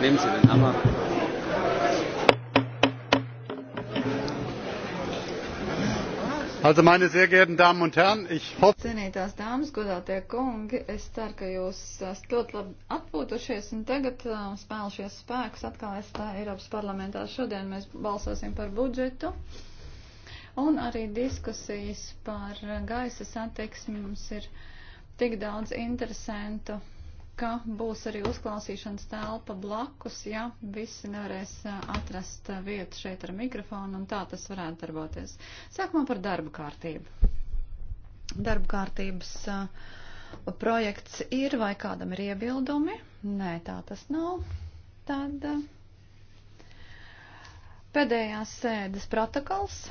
Nehmen Sie den Hammer. Also meine sehr geehrten Damen und Herren, ich hoffe. Cienītās dāmas, godātie kungi, es ceru, ka jūs esat ļoti labi atpūtušies un tagad uh, spēlušies spēkus atkal es tā uh, Eiropas parlamentā. Šodien mēs balsosim par budžetu un arī diskusijas par gaisa satiksmi mums ir tik daudz interesantu ka būs arī uzklausīšanas telpa blakus, ja visi nevarēs atrast vietu šeit ar mikrofonu, un tā tas varētu darboties. Sākumā par darba kārtību. Darba kārtības projekts ir, vai kādam ir iebildumi? Nē, tā tas nav. Tad pēdējās sēdes protokols.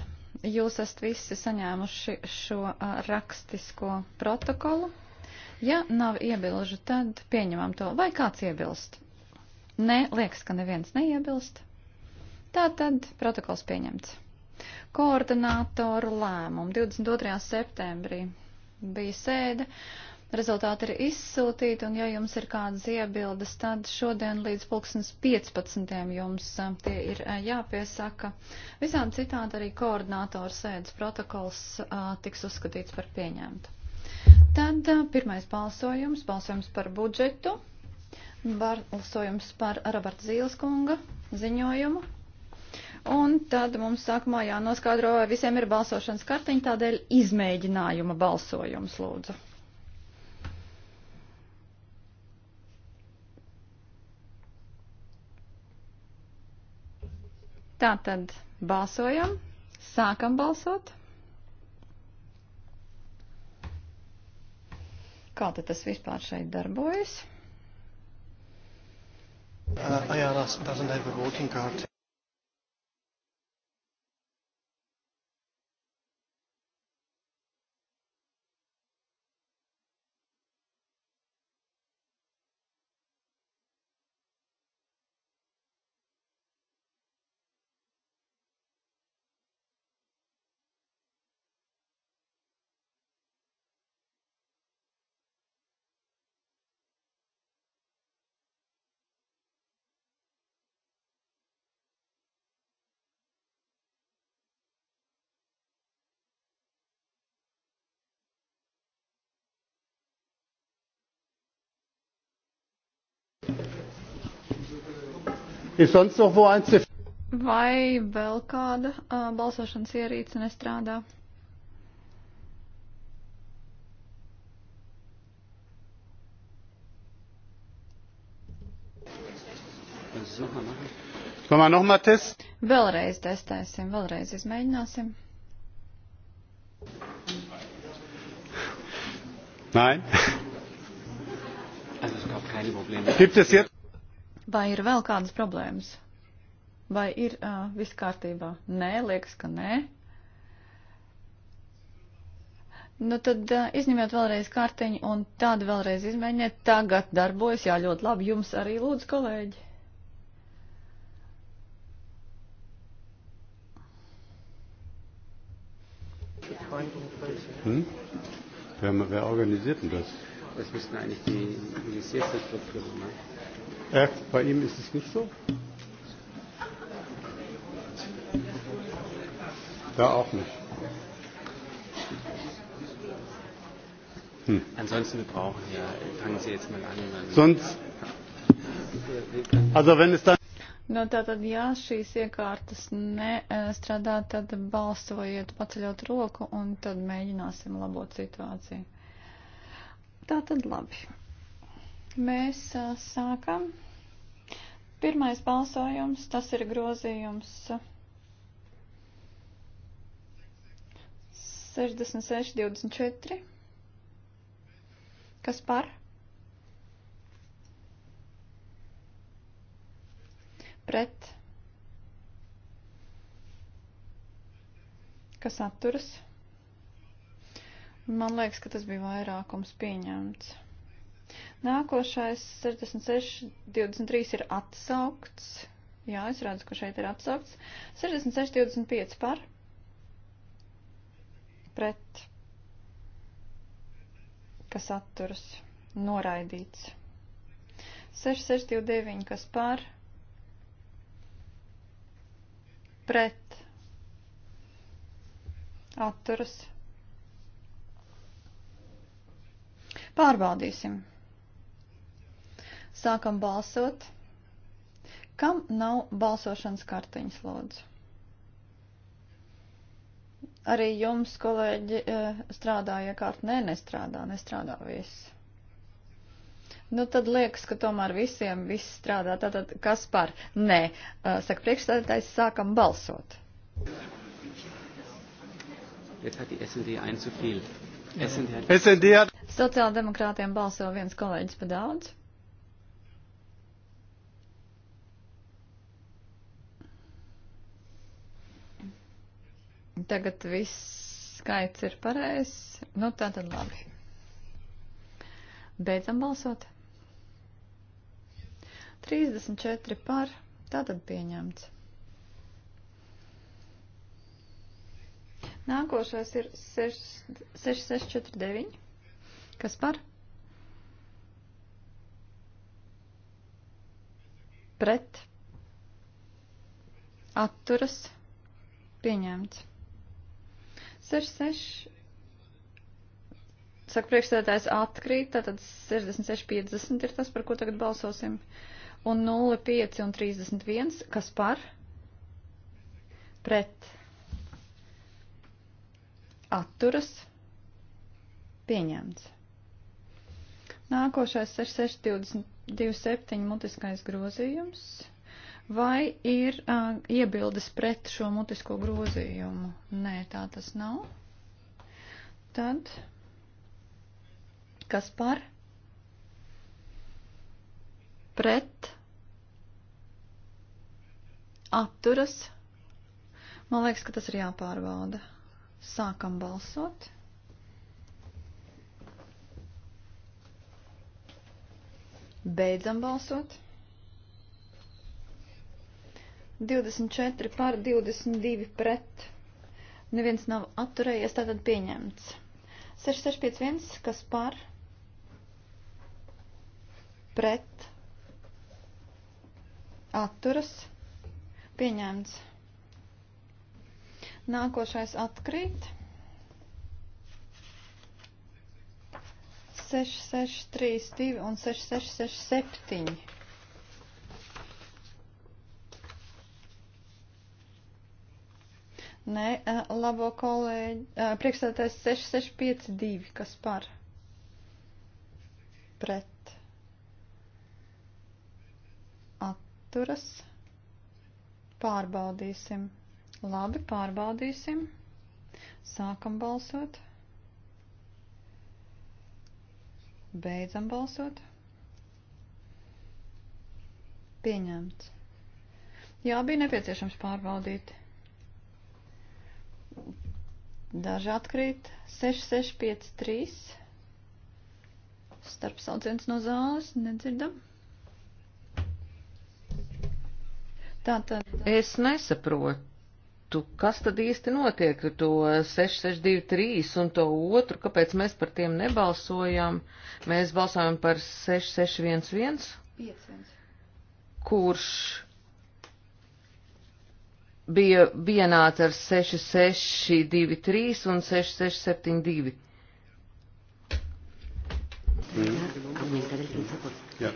Jūs esat visi saņēmuši šo rakstisko protokolu. Ja nav iebilžu, tad pieņemam to. Vai kāds iebilst? Nē, liekas, ka neviens neiebilst. Tā tad protokols pieņemts. Koordinātoru lēmumu 22. septembrī bija sēde. Rezultāti ir izsūtīti, un ja jums ir kādas iebildes, tad šodien līdz pulksnes 15. jums tie ir jāpiesaka. Visām citādi arī koordinātoru sēdes protokols tiks uzskatīts par pieņemtu. Tad pirmais balsojums, balsojums par budžetu, balsojums par Roberta Zīleskunga ziņojumu. Un tad mums sākumā jānoskaidro, vai visiem ir balsošanas kartiņa, tādēļ izmēģinājuma balsojums lūdzu. Tātad balsojam, sākam balsot. Kā tad tas vispār šeit darbojas? Uh, I asked, doesn't have a voting card. Vai vēl kāda uh, balsošanas ierīce nestrādā? Vēlreiz testēsim, vēlreiz izmēģināsim. Nein. Also es gab keine Probleme. Gibt es jetzt? Vai ir vēl kādas problēmas? Vai ir uh, viss kārtībā? Nē, liekas, ka nē. Nu tad uh, izņemiet vēlreiz kartiņu un tad vēlreiz izmēģiniet. Tagad darbojas, jā, ļoti labi. Jums arī lūdzu, kolēģi. Hm? hm? Wer, wer organisiert denn das? Das müssten eigentlich die Ministerien machen. Äh, bei ihm ist es nicht so? Da auch nicht. Hm. Ansonsten, wir brauchen ja, fangen Sie jetzt mal an. Dann Sonst, also wenn es dann. Nu, tātad, ja šīs iekārtas nestrādā, tad balsojiet, paceļot roku un tad mēģināsim labot situāciju. Tātad labi. Mēs sākam. Pirmais balsojums, tas ir grozījums 66, 24. Kas par? Pret. Kas atturas? Man liekas, ka tas bija vairākums pieņemts. Nākošais 66, 23 ir atsaukts. Jā, es redzu, ka šeit ir atsaukts. 66, 25 par. Pret. Kas atturas. Noraidīts. 6629, kas par. Pret. Atturas. Pārbaudīsim. Sākam balsot. Kam nav balsošanas kartiņas, lūdzu? Arī jums, kolēģi, eh, strādā iekārt? Nē, nestrādā, nestrādā viss. Nu, tad liekas, ka tomēr visiem viss strādā. Tātad, kas par? Nē, eh, saka priekšstādātājs, sākam balsot. Jetzt hat die SND ein zu viel. SND hat... SND hat... Sociāldemokrātiem balso viens kolēģis pa daudz. Tagad viss skaits ir pareizs. Nu, tā tad labi. Beidzam balsot. 34 par. Tātad pieņemts. Nākošais ir 6649. Kas par? Pret. Atturas. Pieņemts. 66. Saka, priekšstādātājs atkrīt, tātad 66,50 ir tas, par ko tagad balsosim. Un 0,5 un 31, kas par? Pret. Atturas. Pieņemts. Nākošais 66,27 mutiskais grozījums. Vai ir uh, iebildes pret šo mutisko grozījumu? Nē, tā tas nav. Tad kas par? Pret? Atturas? Man liekas, ka tas ir jāpārbauda. Sākam balsot. Beidzam balsot. 24 par 22 pret. Neviens nav atturējies, tātad pieņemts. 6651, kas par? Pret. Atturas. Pieņemts. Nākošais atkrīt. 6632 un 6667. Nē, eh, labo kolēģi, eh, priekšstādātais 6652, kas par? Pret. Atturas. Pārbaudīsim. Labi, pārbaudīsim. Sākam balsot. Beidzam balsot. Pieņemts. Jā, bija nepieciešams pārbaudīt. Daži atkrīt. 6653. Starp sauciens no zāles. Nedzirdam. Tātad. Es nesaprotu, kas tad īsti notiek ar to 6623 un to otru, kāpēc mēs par tiem nebalsojām. Mēs balsojam par 6611. 51. Kurš bija vienāds ar 6623 un 6672. Mm. Ja.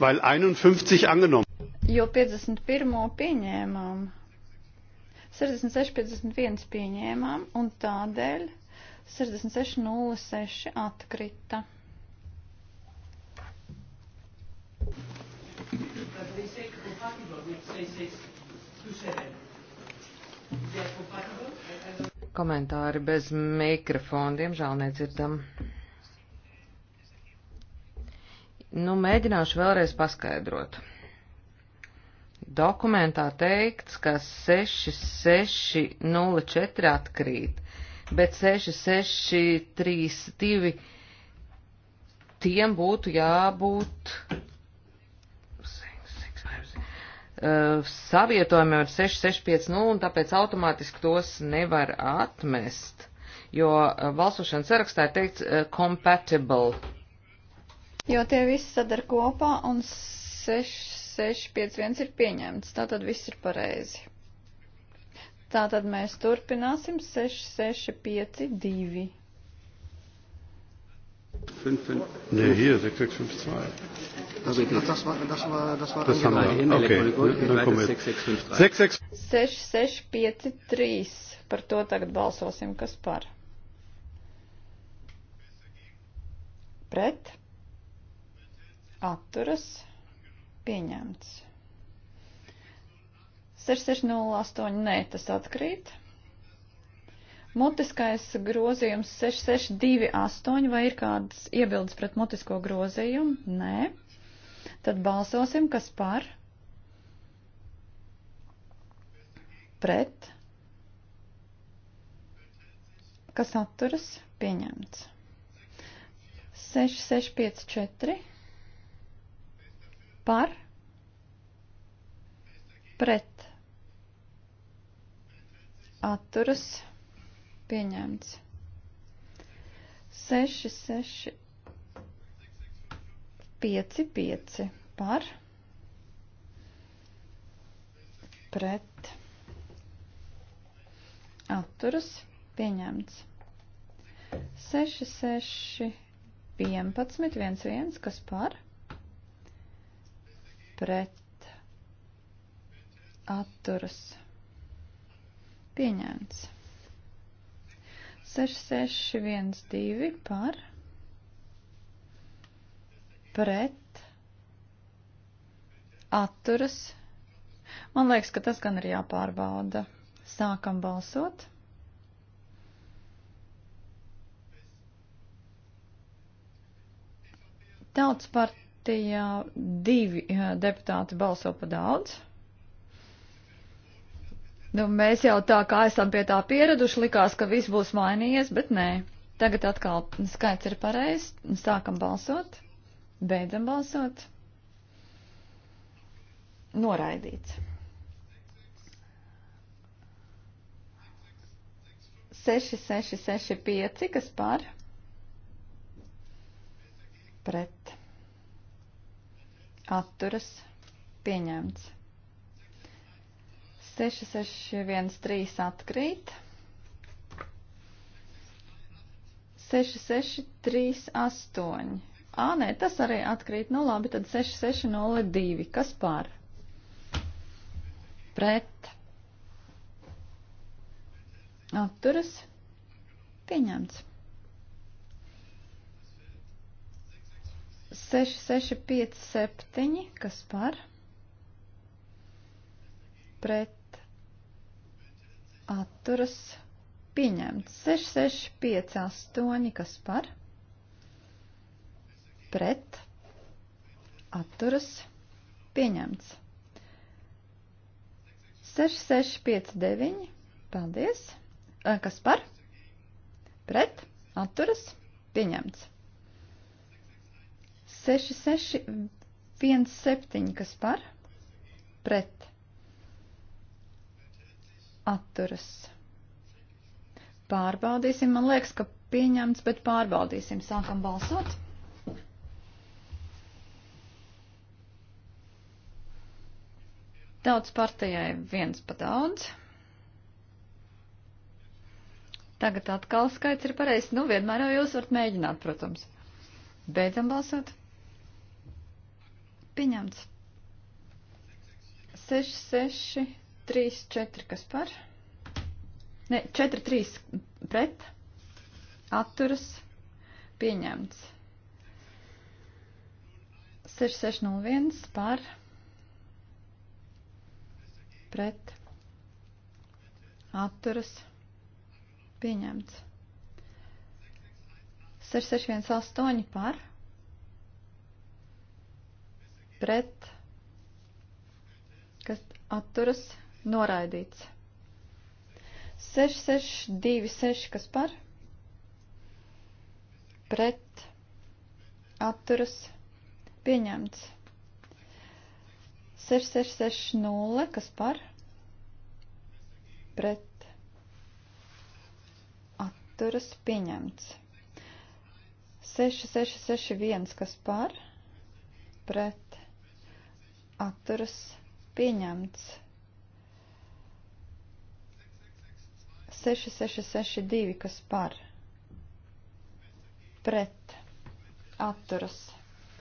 Weil 51 angenommen. Jo 51. pieņēmām. 66, 51 pieņēmām un tādēļ 66, 06 atkrita. Komentāri bez mikrofona, diemžēl nedzirdam. Nu, mēģināšu vēlreiz paskaidrot. Dokumentā teikts, ka 6604 atkrīt, bet 6632 tiem būtu jābūt Uh, savietojumi ar 6650, un tāpēc automātiski tos nevar atmest, jo uh, balsošanas sarakstā ir teikts uh, compatible. Jo tie visi sadar kopā, un 6651 ir pieņemts, tātad viss ir pareizi. Tātad mēs turpināsim 6652. Nē, hier 6652. Also das, das war, das war, das war das haben wir. Okay. 6653. Par to tagad balsosim, kas par. Pret. Atturas. Pieņemts. 6608. Nē, tas atkrīt. Mutiskais grozījums 6628 vai ir kādas iebildes pret mutisko grozījumu? Nē. Tad balsosim, kas par, pret, kas atturas, pieņemts. 6, 6, 5, 4, par, pret, atturas, pieņemts. 6, 6, 5, 5 par, pret, atturas, pieņemts. 6, 6, 11, 1, 1, kas par, pret, atturas, pieņemts. 6, 6, 1, 2 par, pret pret, atturas. Man liekas, ka tas gan ir jāpārbauda. Sākam balsot. Tautas partijā divi eh, deputāti balso pa daudz. Nu, mēs jau tā kā esam pie tā pieraduši, likās, ka viss būs mainījies, bet nē. Tagad atkal skaits ir pareizs, sākam balsot. Beidzam balsot. Noraidīts. 6665, kas par pret atturas pieņemts. 6613 atkrīt. 6638 Ā, nē, tas arī atkrīt. Nu, labi, tad 6602. Kas pār? Pret. Atturas. Pieņemts. 6657. Kas pār? Pret. Atturas. Pieņemts. 6658. Kas pār? pret, atturas, pieņemts. 6659, paldies. Kas par? Pret, atturas, pieņemts. 6617, kas par? Pret, atturas. Pārbaudīsim, man liekas, ka pieņemts, bet pārbaudīsim. Sākam balsot. Daudz partijai viens pa daudz. Tagad atkal skaits ir pareizs. Nu, vienmēr jau jūs varat mēģināt, protams. Beidzam balsot. Pieņemts. 6, 6, 3, 4, kas par? Ne, 4, 3 pret. Atturas. Pieņemts. 6601 par pret, atturas, pieņemts. 6618 par, pret, kas atturas, noraidīts. 6626, kas par, pret, atturas, pieņemts. 6660, kas par pret atturas pieņemts. 6661, kas par pret atturas pieņemts. 6662, kas par pret atturas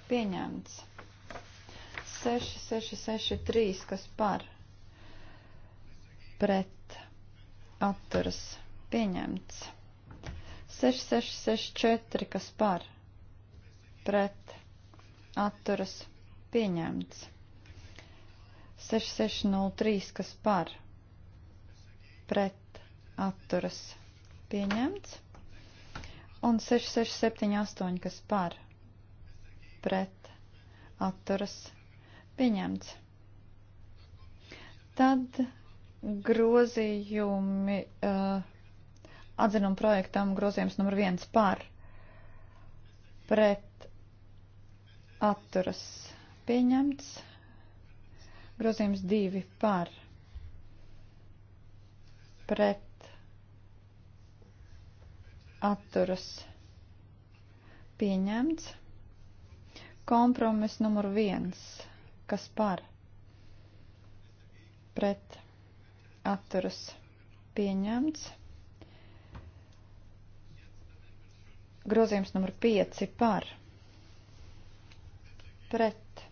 pieņemts. 6663, kas par pret atturas pieņemts. 6664, kas par pret atturas pieņemts. 6603, kas par pret atturas pieņemts. Un 6678, kas par pret atturas pieņemts atturas Pieņemts. Tad grozījumi uh, atzinumu projektam grozījums numur viens par pret atturas pieņemts. Grozījums divi par pret atturas pieņemts. Kompromis numur viens par kas par pret atturas pieņemts. Grozījums numur 5 par pret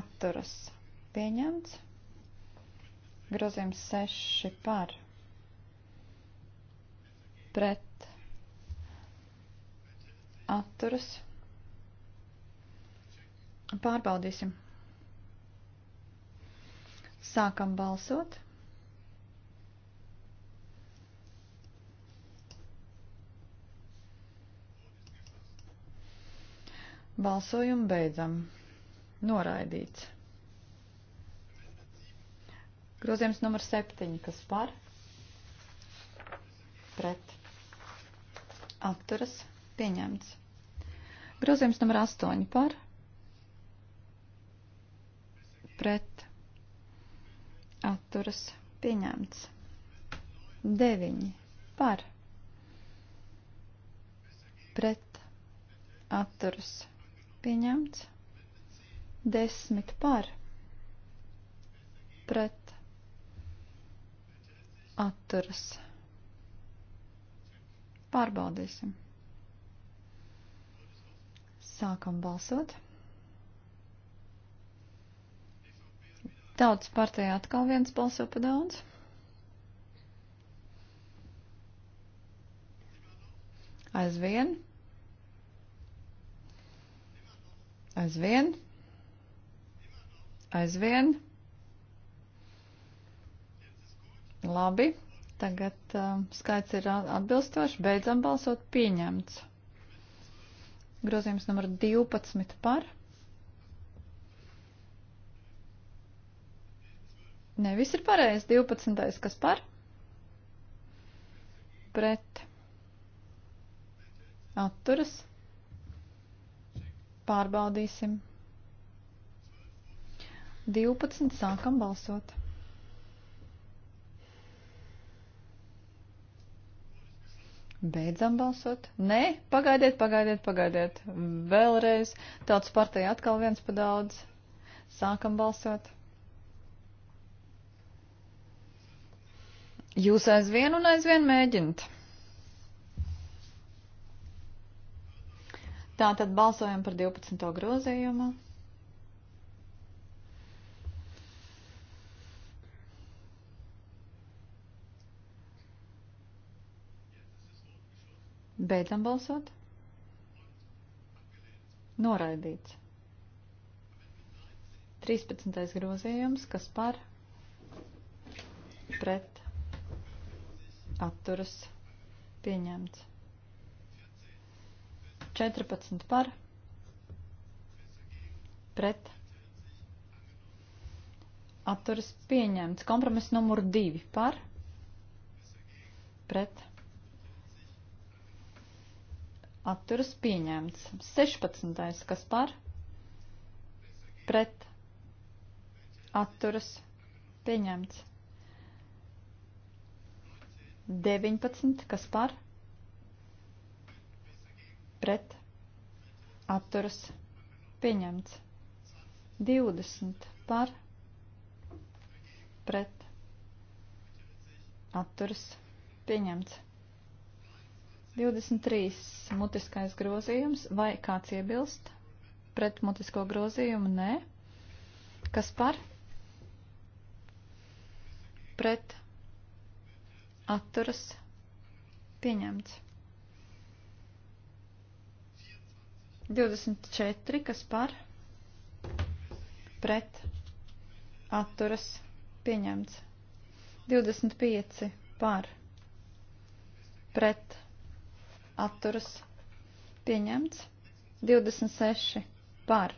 atturas pieņemts. Grozījums 6 par pret atturas pieņemts Pārbaudīsim. Sākam balsot. Balsojumu beidzam. Noraidīts. Grozījums numur 7, kas par? Pret. Atturas. Pieņemts. Grozījums numur 8 par? pret atturas pieņemts. 9 par pret atturas pieņemts. 10 par pret atturas. Pārbaudīsim. Sākam balsot. Tautas partijā atkal viens balso pa daudz. Aizvien. Aizvien. Aizvien. Labi. Tagad uh, skaits ir atbilstošs. Beidzam balsot pieņemts. Grozījums numur 12 par. Ne, viss ir pareizi. 12. kas par? Pret. Atturas. Pārbaudīsim. 12. sākam balsot. Beidzam balsot. Nē, pagaidiet, pagaidiet, pagaidiet. Vēlreiz. Tautas partija atkal viens pa daudz. Sākam balsot. Jūs aizvien un aizvien mēģināt. Tā tad balsojam par 12. grozījumu. Beidzam balsot. Noraidīts. 13. grozījums, kas par pret atturas pieņemts. 14 par pret atturas pieņemts. Kompromiss numur 2 par pret atturas pieņemts. 16. kas par pret atturas pieņemts. 19, kas par, pret, atturas, pieņemts. 20 par, pret, atturas, pieņemts. 23 mutiskais grozījums, vai kāds iebilst pret mutisko grozījumu? Nē. Kas par? Pret, atturas pieņemts. 24, kas par, pret, atturas, pieņemts. 25, par, pret, atturas, pieņemts. 26, par,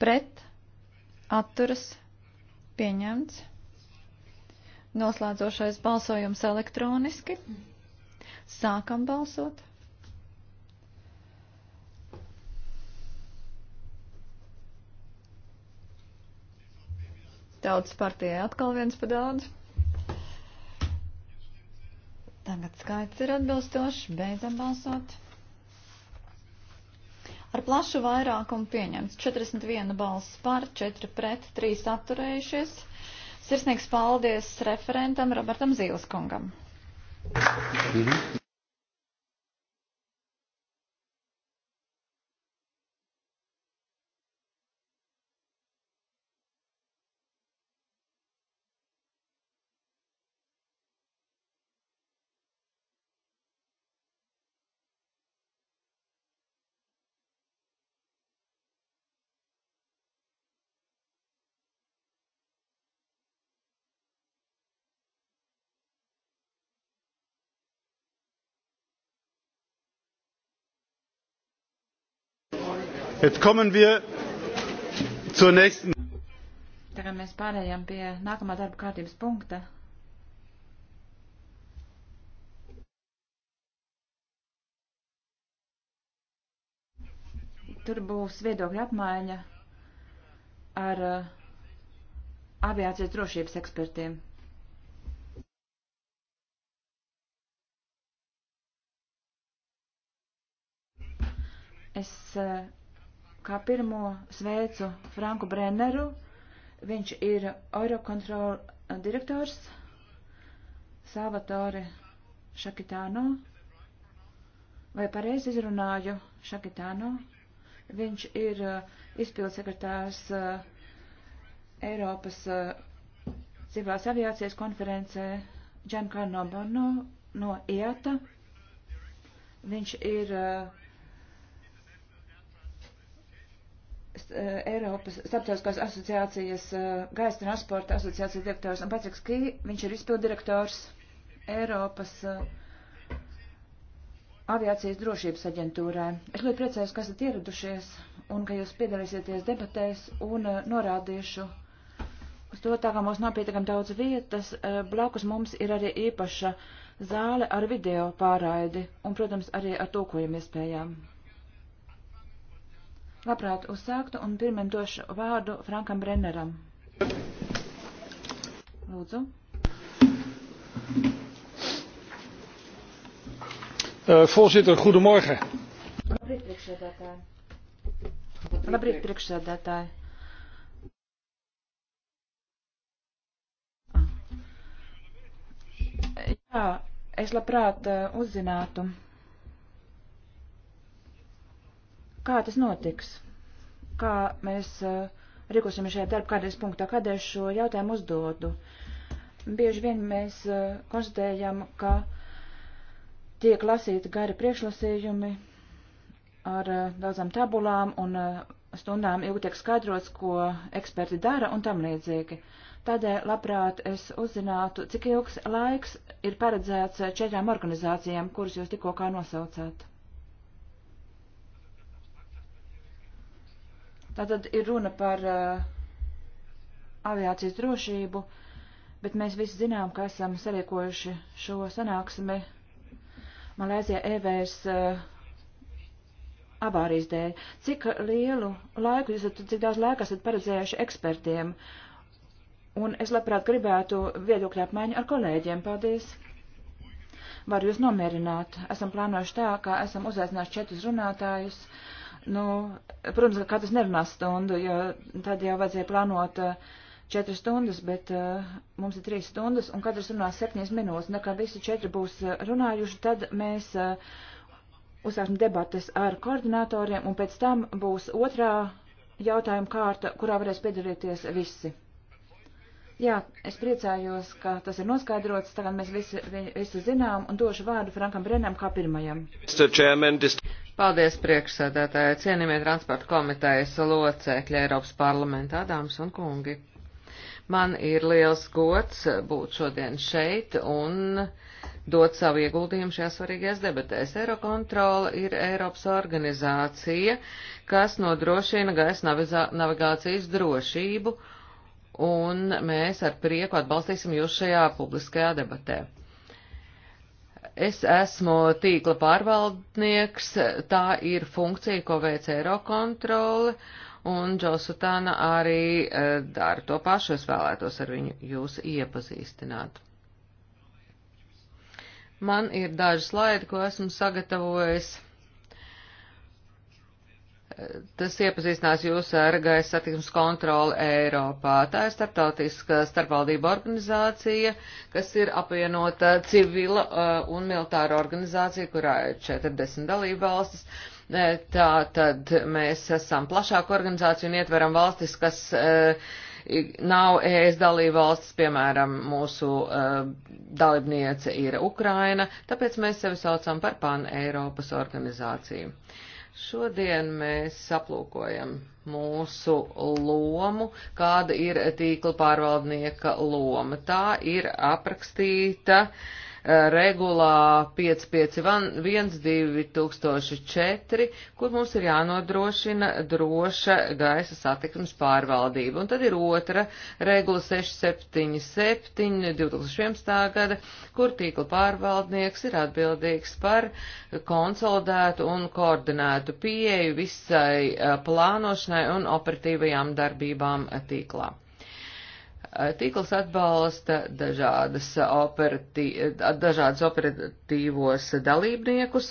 pret, atturas, pieņemts. Noslēdzošais balsojums elektroniski. Sākam balsot. Tautas partijai atkal viens pa daudz. Tagad skaits ir atbilstošs. Beidzam balsot. Ar plašu vairākumu pieņemts 41 balss par, 4 pret, 3 atturējušies. Sirsnīgs paldies referentam Robertam Zīleskungam. Mhm. Jetzt kommen wir zur nächsten. Tagad mēs pārējām pie nākamā darba kārtības punkta. Tur būs viedokļa apmaiņa ar uh, aviācijas drošības ekspertiem. Es uh, kā pirmo sveicu Franku Brenneru. Viņš ir Eurocontrol eh, direktors Salvatore Šakitāno. Vai pareizi izrunāju Šakitāno? Viņš ir eh, izpildu sekretārs eh, Eiropas civilās aviācijas konferencē Giancarlo Bono no IATA. Viņš ir uh, Eh, Eiropas starptautiskās asociācijas eh, gaisa transporta asociācijas direktors un Patriks Kī, viņš ir izpildirektors Eiropas eh, aviācijas drošības aģentūrē. Es ļoti priecājos, ka esat ieradušies un ka jūs piedalīsieties debatēs un norādīšu uz to, tā kā mums nav pietiekam daudz vietas, blakus mums ir arī īpaša zāle ar video pārraidi un, protams, arī ar tūkojumu iespējām labprāt uzsāktu un pirmiem došu vārdu Frankam Brenneram. Lūdzu. Uh, voorzitter, goedemorgen. Labrīt, priekšsēdētāji. Labrīt, priekšsēdētāji. Ah. Jā, es labprāt eh, uzzinātu. Kā tas notiks? Kā mēs uh, rīkosim šajā darba kādreiz punktā? Kādēļ šo jautājumu uzdodu? Bieži vien mēs uh, konstatējam, ka tiek lasīti gari priekšlasījumi ar uh, daudzām tabulām un stundām ilgi tiek skaidrots, ko eksperti dara un tam līdzīgi. Tādēļ labprāt es uzzinātu, cik ilgs laiks ir paredzēts četrām organizācijām, kuras jūs tikko kā nosaucāt. Tātad ir runa par uh, aviācijas drošību, bet mēs visi zinām, ka esam sarīkojuši šo sanāksmi Malēzijā EVS uh, avārijas dēļ. Cik lielu laiku jūs esat, cik daudz laika esat paredzējuši ekspertiem? Un es labprāt gribētu viedokļu apmaiņu ar kolēģiem. Paldies! Varu jūs nomierināt. Esam plānojuši tā, ka esam uzaicinājuši četrus runātājus. Uh, Nu, protams, ka katrs nerunās stundu, jo tad jau vajadzēja plānot eh, četras stundas, bet uh, mums ir trīs stundas, un katrs runās septiņas minūtes. Un, kad visi četri būs eh, runājuši, tad mēs uh, uzsāksim debates ar koordinatoriem, un pēc tam būs otrā jautājuma kārta, kurā varēs piedalīties visi. Jā, es priecājos, ka tas ir noskaidrots, tagad mēs visi, visi zinām, un došu vārdu Frankam Brenam kā pirmajam. Paldies priekšsēdētāji, cienījamie transporta komitejas locekļi Eiropas parlamentā, dāmas un kungi. Man ir liels gods būt šodien šeit un dot savu ieguldījumu šajās svarīgajās debatēs. Eirokontrola ir Eiropas organizācija, kas nodrošina gaisa navigācijas drošību, un mēs ar prieku atbalstīsim jūs šajā publiskajā debatē. Es esmu tīkla pārvaldnieks, tā ir funkcija, ko veic Eirokontroli, un Džosutāna arī e, dara to pašu, es vēlētos ar viņu jūs iepazīstināt. Man ir daži slaidi, ko esmu sagatavojis. Tas iepazīstinās jūs ar gaisa satiksmes kontroli Eiropā. Tā ir starptautiska starpvaldība organizācija, kas ir apvienota civila uh, un militāra organizācija, kurā ir 40 dalība valstis. E, tā tad mēs esam plašāka organizācija un ietveram valstis, kas e, nav ES dalība valstis, piemēram, mūsu e, dalībniece ir Ukraina, tāpēc mēs sevi saucam par pan-Eiropas organizāciju. Uh, Šodien mēs aplūkojam mūsu lomu, kāda ir tīkla pārvaldnieka loma. Tā ir aprakstīta uh, regulā 551-2004, kur mums ir jānodrošina droša gaisa satikums pārvaldība. Un tad ir otra regula 677-2011. gada, kur tīkla pārvaldnieks ir atbildīgs par konsolidētu un koordinētu pieeju visai plānošanai un operatīvajām darbībām tīklā. Tīkls atbalsta dažādas operatī, dažādas operatīvos dalībniekus,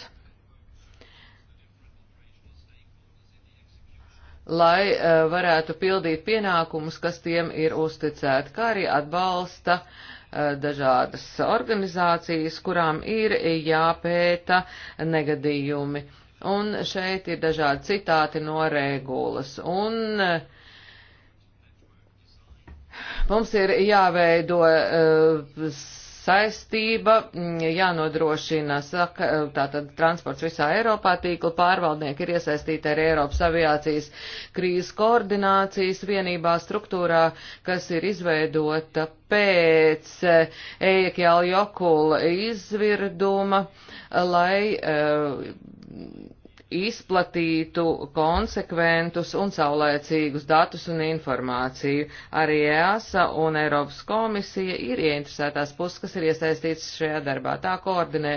lai e, varētu pildīt pienākumus, kas tiem ir uzticēti, kā arī atbalsta e, dažādas organizācijas, kurām ir jāpēta negadījumi. Un šeit ir dažādi citāti no regulas. Un uh, Mums ir jāveido eh, saistība, mm, jānodrošina saka, eh, tātad transports visā Eiropā, tīkla pārvaldnieki ir iesaistīti arī Eiropas aviācijas krīzes koordinācijas vienībā struktūrā, kas ir izveidota pēc Eikjāla eh, Jokula izvirduma, lai izplatītu konsekventus un saulēcīgus datus un informāciju. Arī EASA un Eiropas komisija ir ieinteresētās puses, kas ir iesaistītas šajā darbā. Tā koordinē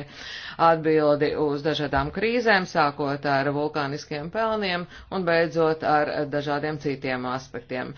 atbildi uz dažādām krīzēm, sākot ar vulkāniskiem pelniem un beidzot ar dažādiem citiem aspektiem.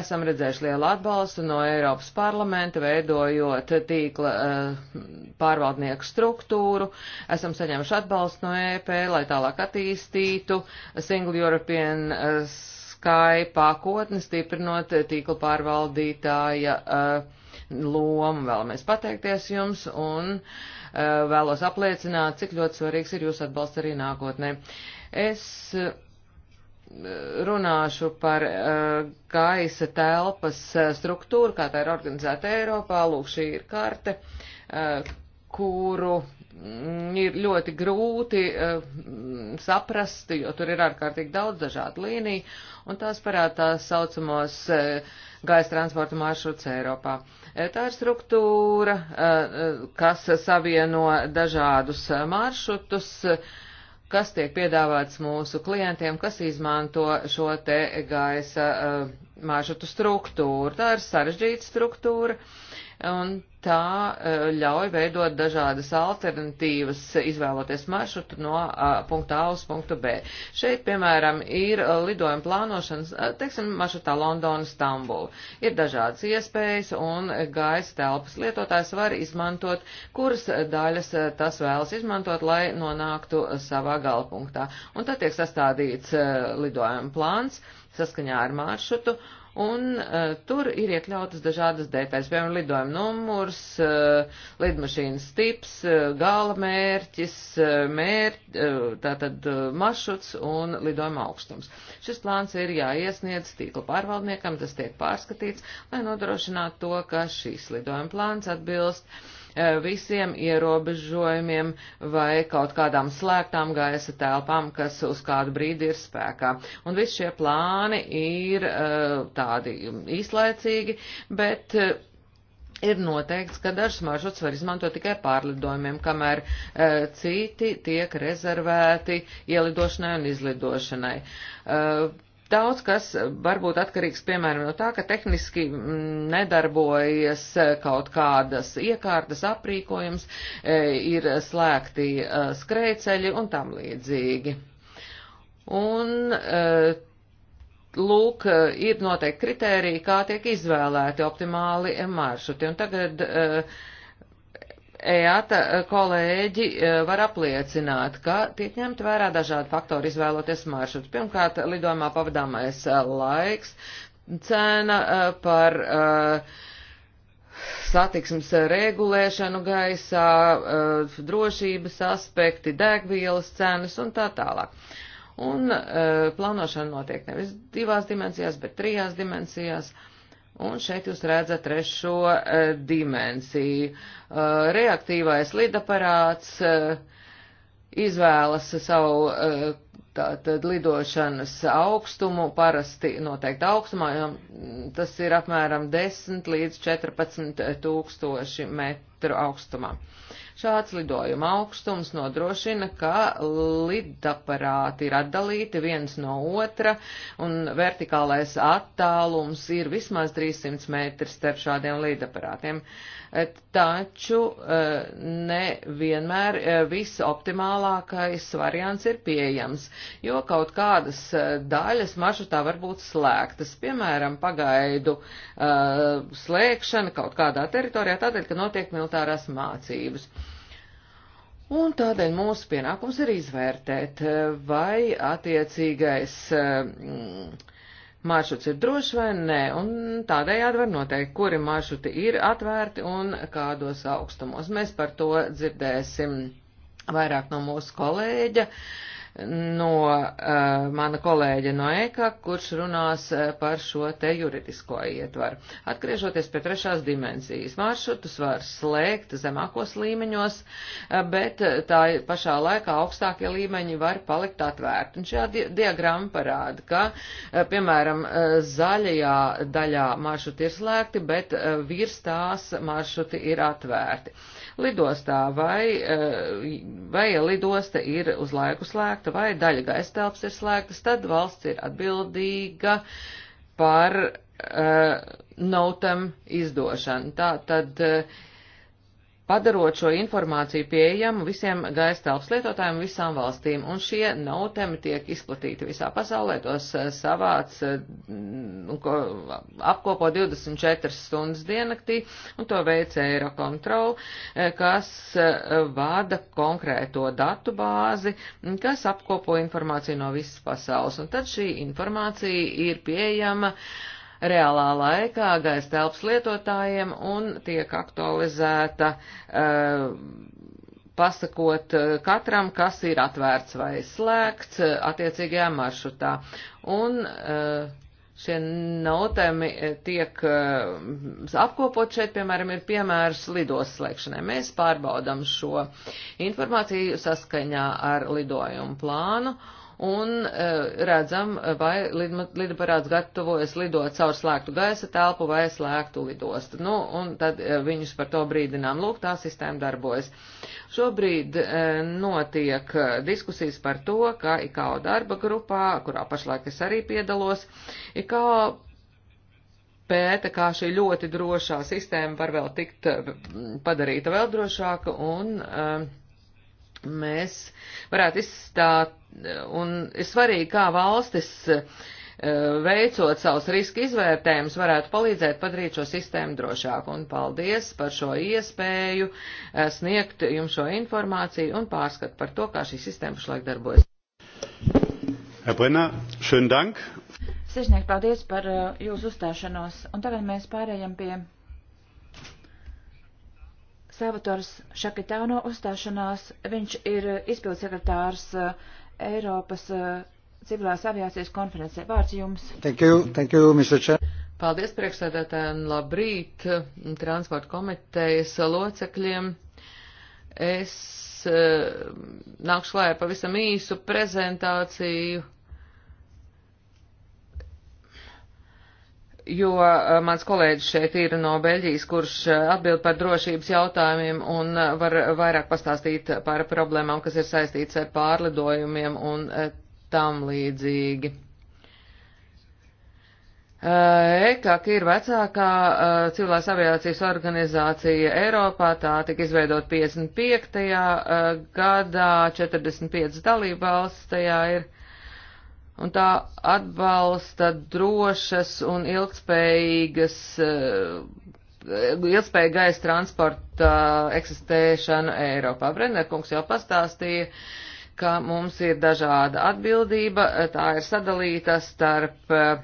Esam redzējuši lielu atbalstu no Eiropas parlamenta, veidojot tīkla eh, pārvaldnieku struktūru. Esam saņēmuši atbalstu no EP, lai tālāk attīstītu attīstītu Single European uh, Sky pakotni, stiprinot tīkla pārvaldītāja uh, lomu. Vēlamies pateikties jums un uh, vēlos apliecināt, cik ļoti svarīgs ir jūsu atbalsts arī nākotnē. Es runāšu par uh, gaisa telpas struktūru, kā tā ir organizēta Eiropā. Lūk, šī ir karte, uh, kuru Mm, ir ļoti grūti uh, saprast, jo tur ir ārkārtīgi daudz dažādu līniju, un tās parāda tā saucamos uh, gaisa transporta maršruts Eiropā. Uh, tā ir struktūra, kas savieno dažādus maršrutus, kas tiek piedāvāts mūsu klientiem, kas izmanto šo te gaisa maršrutu struktūru. Tā ir sarežģīta struktūra, un tā eh, ļauj veidot dažādas alternatīvas, izvēloties maršrutu no punkta A uz punktu B. Šeit, piemēram, ir lidojuma plānošanas, teiksim, maršrutā Londona Stambula. Ir dažādas iespējas un gaisa telpas lietotājs var izmantot, kuras daļas tas vēlas izmantot, lai nonāktu savā galpunktā. Un tad tiek sastādīts lidojuma plāns saskaņā ar maršrutu un uh, tur ir iekļautas dažādas detaļas, piemēram, lidojuma numurs, uh, lidmašīnas tips, uh, gala mērķis, uh, mērķi, uh, tātad uh, maršruts un lidojuma augstums. Šis plāns ir jāiesniedz tīkla pārvaldniekam, tas tiek pārskatīts, lai nodrošinātu to, ka šīs lidojuma plāns atbilst uh, E, visiem ierobežojumiem vai kaut kādām slēgtām gaisa telpām, kas uz kādu brīdi ir spēkā. Un visi šie plāni ir e, tādi īslaicīgi, bet e, ir noteikts, ka dažs maršruts var izmantot tikai pārlidojumiem, kamēr e, citi tiek rezervēti ielidošanai un izlidošanai. E, daudz kas varbūt atkarīgs, piemēram, no tā, ka tehniski mm, nedarbojas kaut kādas iekārtas, aprīkojums, e, ir slēgti e, skrējceļi un tam līdzīgi. Un e, lūk, ir noteikti kritērija, kā tiek izvēlēti optimāli maršruti. Un tagad uh, EATA kolēģi e, var apliecināt, ka tiek ņemt vērā dažādi faktori izvēloties maršrutu. Pirmkārt, lidojumā pavadāmais e, laiks, cena e, par satiksmes regulēšanu gaisā, drošības aspekti, degvielas cenas un tā tālāk. Un plānošana notiek nevis divās dimensijās, bet trijās dimensijās. Uh, Un šeit jūs redzat trešo uh, dimensiju. Uh, reaktīvais lidaparāts uh, izvēlas savu uh, tātad lidošanas augstumu, parasti noteikti augstumā, tas ir apmēram 10 līdz 14 tūkstoši metru augstumā. Uh, Šāds lidojuma augstums nodrošina, ka lidaparāti ir atdalīti viens no otra un vertikālais attālums ir vismaz 300 metri starp šādiem lidaparātiem. Taču e, ne vienmēr e, viss optimālākais variants ir pieejams, jo kaut kādas e, daļas maršrutā var būt slēgtas, piemēram, pagaidu slēgšana kaut kādā teritorijā tādēļ, ka notiek militārās mācības. Un tādēļ mūsu pienākums ir izvērtēt, eh, vai attiecīgais eh, maršruts ir drošs vai nē, un tādējādi var noteikt, kuri maršruti ir atvērti un kādos augstumos. Mēs par to dzirdēsim vairāk no mūsu kolēģa. Uh, no uh, mana kolēģa Noeka, kurš runās eh, par šo te juridisko ietvaru. Atgriežoties pie trešās dimensijas, maršrutus var slēgt zemākos līmeņos, eh, bet tā pašā laikā augstākie līmeņi var palikt atvērti. Un šajā di diagramma parāda, ka, uh, piemēram, zaļajā daļā maršruti ir slēgti, bet uh, virs tās maršruti ir atvērti. Uh, lidostā, vai, eh, vai ja lidosta ir uz laiku slēgta, vai daļa gaisa telpas ir slēgtas, tad valsts ir atbildīga par uh, notam izdošanu. Tā tad uh, padarot šo informāciju pieejamu visiem gaisa telpas lietotājiem visām valstīm, un šie nautemi tiek izplatīti visā pasaulē, tos eh, savāc eh, apkopo 24 stundas diennaktī, un to veic Eirokontrol, eh, kas vada konkrēto datu bāzi, kas apkopo informāciju no visas pasaules, un tad šī informācija ir pieejama uh, reālā laikā gaisa telpas lietotājiem un tiek aktualizēta uh, pasakot eh, katram, kas ir atvērts vai slēgts eh, attiecīgajā maršrutā. Un uh, šie notēmi tiek uh, apkopot šeit, piemēram, ir piemērs lidos slēgšanai. Mēs pārbaudam šo informāciju saskaņā ar lidojumu plānu un eh, redzam, eh, vai lidaparāts gatavojas lidot caur slēgtu gaisa telpu vai slēgtu lidostu. Nu, un tad eh, viņus par to brīdinām. Lūk, tā sistēma darbojas. Šobrīd notiek diskusijas par to, ka IKO darba grupā, kurā pašlaik es arī piedalos, IKO pēta, kā šī ļoti drošā sistēma var vēl tikt padarīta vēl drošāka un uh, mēs varētu izstāt, un ir svarīgi, kā valstis eh, veicot savus riska izvērtējumus, varētu palīdzēt padarīt šo sistēmu drošāku. Un paldies par šo iespēju eh, sniegt jums šo informāciju un pārskatu par to, kā šī sistēma pašlaik darbojas. Herr Brenner, schönen Dank. Sirsnieki, paldies par eh, jūsu uzstāšanos. Un tagad mēs pārējam pie Salvators Šakitāno uzstāšanās. Viņš ir izpildu sekretārs eh, Eiropas eh, civilās aviācijas konferencē. Vārds jums. Thank you, thank you, Mr. Chair. Paldies priekšsēdētājiem, labrīt mm, transporta komitejas locekļiem. Es eh, nākšu klājā pavisam īsu prezentāciju jo eh, mans kolēģis šeit ir no Beļģijas, kurš eh, atbild par drošības jautājumiem un eh, var vairāk pastāstīt par problēmām, kas ir saistīts ar pārlidojumiem un tam līdzīgi. EKAK ir vecākā civilās aviācijas organizācija Eiropā, tā tika izveidot 55. gadā, 45 dalībvalsts tajā ir un tā atbalsta drošas un ilgspējīgas, eh, ilgspējīga gaisa transporta eh, eksistēšanu Eiropā. Brennerkungs jau pastāstīja, ka mums ir dažāda atbildība, tā ir sadalīta starp eh,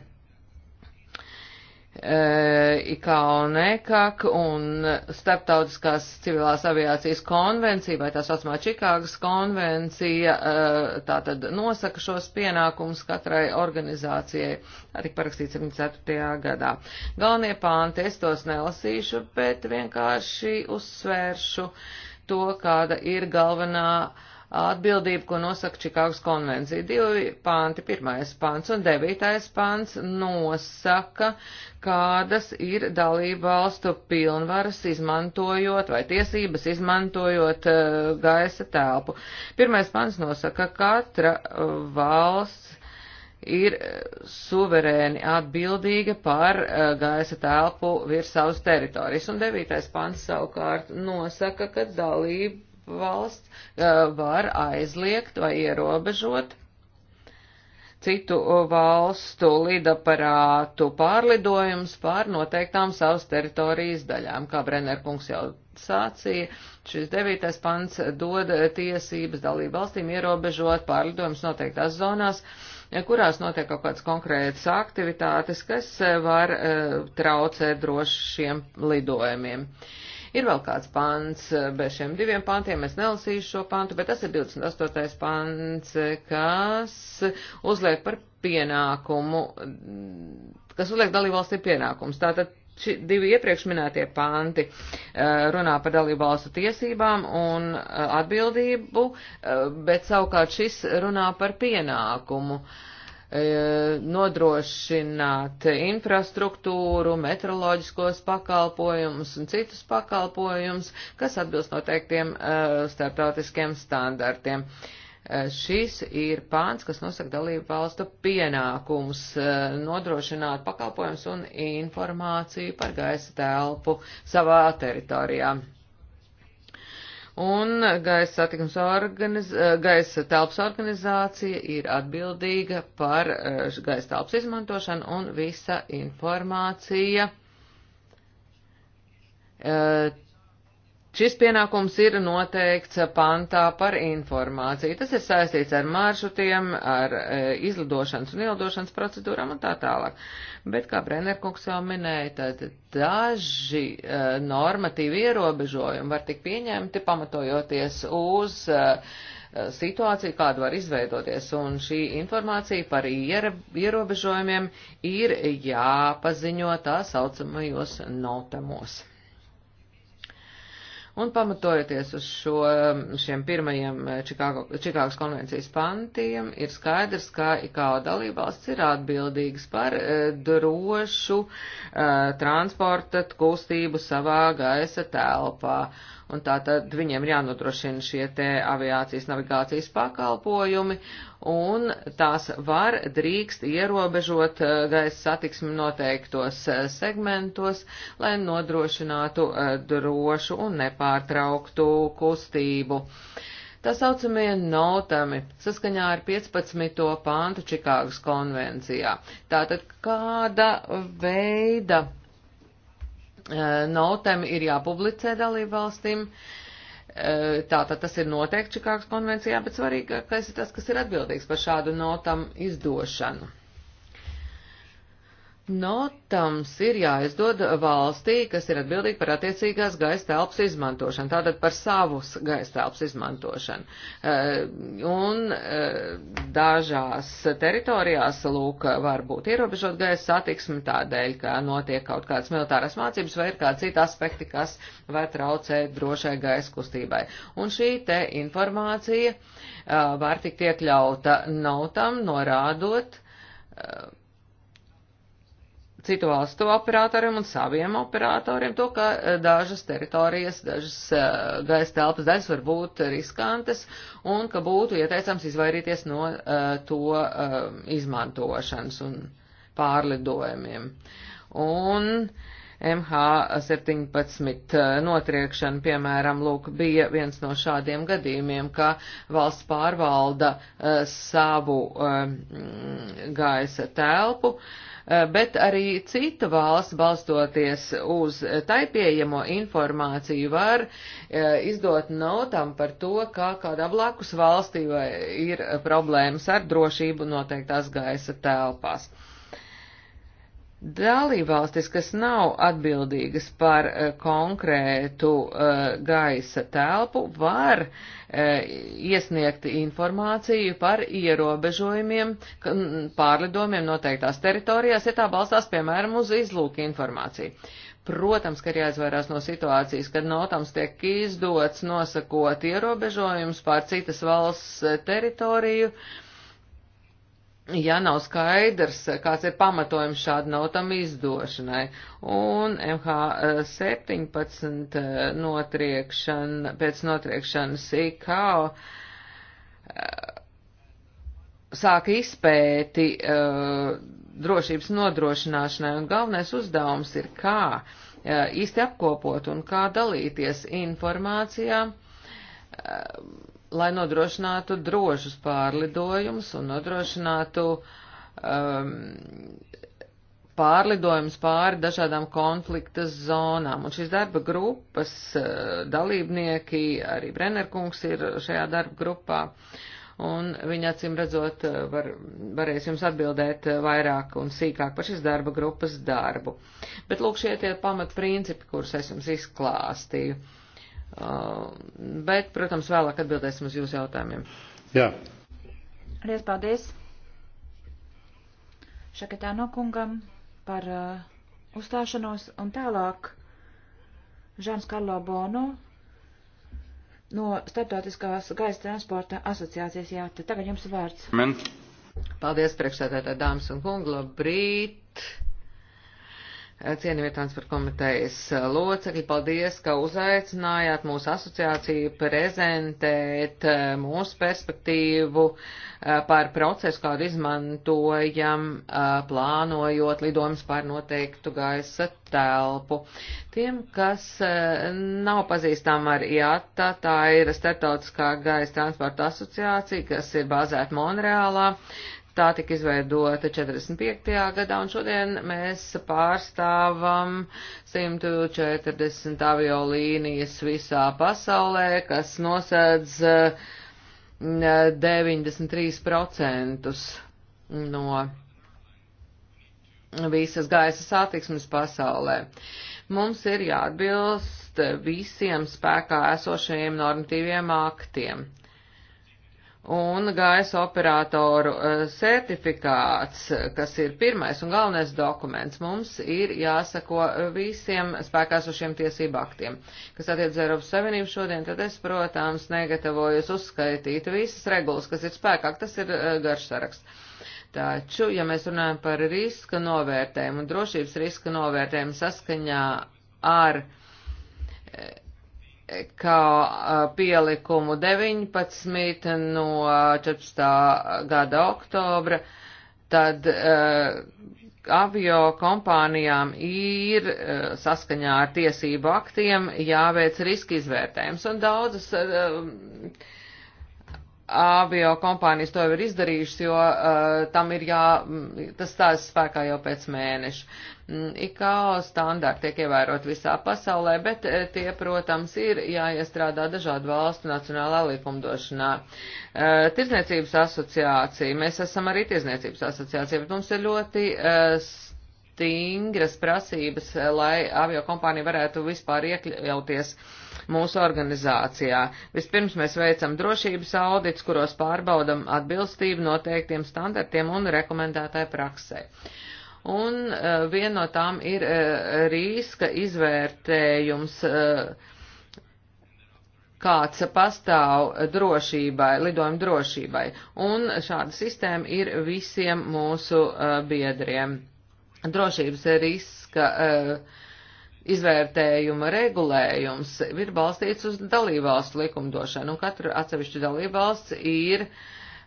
Eh, IKO un EKAK un Starptautiskās civilās aviācijas konvencija vai tā saucamā Čikāgas konvencija eh, tā tad nosaka šos pienākumus katrai organizācijai, arī parakstīts 74. gadā. Galvenie pānti es tos nelasīšu, bet vienkārši uzsvēršu to, kāda ir galvenā uh, atbildību, ko nosaka Čikāgas konvencija. Divi panti, pirmais pants un devītais pants nosaka, kādas ir dalība valstu pilnvaras izmantojot vai tiesības izmantojot uh, gaisa telpu. Pirmais pants nosaka, katra eh, valsts ir eh, suverēni atbildīga par gaisa telpu virs savas teritorijas. Un devītais pants savukārt nosaka, ka dalība valsts var aizliegt vai ierobežot citu valstu lidaparātu pārlidojums pār noteiktām savas teritorijas daļām. Kā Brennerkungs jau sācīja, šis devītais pants dod tiesības dalību valstīm ierobežot pārlidojums noteiktās zonās, kurās notiek kaut kādas konkrētas aktivitātes, kas var uh, traucēt drošiem lidojumiem. Uh, Ir vēl kāds pants eh, bez šiem diviem pantiem, es nelasīšu šo pantu, bet tas ir 28. pants, kas uzliek par pienākumu, mm, kas uzliek dalībvalstī pienākums. Tātad ši, divi iepriekš minētie panti eh, runā par dalībvalstu tiesībām un eh, atbildību, bet savukārt šis runā par pienākumu. Uh, E, nodrošināt infrastruktūru, metroloģiskos pakalpojumus un citus pakalpojumus, kas atbilst noteiktiem e, starptautiskiem standartiem. E, šis ir pāns, kas nosaka dalību valstu pienākums nodrošināt pakalpojumus un informāciju par gaisa telpu savā teritorijā. Un gaisa satikums organiz, eh, gaisa telpas organizācija ir atbildīga par eh, gaisa telpas izmantošanu un visa informācija eh, Šis pienākums ir noteikts pantā par informāciju. Tas ir saistīts ar maršrutiem, ar e, izlidošanas un ielidošanas procedūrām un tā tālāk. Bet, kā Brennerkungs jau minēja, tad daži e, normatīvi ierobežojumi var tik pieņemti, pamatojoties uz e, e situāciju, kāda var izveidoties, un šī informācija par ierobežojumiem ir jāpaziņo tā saucamajos notamos. Un pamatojoties uz šo, šiem pirmajiem eh, Čikāgas konvencijas pantiem, ir skaidrs, ka IKO dalībvalsts ir atbildīgs par eh, drošu uh, transporta kustību savā gaisa telpā un tātad viņiem ir jānodrošina šie te aviācijas navigācijas pakalpojumi, un tās var drīkst ierobežot eh, gaisa satiksmi noteiktos eh, segmentos, lai nodrošinātu eh, drošu un nepārtrauktu kustību. Tā saucamie notami saskaņā ar 15. pāntu Čikāgas konvencijā. Tātad kāda veida Eh, notēm ir jāpublicē dalību valstīm. Eh, Tātad tas ir noteikti Čikāgas konvencijā, bet svarīgākais ir tas, kas ir atbildīgs par šādu notam izdošanu notams ir jāizdod valstī, kas ir atbildīga par attiecīgās gaisa telpas izmantošanu, tātad par savus gaisa telpas izmantošanu. Eh, un eh, dažās teritorijās, lūk, var būt ierobežot gaisa satiksmi tādēļ, ka notiek kaut kādas militāras mācības vai ir kādi citi aspekti, kas var traucēt drošai gaisa kustībai. Un šī te informācija eh, var tikt iekļauta notam, norādot, citu valstu operatoriem un saviem operatoriem to, ka eh, dažas teritorijas, dažas gaisa eh, telpas daļas var būt riskantas un ka būtu ieteicams izvairīties no uh, to uh, izmantošanas un pārlidojumiem. Un uh, MH17 notriekšana, piemēram, lūk, bija viens no šādiem gadījumiem, ka valsts pārvalda eh, savu eh, gaisa telpu, eh, bet arī cita valsts, balstoties uz tai pieejamo informāciju, var izdot notam par to, kā kādā blakus valstī ir problēmas ar drošību noteiktās gaisa telpās. Dalībvalstis, kas nav atbildīgas par uh, konkrētu uh, gaisa telpu, var uh, iesniegt informāciju par ierobežojumiem, pārlidojumiem noteiktās teritorijās, ja tā balstās, piemēram, uz izlūku informāciju. Protams, ka ir jāizvairās no situācijas, kad notams tiek izdots nosakot ierobežojums pār citas valsts teritoriju. Uh, ja nav skaidrs, kāds ir pamatojums šāda notam izdošanai. Un MH17 notriekšana, pēc notriekšanas IKAO sāka izpēti uh, drošības nodrošināšanai, un galvenais uzdevums ir, kā uh, īsti apkopot un kā dalīties informācijā. Uh, lai nodrošinātu drošus pārlidojumus un nodrošinātu um, pārlidojumus pāri dažādām konflikta zonām. Un šīs darba grupas uh, dalībnieki, arī Brennerkungs ir šajā darba grupā, un viņa acīm redzot uh, var, varēs jums atbildēt uh, vairāk un sīkāk par šīs darba grupas darbu. Bet lūk, šie tie pamatprincipi, kurus es jums izklāstīju. Uh, Uh, bet, protams, vēlāk atbildēsim uz jūsu jautājumiem. Jā. Lies paldies Šaketēno kungam par uh, uzstāšanos un tālāk Žans Karlo Bono no Startautiskās gaisa transporta asociācijas. Jā, tagad jums vārds. Men. Paldies, priekšsēdētāji, dāmas un kungi, labrīt! Cienījamie transporta komitejas locekļi, paldies, ka uzaicinājāt mūsu asociāciju prezentēt eh, mūsu perspektīvu eh, par procesu, kādu izmantojam, eh, plānojot lidojums pār noteiktu gaisa telpu. Tiem, kas nav pazīstama ar IATA, tā ir Startautiskā gaisa transporta asociācija, kas ir bāzēta Monreālā. Tā tika izveidota 45. gadā, un šodien mēs pārstāvam 140 aviolīnijas visā pasaulē, kas nosēdz 93% eh, no visas gaisa satiksmes pasaulē. Mums ir jāatbilst visiem spēkā esošajiem normatīviem aktiem un gaisa operatoru eh, certifikāts, kas ir pirmais un galvenais dokuments, mums ir jāsako eh, visiem spēkāsošiem tiesību aktiem. Kas attiec Eiropas Savienību šodien, tad es, protams, negatavojos uzskaitīt visas regulas, kas ir spēkā, tas ir eh, garš saraksts. Taču, ja mēs runājam par riska novērtējumu un drošības riska novērtējumu saskaņā ar kā pielikumu 19 no 14. gada oktobra, tad uh, avio kompānijām ir uh, saskaņā ar tiesību aktiem jāveic riski izvērtējums, un daudzas uh, avio kompānijas to jau ir izdarījušas, jo uh, tam ir jā, tas stāsts spēkā jau pēc mēneša. Mm, IKO standarti tiek ievērot visā pasaulē, bet eh, tie, protams, ir jāiestrādā dažādu valstu nacionālā likumdošanā. Eh, tirzniecības asociācija, mēs esam arī tirzniecības asociācija, bet mums ir ļoti eh, stingras prasības, lai avio kompānija varētu vispār iekļauties mūsu organizācijā. Vispirms mēs veicam drošības audits, kuros pārbaudam atbilstību noteiktiem standartiem un rekomendētāju praksē. Uh, Un eh, viena no tām ir eh, riska izvērtējums, eh, kāds pastāv drošībai, lidojuma drošībai. Un šāda sistēma ir visiem mūsu biedriem. Drošības riska izvērtējuma regulējums ir balstīts uz dalībvalstu likumdošanu, un katra atsevišķa dalībvalsts ir,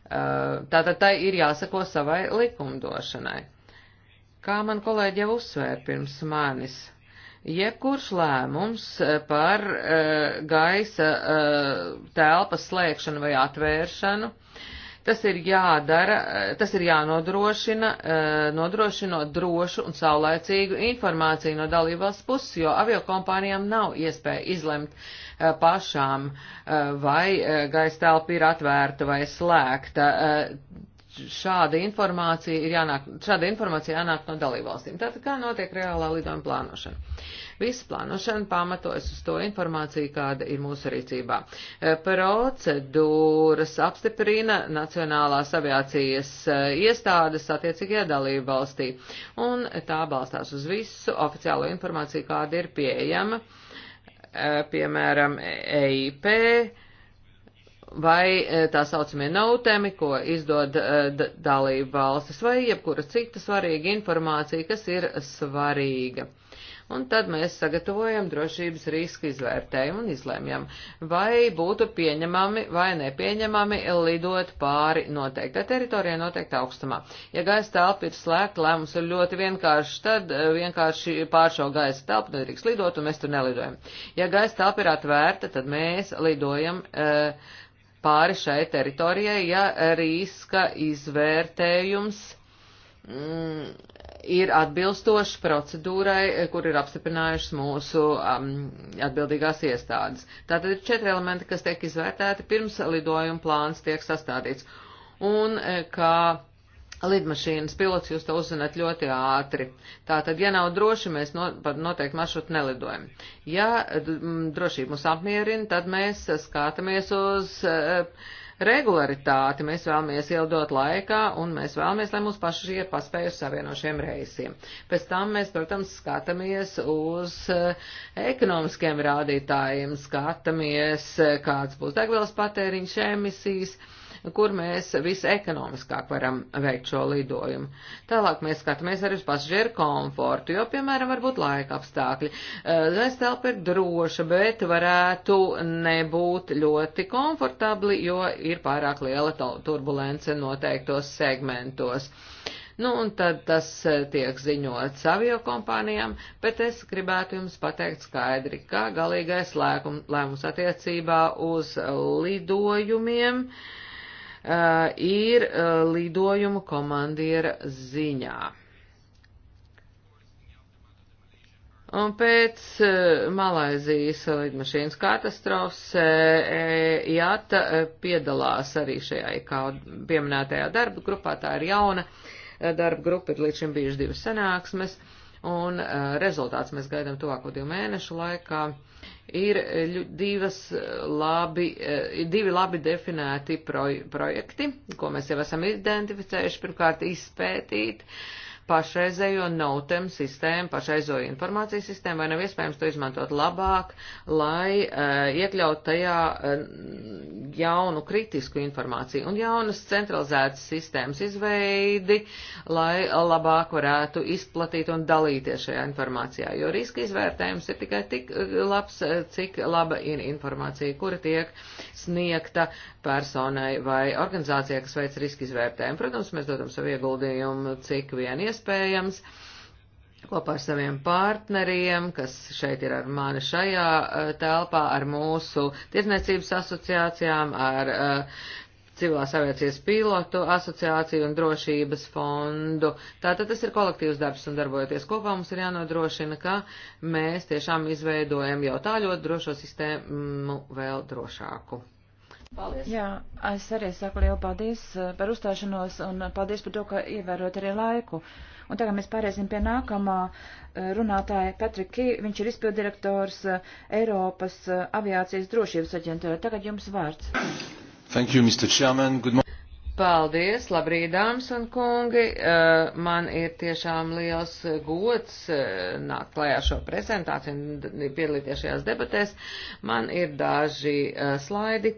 tātad tai ir jāsako savai likumdošanai. Kā man kolēģi jau uzsvēra pirms manis, jebkurš lēmums eh, par uh, gaisa uh, telpas slēgšanu vai atvēršanu, tas ir jādara, tas ir jānodrošina, uh, nodrošinot drošu un saulēcīgu informāciju no dalībās puses, jo aviokompānijām nav iespēja izlemt uh, pašām, uh, vai uh, gaisa telpa ir atvērta vai slēgta. Uh, šāda informācija ir jānāk, šāda informācija jānāk no dalībvalstīm. Tātad, kā notiek reālā lidojuma plānošana? Visa plānošana pamatojas uz to informāciju, kāda ir mūsu rīcībā. E, procedūras apstiprina Nacionālās aviācijas e, iestādes attiecīgajā dalībvalstī, un tā balstās uz visu oficiālo informāciju, kāda ir pieejama, e, piemēram, EIP, vai e, tā saucamie nautemi, ko izdod e, dalība valstis, vai jebkura cita svarīga informācija, kas ir svarīga. Un tad mēs sagatavojam drošības riska izvērtējumu un izlēmjam, vai būtu pieņemami vai nepieņemami lidot pāri noteikta teritorija noteikta augstumā. Ja gaisa telpa ir slēgta, lēmums ir ļoti vienkārši, tad e, vienkārši pār šo gaisa telpu nedrīkst lidot un mēs tur nelidojam. Ja gaisa telpa ir atvērta, tad mēs lidojam. Uh, pāri šai teritorijai, ja riska izvērtējums mm, ir atbilstoši procedūrai, kur ir apstiprinājušas mūsu um, atbildīgās iestādes. Tātad ir četri elementi, kas tiek izvērtēti pirms lidojuma plāns tiek sastādīts. Un eh, kā lidmašīnas pilots, jūs to uzzināt ļoti ātri. Tātad, ja nav droši, mēs no, par noteiktu maršrutu nelidojam. Ja drošība mūs apmierina, tad mēs skatāmies uz uh, regularitāti. Mēs vēlamies ielidot laikā un mēs vēlamies, lai mūs paši ir paspējuši savienošiem reisiem. Pēc tam mēs, protams, skatāmies uz uh, ekonomiskiem rādītājiem, skatāmies, e, kāds būs degvielas patēriņš, emisijas. Uh, kur mēs visekonomiskāk varam veikt šo lidojumu. Tālāk mēs skatāmies arī uz pasažieru komfortu, jo, piemēram, varbūt laika apstākļi. Gaisa eh, telpa ir droša, bet varētu nebūt ļoti komfortabli, jo ir pārāk liela turbulence noteiktos segmentos. Nu, un tad tas eh, tiek ziņots avio kompānijām, bet es gribētu jums pateikt skaidri, ka galīgais lēkums, lēmums attiecībā uz lidojumiem uh, Eh, ir eh, lidojumu komandiera ziņā. Un pēc eh, Malaizijas lidmašīnas katastrofas JATA piedalās arī šajā IKO pieminētajā darba grupā. Tā ir jauna darba grupa, ir līdz šim bijušas divas sanāksmes, un rezultāts mēs gaidām tuvāko divu mēnešu laikā ir divas eh, labi, eh, divi labi definēti proj projekti, ko mēs jau esam identificējuši, pirmkārt izpētīt. Uh, pašreizējo NOTEM sistēmu, pašreizējo informācijas sistēmu, vai nav iespējams to izmantot labāk, lai uh, iekļaut tajā uh, jaunu kritisku informāciju un jaunas centralizētas sistēmas izveidi, lai labāk varētu izplatīt un dalīties šajā informācijā, jo riska izvērtējums ir tikai tik eh, labs, cik laba ir informācija, kura tiek sniegta uh, personai vai organizācijai, kas veic riska izvērtējumu. Protams, mēs dodam savu ieguldījumu, cik vien iespējams, kopā ar saviem partneriem, kas šeit ir ar mani šajā eh, telpā, ar mūsu tirdzniecības asociācijām, ar uh, civilās aviācijas pilotu asociāciju un drošības fondu. Tātad tas ir kolektīvs darbs un darbojoties kopā mums ir jānodrošina, ka mēs tiešām izveidojam jau tā ļoti drošo sistēmu mm, vēl drošāku. Paldies. Jā, es arī saku lielu paldies eh, par uzstāšanos un eh, paldies par to, ka ievērot arī laiku. Un tagad mēs pāriesim pie nākamā eh, runātāja Patriki. Viņš ir izpildirektors Eiropas aviācijas drošības aģentūra. Tagad jums vārds. Thank you, Mr. Chairman. Good morning. Paldies, labrīt, dāmas un kungi. Man ir tiešām liels gods nākt klajā šo prezentāciju un piedalīties šajās debatēs. Man ir daži slaidi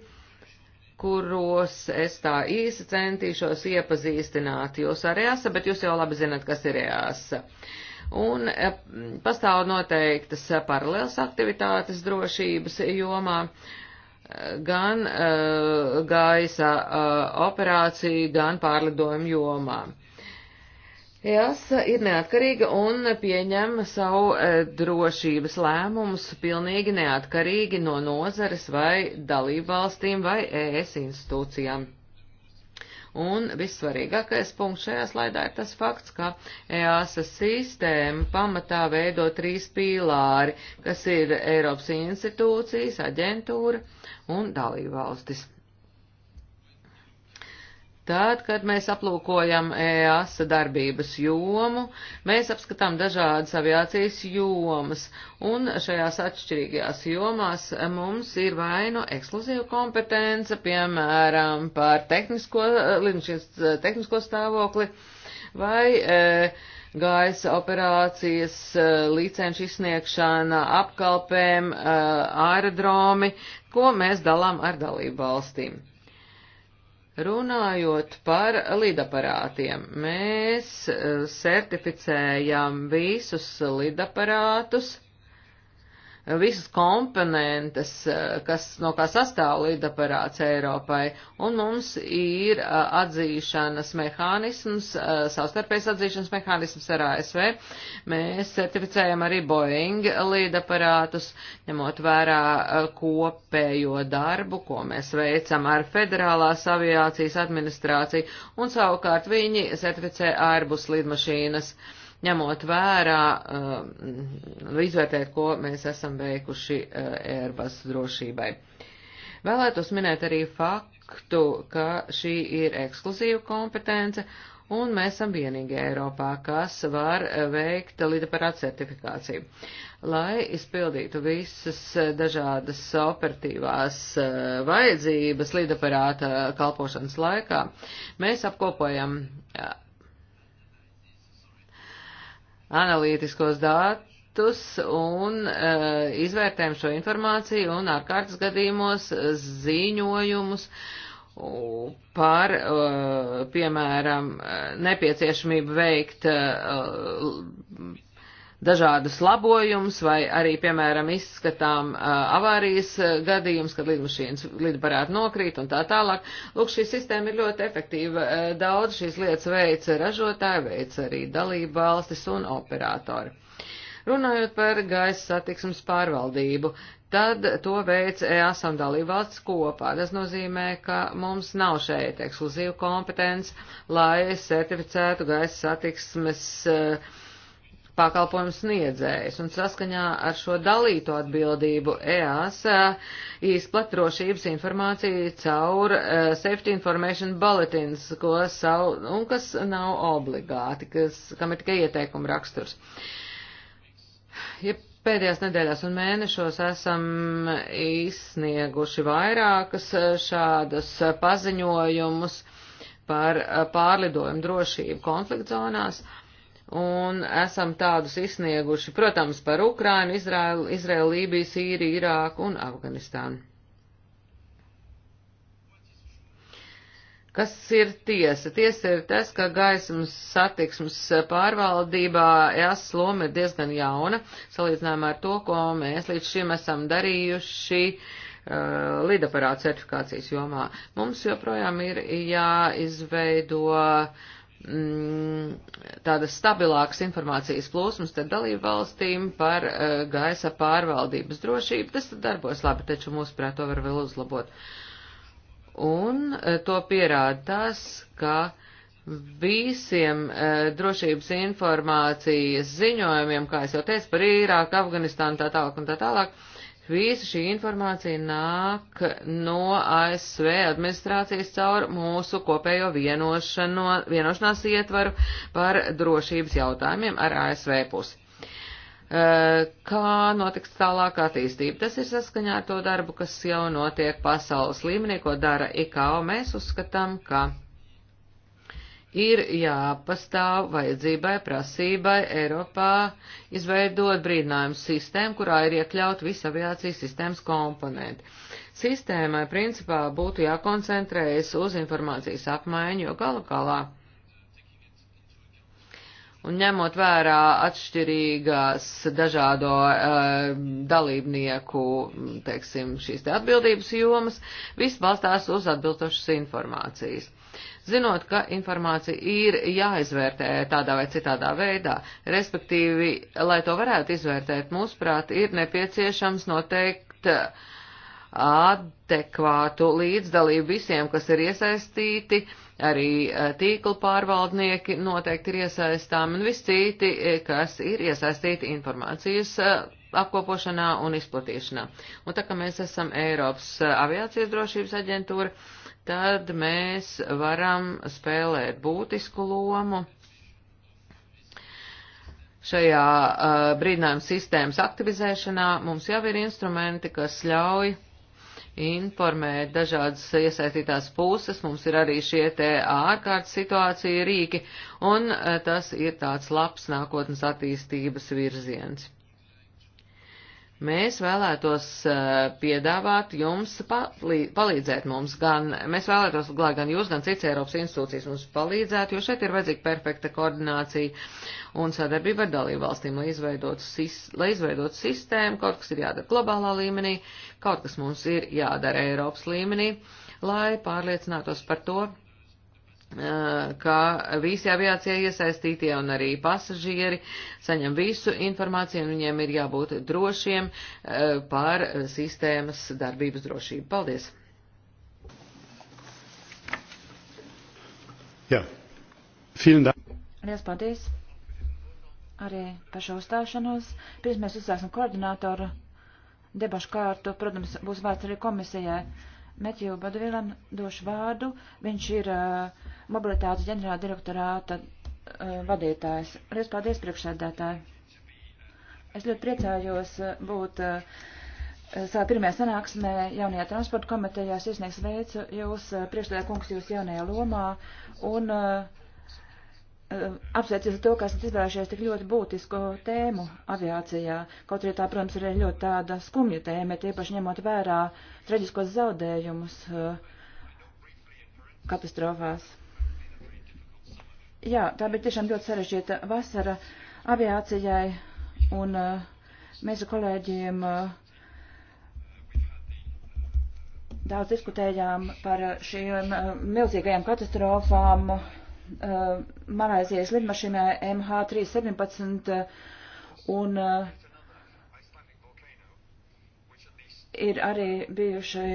kuros es tā īsi centīšos iepazīstināt jūs ar EASA, bet jūs jau labi zinat, kas ir EASA. Un e, pastāv noteiktas paralēlas aktivitātes drošības jomā, e, gan uh, gaisa uh, operāciju, gan pārlidojumu jomā. Uh, Jāsa ir neatkarīga un pieņem savu e, drošības lēmumus pilnīgi neatkarīgi no nozares vai dalībvalstīm vai ES institūcijām. Un vissvarīgākais punkts šajā slaidā ir tas fakts, ka EASA sistēma pamatā veido trīs pīlāri, kas ir Eiropas institūcijas, aģentūra un dalībvalstis. Tad, kad mēs aplūkojam EASA darbības jomu, mēs apskatām dažādas aviācijas jomas, un šajās atšķirīgajās jomās mums ir vai nu ekskluzīva kompetence, piemēram, par tehnisko, līdz tehnisko stāvokli, vai e, gaisa operācijas, e, licenšu izsniegšana, apkalpēm, e, aerodromi, ko mēs dalām ar dalību valstīm. Runājot par lidaparātiem, mēs eh, certificējam visus lidaparātus visas komponentes, eh, kas no kā sastāv lidaparāts Eiropai, un mums ir eh, atzīšanas mehānisms, eh, savstarpējas atzīšanas mehānisms ar ASV. Mēs certificējam arī Boeing lidaparātus, ņemot vērā kopējo darbu, ko mēs veicam ar Federālās aviācijas administrāciju, un savukārt viņi certificē Airbus lidmašīnas. Uh, ņemot vērā, uh, izvērtēt, ko mēs esam veikuši uh, Airbus drošībai. Vēlētos minēt arī faktu, ka šī ir ekskluzīva kompetence, un mēs esam vienīgie Eiropā, kas var uh, veikt lidaparāta certifikāciju. Lai izpildītu visas uh, dažādas operatīvās uh, vajadzības lidaparāta kalpošanas laikā, mēs apkopojam analītiskos datus un uh, izvērtējam šo informāciju un ārkārtas gadījumos ziņojumus par, uh, piemēram, nepieciešamību veikt uh, dažādus labojumus, vai arī, piemēram, izskatām uh, avārijas uh, gadījumus, kad lidmašīnas lidbarāt nokrīt un tā tālāk. Lūk, šī sistēma ir ļoti efektīva. Uh, daudz šīs lietas veica ražotāji, veica arī dalība valstis un operatori. Runājot par gaisa satiksmes pārvaldību, tad to veic EAS un dalībvalsts kopā. Tas nozīmē, ka mums nav šeit ekskluzīva kompetence, lai certificētu gaisa satiksmes uh, pakalpojumu sniedzējs, un saskaņā ar šo dalīto atbildību EAS eh, izplat drošības informāciju caur eh, Safety Information Bulletins, ko savu, un kas nav obligāti, kas, kam ir tikai ieteikuma raksturs. Ja pēdējās nedēļās un mēnešos esam izsnieguši vairākas eh, šādas paziņojumus par pārlidojumu drošību konflikt zonās. Uh, un esam tādus izsnieguši, protams, par Ukrainu, Izraēlu, Izraēlu Lībiju, Sīriju, Irāku un Afganistānu. Kas ir tiesa? Tiesa ir tas, ka gaismas satiksmes pārvaldībā es loma ir diezgan jauna, salīdzinājumā ar to, ko mēs līdz šim esam darījuši uh, lidaparātu certifikācijas jomā. Mums joprojām ir jāizveido uh, Mm, tādas stabilākas informācijas plūsmas te dalību valstīm par uh, gaisa pārvaldības drošību. Tas darbojas labi, taču mūsuprāt to var vēl uzlabot. Un uh, to pierāda tas, ka visiem uh, drošības informācijas ziņojumiem, kā es jau teicu, par Īrāku, Afganistānu tā tālāk un tā tālāk, uh, Visa šī informācija nāk no ASV administrācijas caur mūsu kopējo vienošano, vienošanās ietvaru par drošības jautājumiem ar ASV pusi. E, kā notiks tālāk attīstība? Tas ir saskaņā ar to darbu, kas jau notiek pasaules līmenī, ko dara IKO. Mēs uzskatām, ka ir jāpastāv vajadzībai, prasībai Eiropā izveidot brīdinājumu sistēmu, kurā ir iekļaut visi aviācijas sistēmas komponenti. Sistēmai principā būtu jākoncentrējas uz informācijas apmaiņu, jo galu galā. Un ņemot vērā atšķirīgās dažādo uh, dalībnieku, teiksim, šīs te atbildības jomas, viss balstās uz atbilstošas informācijas. Uh, zinot, ka informācija ir jāizvērtē tādā vai citādā veidā. Respektīvi, lai to varētu izvērtēt, mūsuprāt, ir nepieciešams noteikt uh, adekvātu līdzdalību visiem, kas ir iesaistīti, arī uh, tīkla pārvaldnieki noteikti ir iesaistām un visi citi, eh, kas ir iesaistīti informācijas uh, apkopošanā un izplatīšanā. Un tā kā mēs esam Eiropas aviācijas drošības aģentūra, tad mēs varam spēlēt būtisku lomu šajā uh, brīdinājuma sistēmas aktivizēšanā. Mums jau ir instrumenti, kas ļauj informēt dažādas iesaistītās puses, mums ir arī šie te ārkārtas situācija rīki, un uh, tas ir tāds labs nākotnes attīstības virziens. Mēs vēlētos eh, piedāvāt jums palīdzēt mums, gan mēs vēlētos, lai gan jūs, gan cits Eiropas institūcijas mums palīdzētu, jo šeit ir vajadzīga perfekta koordinācija un sadarbība ar dalību valstīm, lai izveidotu, lai izveidotu sistēmu, kaut kas ir jādara globālā līmenī, kaut kas mums ir jādara Eiropas līmenī, lai pārliecinātos par to, Eh, ka visi aviācijā iesaistītie un arī pasažieri saņem visu informāciju un viņiem ir jābūt drošiem eh, par sistēmas darbības drošību. Paldies! Jā, vielen dank! Liels paldies! Arī par šo uzstāšanos. Pirms mēs uzsāksim koordinātoru debašu kārtu, protams, būs vārds arī komisijai. Metju Badvilam došu vārdu. Viņš ir uh, mobilitātes ģenerāla direktorāta uh, vadītājs. Lies paldies priekšsēdētāji. Es ļoti priecājos uh, būt uh, savā pirmajā sanāksmē jaunajā transporta komitejā. Es iesniegs veicu jūs, uh, priekšsēdētāja kungs, jūs jaunajā lomā. Un, uh, Eh, apsveicis to, ka esat izvēlējušies tik ļoti būtisko tēmu aviācijā, kaut arī tā, protams, ir ļoti tāda skumja tēma, tiepaši ņemot vērā traģiskos zaudējumus eh, katastrofās. Jā, tā bija tiešām ļoti sarežģīta vasara aviācijai, un eh, mēs ar kolēģiem daudz diskutējām par šīm milzīgajām katastrofām. Uh, uh, Malaisijas lidmašīnā MH317 uh, un uh, ir arī bijuši.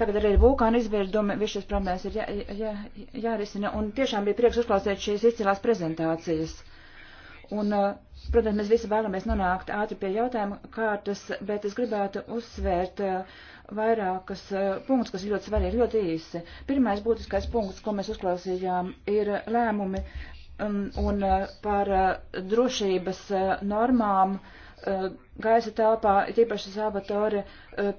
Tagad arī ir vulkāna izvirdumi, viss šis problēmas ir jā, jā, jārisina, un tiešām bija prieks uzklausīt šīs izcilās prezentācijas. Un, uh, protams, mēs visi vēlamies nonākt ātri pie jautājuma kārtas, bet es gribētu uzsvērt uh, vairākas uh, punktus, kas ir ļoti svarīgi, ļoti īsi. Pirmais būtiskais punkts, ko mēs uzklausījām, ir lēmumi um, un par drošības normām gaisa telpā, tīpaši Salvatore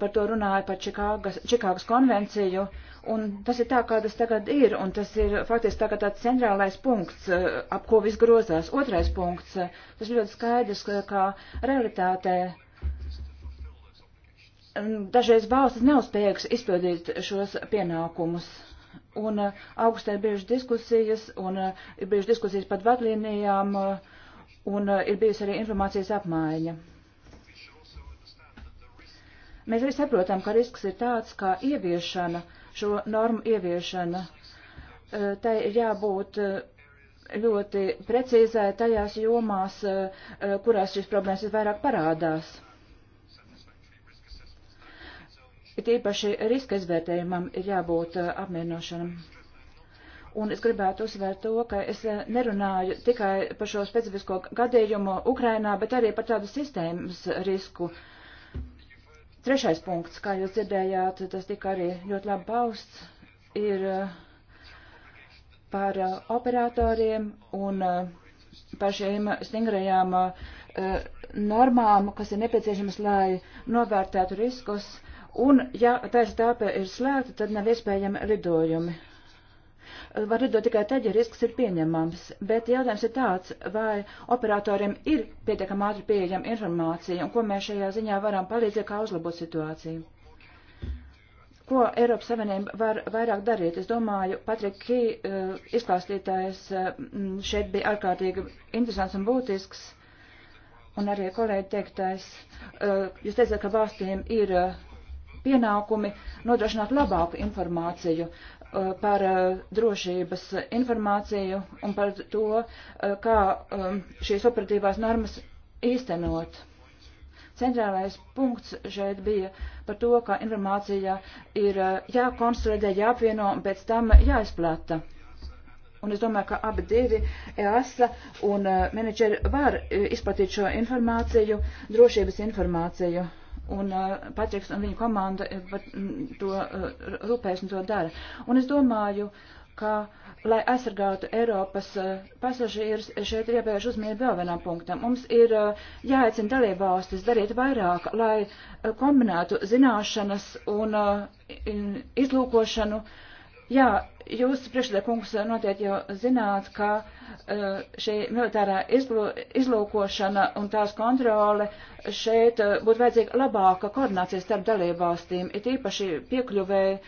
par to runāja par Čikāgas, Čikāgas konvenciju. Uh, Un tas ir tā, kā tas tagad ir, un tas ir faktiski tagad tāds centrālais punkts, eh, ap ko viss grozās. Otrais punkts, eh, tas ļoti skaidrs, ka, ka realitātē mm, dažreiz valstis neuzspējīgs izpildīt šos pienākumus. Un eh, augustē ir bijušas diskusijas, un ir bijušas diskusijas pat vadlīnijām, un ir bijusi arī informācijas apmaiņa. Mēs arī saprotam, ka risks ir tāds, ka ieviešana uh, šo normu ieviešana. E, tai ir jābūt e, ļoti precīzai tajās jomās, e, kurās šīs problēmas visvairāk parādās. It īpaši riska izvērtējumam ir jābūt apmierinošanam. Un es gribētu uzsvērt to, ka es nerunāju tikai par šo specifisko gadījumu Ukrainā, bet arī par tādu sistēmas risku uh, Trešais punkts, kā jūs dzirdējāt, tas tika arī ļoti labi pausts, ir eh, par eh, operatoriem un eh, par šīm stingrajām normām, kas ir nepieciešamas, lai novērtētu riskus. Un, ja taisa tāpē ir slēgta, tad nav iespējami lidojumi var lidot tikai tad, ja risks ir pieņemams. Bet jautājums ir tāds, vai operatoriem ir pietiekami ātri pieejama informācija un ko mēs šajā ziņā varam palīdzēt, kā uzlabot situāciju. Ko Eiropas Savienība var vairāk darīt? Es domāju, Patrik, eh, izklāstītājs eh, šeit bija ārkārtīgi interesants un būtisks. Un arī kolēģi teiktais, eh, jūs teicāt, ka valstīm ir pienākumi nodrošināt labāku informāciju. Uh, par uh, drošības informāciju un par to, uh, kā um, šīs operatīvās normas īstenot. Centrālais punkts šeit bija par to, ka informācija ir jākonsolidē, jāapvieno un pēc tam jāizplata. Un es domāju, ka abi divi EASA un menedžeri var izplatīt šo informāciju, drošības informāciju un uh, Patriks un viņa komanda uh, to uh, rūpēs un to dara. Un es domāju, ka, lai aizsargātu Eiropas uh, pasažīrus, šeit ir jāpievērš uzmanība vēl vienam punktam. Mums ir uh, jāaicina dalībvalstis darīt vairāk, lai uh, kombinētu zināšanas un uh, izlūkošanu. Uh, Jā, jūs priekšliekungs noteikti jau zināt, ka e, šī militārā izlo, izlūkošana un tās kontrole šeit e, būtu vajadzīga labāka koordinācija starp dalībvalstīm, it īpaši piekļuvē e,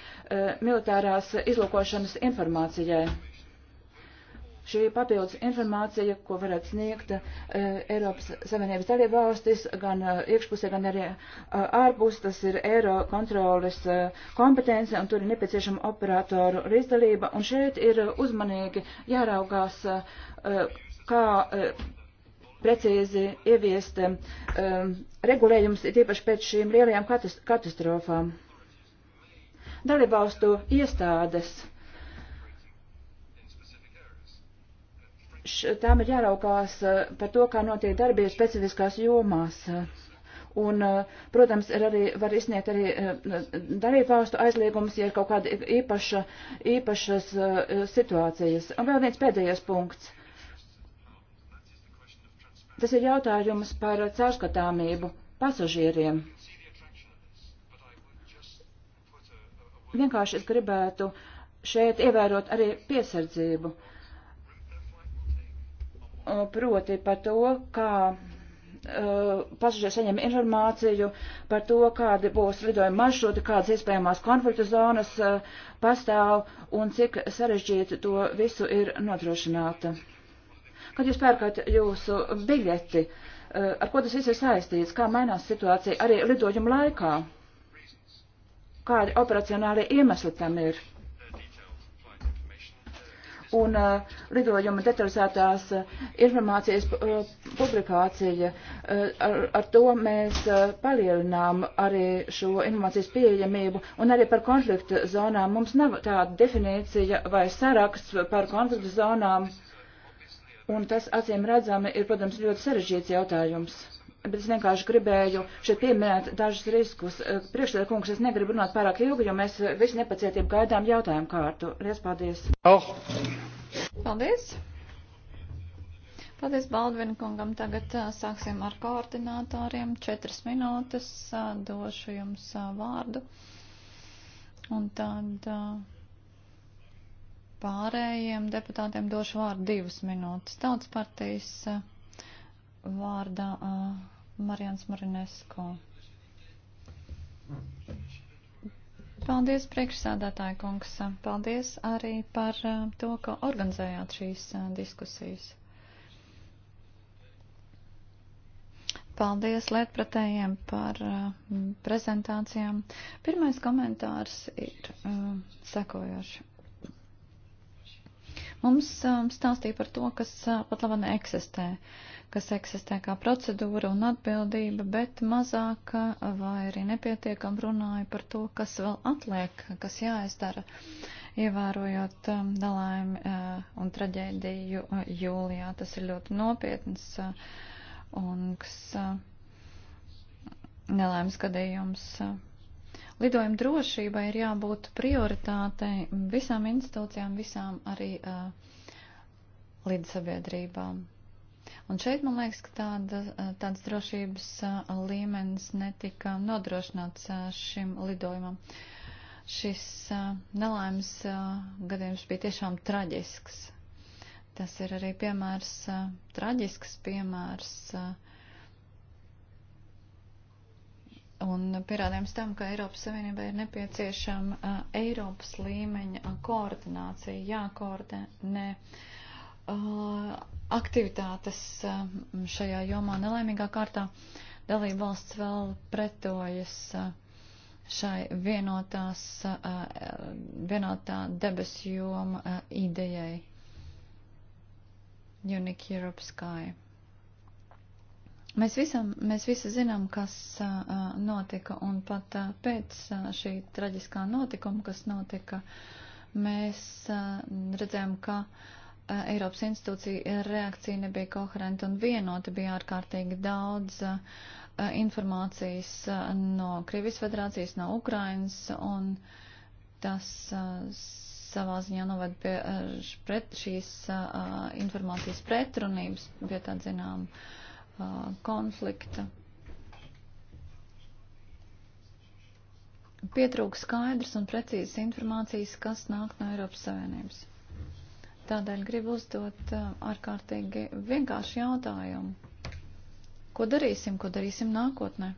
militārās izlūkošanas informācijai šī papildus informācija, ko varētu sniegt uh, Eiropas Savienības dalībvalstis, gan uh, iekšpusē, gan arī uh, ārpus, tas ir eiro kontroles uh, kompetence, un tur ir nepieciešama operatoru līdzdalība, un šeit ir uzmanīgi jāraugās, uh, kā uh, precīzi ieviest um, regulējums, tiepaši pēc šīm lielajām katast katastrofām. Dalībvalstu iestādes š, tām ir jāraukās eh, par to, kā notiek darbība specifiskās jomās. Un, eh, protams, ir arī, var izsniegt arī eh, darībvalstu aizliegums, ja ir kaut kāda īpaša, īpašas situācijas. Un vēl viens pēdējais punkts. Tas ir jautājums par caurskatāmību pasažieriem. Vienkārši es gribētu šeit ievērot arī piesardzību. Uh, Uh, proti par to, kā uh, pasažieri saņem informāciju par to, kādi būs lidojuma maršruti, kādas iespējamās konfliktu zonas uh, pastāv un cik sarežģīti to visu ir nodrošināta. Kad jūs pērkat jūsu biļeti, ar ko tas viss ir saistīts, kā mainās situācija arī lidojuma laikā, kādi operacionālie iemesli tam ir un uh, lidojuma detalizētās uh, informācijas uh, publikācija. Uh, ar, ar to mēs uh, palielinām arī šo informācijas pieejamību un arī par konflikta zonām. Mums nav tāda definīcija vai saraksts par konflikta zonām, un tas acīm redzami ir, protams, ļoti sarežģīts jautājums bet es vienkārši gribēju šeit pieminēt dažus riskus. Eh, Priekšsēdā kungs, es negribu runāt pārāk ilgi, jo mēs eh, visi nepacietību gaidām jautājumu kārtu. Lies paldies. Oh. Paldies. Paldies Baldvina kungam. Tagad eh, sāksim ar koordinātoriem. Četras minūtes došu jums vārdu. Un tad pārējiem deputātiem došu vārdu divas minūtes. Tautas partijas vārdā. Uh, Marians Marinesko. Paldies, priekšsādātāja kungs. Paldies arī par uh, to, ka organizējāt šīs uh, diskusijas. Paldies lietpratējiem par uh, prezentācijām. Pirmais komentārs ir sekojošs. Mums um, stāstīja par to, kas pat laba neeksistē. Uh, kas eksistē kā procedūra un atbildība, bet mazāk vai arī nepietiekam runāja par to, kas vēl atliek, kas jāizdara, ievērojot dalājumi un traģēdiju jūlijā. Tas ir ļoti nopietns un kas nelēms gadījums. Lidojuma drošībai ir jābūt prioritātei visām institūcijām, visām arī uh, līdzsabiedrībām. Un šeit man liekas, ka tāda, eh, tāds drošības eh, līmenis netika nodrošināts eh, šim lidojumam. Šis nelaimes gadījums bija tiešām traģisks. Tas ir arī piemērs, traģisks piemērs un pierādījums tam, ka Eiropas Savienībai ir nepieciešama Eiropas līmeņa koordinācija, jākoordinē Uh, aktivitātes um, šajā jomā nelaimīgā kārtā dalība valsts vēl pretojas uh, šai vienotās, uh, vienotā debesu joma idejai Unique Europe Sky. Mēs, visam, mēs visi zinām, kas notika, un pat pēc šī traģiskā notikuma, kas notika, mēs redzējām, ka uh, Eh, Eiropas institūcija eh, reakcija nebija koherenta un vienota, bija ārkārtīgi daudz eh, informācijas no Krievijas federācijas, no Ukrainas, un tas savā ziņā noved pie pret, šīs informācijas pretrunības, pie tā zinām konflikta. Pietrūk skaidrs un precīzes informācijas, kas nāk no Eiropas Savienības. Tādēļ gribu uzdot uh, ārkārtīgi vienkāršu jautājumu. Ko darīsim, ko darīsim nākotnē?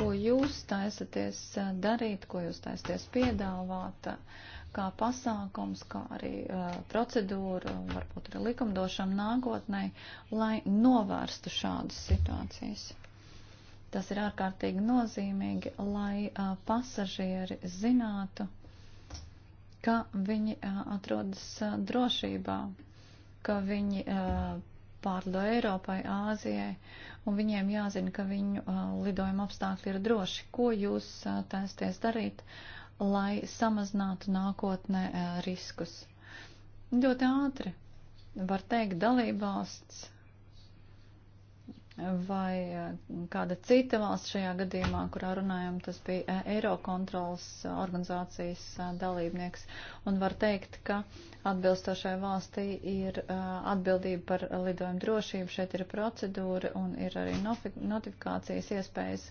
Ko jūs taisaties uh, darīt, ko jūs taisaties piedāvāt, uh, kā pasākums, kā arī uh, procedūra, varbūt arī likumdošana nākotnē, lai novērstu šādas situācijas? Tas ir ārkārtīgi nozīmīgi, lai uh, pasažieri zinātu, ka viņi atrodas drošībā, ka viņi pārlido Eiropai, Āzijai, un viņiem jāzina, ka viņu lidojuma apstākļi ir droši. Ko jūs taisties darīt, lai samazinātu nākotnē riskus? Ļoti ātri. Var teikt, dalībvalsts vai eh, kāda cita valsts šajā gadījumā, kurā runājam, tas bija eh, Eirokontrols eh, organizācijas dalībnieks. Un var teikt, ka atbilstošai valstī ir atbildība par lidojumu drošību, šeit ir procedūra un ir arī notifikācijas iespējas.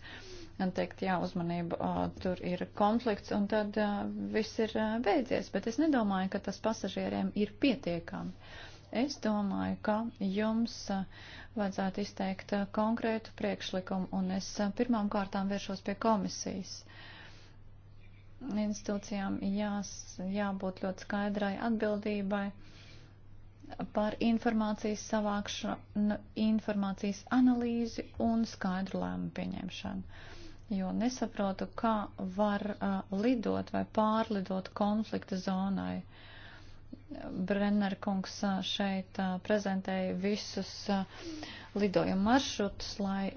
Un teikt, jā, uzmanība, tur ir konflikts, un tad viss ir beidzies. Bet es nedomāju, ka tas pasažieriem ir pietiekami. Es domāju, ka jums uh, vajadzētu izteikt uh, konkrētu priekšlikumu, un es uh, pirmām kārtām vēršos pie komisijas. Institūcijām jās, jābūt ļoti skaidrai atbildībai par informācijas savākšanu, informācijas analīzi un skaidru lēmu pieņemšanu. Jo nesaprotu, kā var uh, lidot vai pārlidot konflikta zonai. Uh, Brenner kungs šeit prezentēja visus lidojumu maršrutus, lai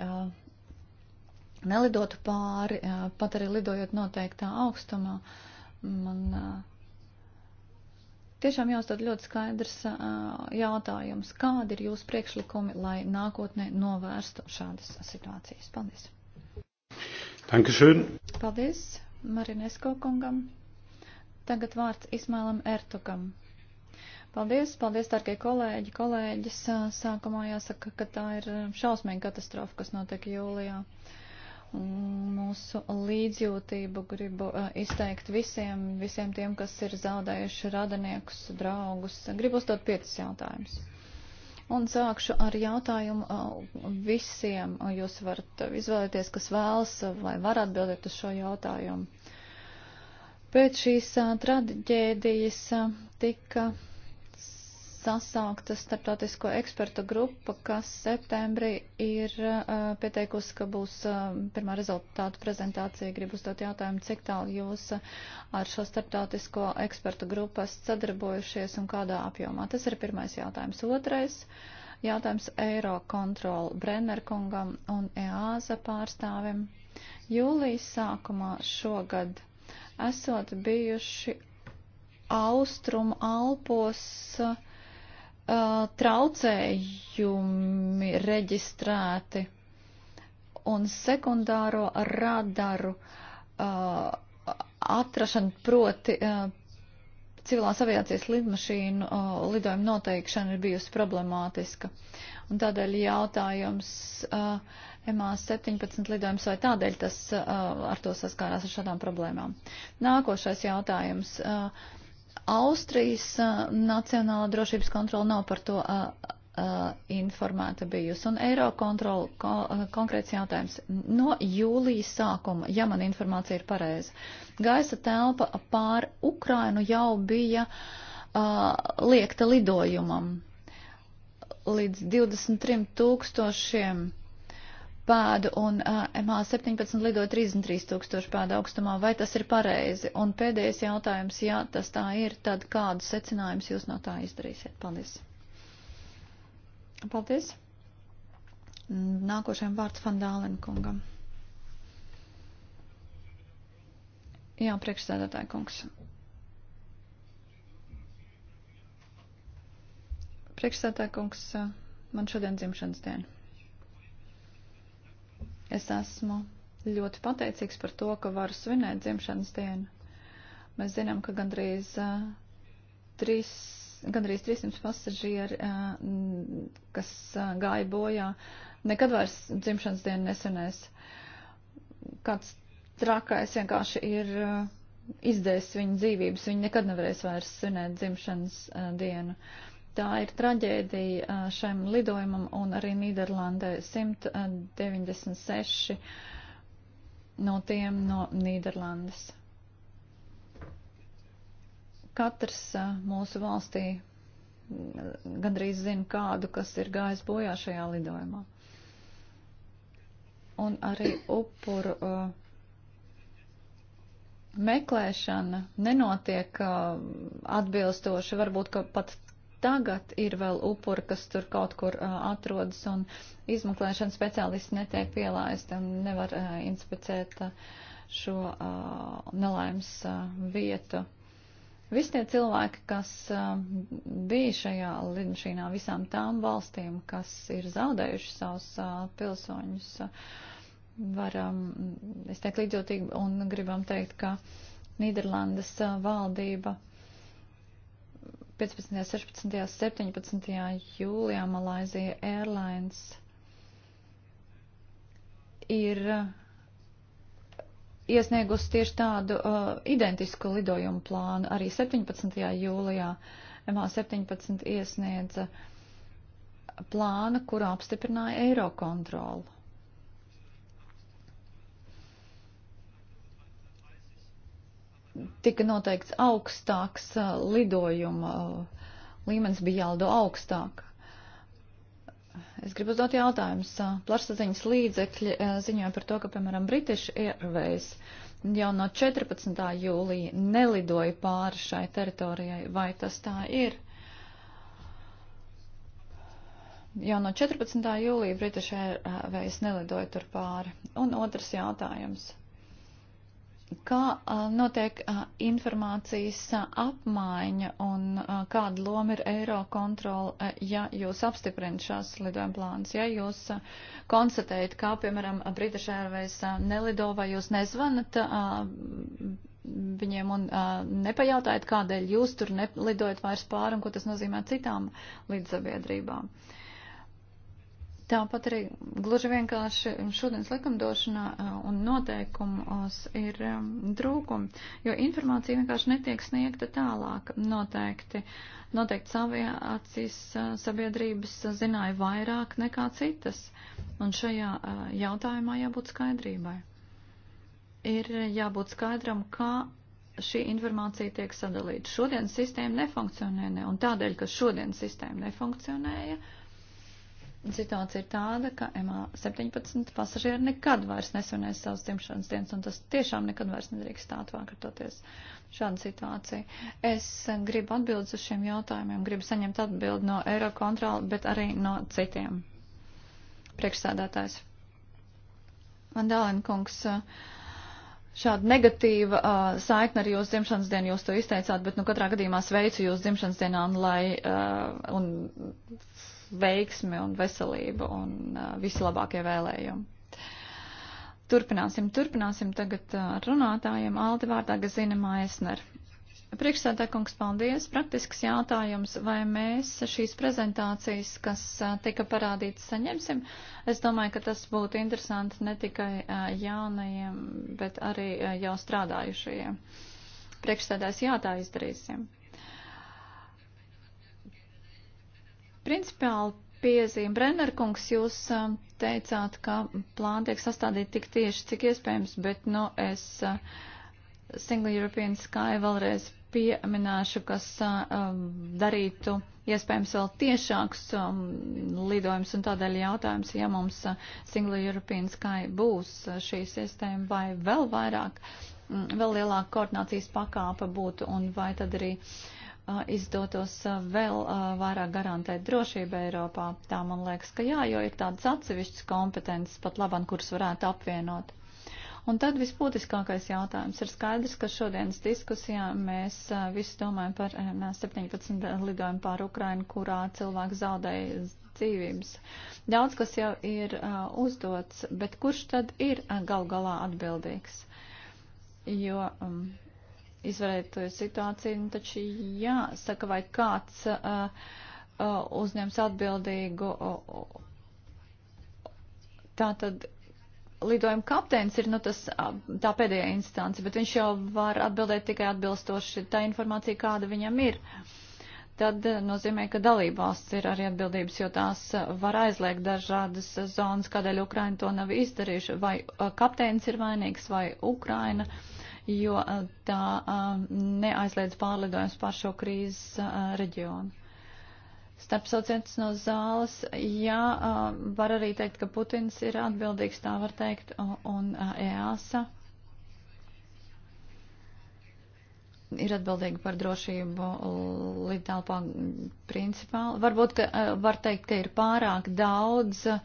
nelidotu pāri, pat arī lidojot noteiktā augstumā. Man tiešām jāuzdod ļoti skaidrs jautājums, kādi ir jūsu priekšlikumi, lai nākotnē novērstu šādas situācijas. Paldies! Dankeschön! Paldies Marinesko kungam! Tagad vārds Ismēlam Ertukam. Paldies, paldies, tārkie kolēģi, kolēģis. Sākumā jāsaka, ka tā ir šausmīga katastrofa, kas notiek jūlijā. Mūsu līdzjūtību gribu izteikt visiem, visiem tiem, kas ir zaudējuši radiniekus, draugus. Gribu uzdot piecas jautājumus. Un sākšu ar jautājumu visiem. Jūs varat izvēlēties, kas vēlas vai var atbildēt uz šo jautājumu. Pēc šīs traģēdijas tika sasākta starptautisko ekspertu grupa, kas septembrī ir uh, pieteikusi, ka būs uh, pirmā rezultātu prezentācija. Gribu uzdot jautājumu, cik tālu jūs uh, ar šo starptautisko ekspertu grupu esat sadarbojušies un kādā apjomā. Tas ir pirmais jautājums. Otrais jautājums Eiro kontrolu Brennerkungam un EASA pārstāvim. Jūlijas sākumā šogad esot bijuši Austrum Alpos. Uh, Uh, traucējumi reģistrēti un sekundāro radaru uh, atrašana, proti uh, civilās aviācijas lidmašīnu uh, lidojuma noteikšana ir bijusi problemātiska. Un tādēļ jautājums uh, MA 17 lidojums vai tādēļ tas uh, ar to saskārās ar šādām problēmām. Nākošais jautājums. Uh, Austrijas Nacionāla drošības kontrola nav par to informēta bijusi. Un Eirokontrola ko, konkrēts jautājums. No jūlijas sākuma, ja man informācija ir pareiza, gaisa telpa pār Ukrainu jau bija uh, liekta lidojumam līdz 23 tūkstošiem pēdu un uh, MA17 lido 33 tūkstoši pēdu augstumā. Vai tas ir pareizi? Un pēdējais jautājums, ja tas tā ir, tad kādu secinājumus jūs no tā izdarīsiet? Paldies. Paldies. Nākošajam vārds Fandālen kungam. Jā, priekšsēdētāji kungs. Priekšsēdētāji kungs, man šodien dzimšanas diena. Es esmu ļoti pateicīgs par to, ka varu svinēt dzimšanas dienu. Mēs zinām, ka gandrīz, uh, trīs, gandrīz 300 pasažieri, uh, kas uh, gāja bojā, nekad vairs dzimšanas dienu nesenēs. Kāds trakais vienkārši ir uh, izdēs viņu dzīvības, viņi nekad nevarēs vairs svinēt dzimšanas uh, dienu. Uh, Tā ir traģēdija šiem lidojumam un arī Nīderlandē 196 no tiem no Nīderlandes. Katrs mūsu valstī gandrīz zina kādu, kas ir gājis bojā šajā lidojumā. Un arī upuru uh, meklēšana nenotiek uh, atbilstoši, varbūt pat tagad ir vēl upuri, kas tur kaut kur uh, atrodas, un izmeklēšana speciālisti netiek pielaisti un nevar uh, inspicēt uh, šo uh, nelaimes uh, vietu. Visi tie cilvēki, kas uh, bija šajā lidmašīnā, visām tām valstīm, kas ir zaudējuši savus uh, pilsoņus, uh, varam, um, es teiktu, līdzjūtīgi un gribam teikt, ka Nīderlandes uh, valdība 15., 16., 17. jūlijā Malaisija Airlines ir uh, iesniegusi tieši tādu uh, identisku lidojumu plānu. Arī 17. jūlijā MA17 iesniedza plānu, kuru apstiprināja Eirokontrola. tika noteikts augstāks lidojuma līmenis, bija jālido augstāk. Es gribu uzdot jautājumus. Plašsaziņas līdzekļi ziņoja par to, ka, piemēram, British Airways jau no 14. jūlija nelidoja pāri šai teritorijai. Vai tas tā ir? Jau no 14. jūlija British Airways nelidoja tur pāri. Un otrs jautājums. Kā notiek informācijas apmaiņa un kāda loma ir eiro kontrola, ja jūs apstiprinat šās lidojuma plānas, ja jūs konstatējat, kā, piemēram, British Airways nelido vai jūs nezvanat viņiem un nepajautājat, kādēļ jūs tur nelidojat vairs pāri un ko tas nozīmē citām līdzsabiedrībām. Uh, Tāpat arī gluži vienkārši šodienas likumdošanā un noteikumos ir trūkumi, jo informācija vienkārši netiek sniegta tālāk. Noteikti, noteikti aviācijas sabiedrības zināja vairāk nekā citas, un šajā jautājumā jābūt skaidrībai. Ir jābūt skaidram, kā šī informācija tiek sadalīta. Šodien sistēma nefunkcionē, ne, un tādēļ, ka šodien sistēma nefunkcionēja, uh, Situācija ir tāda, ka MA17 pasažieri nekad vairs nesvinēs savas dzimšanas dienas, un tas tiešām nekad vairs nedrīkst tā atkārtoties šāda situācija. Es gribu atbildes uz šiem jautājumiem, gribu saņemt atbildi no Eirokontrola, bet arī no citiem. Priekšsādātājs. Vandālēn kungs. Uh, šāda negatīva uh, saikne ar jūsu dzimšanas dienu, jūs to izteicāt, bet nu katrā gadījumā sveicu jūs dzimšanas dienā un, lai, uh, un veiksmi un veselību un uh, vislabākie vēlējumi. Turpināsim, turpināsim tagad ar runātājiem Aldi vārdā Gazina Maisner. Priekšsēdētājs, paldies. Praktisks jautājums, vai mēs šīs prezentācijas, kas tika parādītas, saņemsim? Es domāju, ka tas būtu interesanti ne tikai jaunajiem, bet arī jau strādājušajiem. Priekšsēdētājs, jā, tā izdarīsim. Principiāli piezīme. Brennerkungs, jūs um, teicāt, ka plāni tiek sastādīti tik tieši, cik iespējams, bet, nu, es uh, Single European Sky vēlreiz pieminēšu, kas uh, um, darītu iespējams vēl tiešāks um, lidojums un tādēļ jautājums, ja mums uh, Single European Sky būs šī sistēma vai vēl vairāk, mm, vēl lielāka koordinācijas pakāpe būtu un vai tad arī uh, izdotos vēl vairāk garantēt drošību Eiropā. Tā man liekas, ka jā, jo ir tādas atsevišķas kompetences pat labam, kuras varētu apvienot. Un tad visbūtiskākais jautājums ir skaidrs, ka šodienas diskusijā mēs visi domājam par 17 lidojumu pār Ukrainu, kurā cilvēki zaudēja dzīvības. Daudz kas jau ir uzdots, bet kurš tad ir gal galā atbildīgs? Jo um, izvarētoja situāciju, nu, taču jāsaka, vai kāds uh, uh, uzņems atbildīgu. Uh, tātad lidojuma kapteinis ir nu, tas, uh, tā pēdējā instance, bet viņš jau var atbildēt tikai atbilstoši tā informācija, kāda viņam ir. Tad uh, nozīmē, ka dalībvalsts ir arī atbildības, jo tās var aizliegt dažādas zonas, kādēļ Ukraina to nav izdarījuši. Vai kapteinis ir vainīgs vai Ukraina? Uh, jo tā neaizliedz pārlidojums pār šo krīzes reģionu. Starp sauciens no zāles, jā, var arī teikt, ka Putins ir atbildīgs, tā var teikt, un EASA e ir atbildīga par drošību lidtālpā principāli. Varbūt, ka var teikt, ka ir pārāk daudz uh,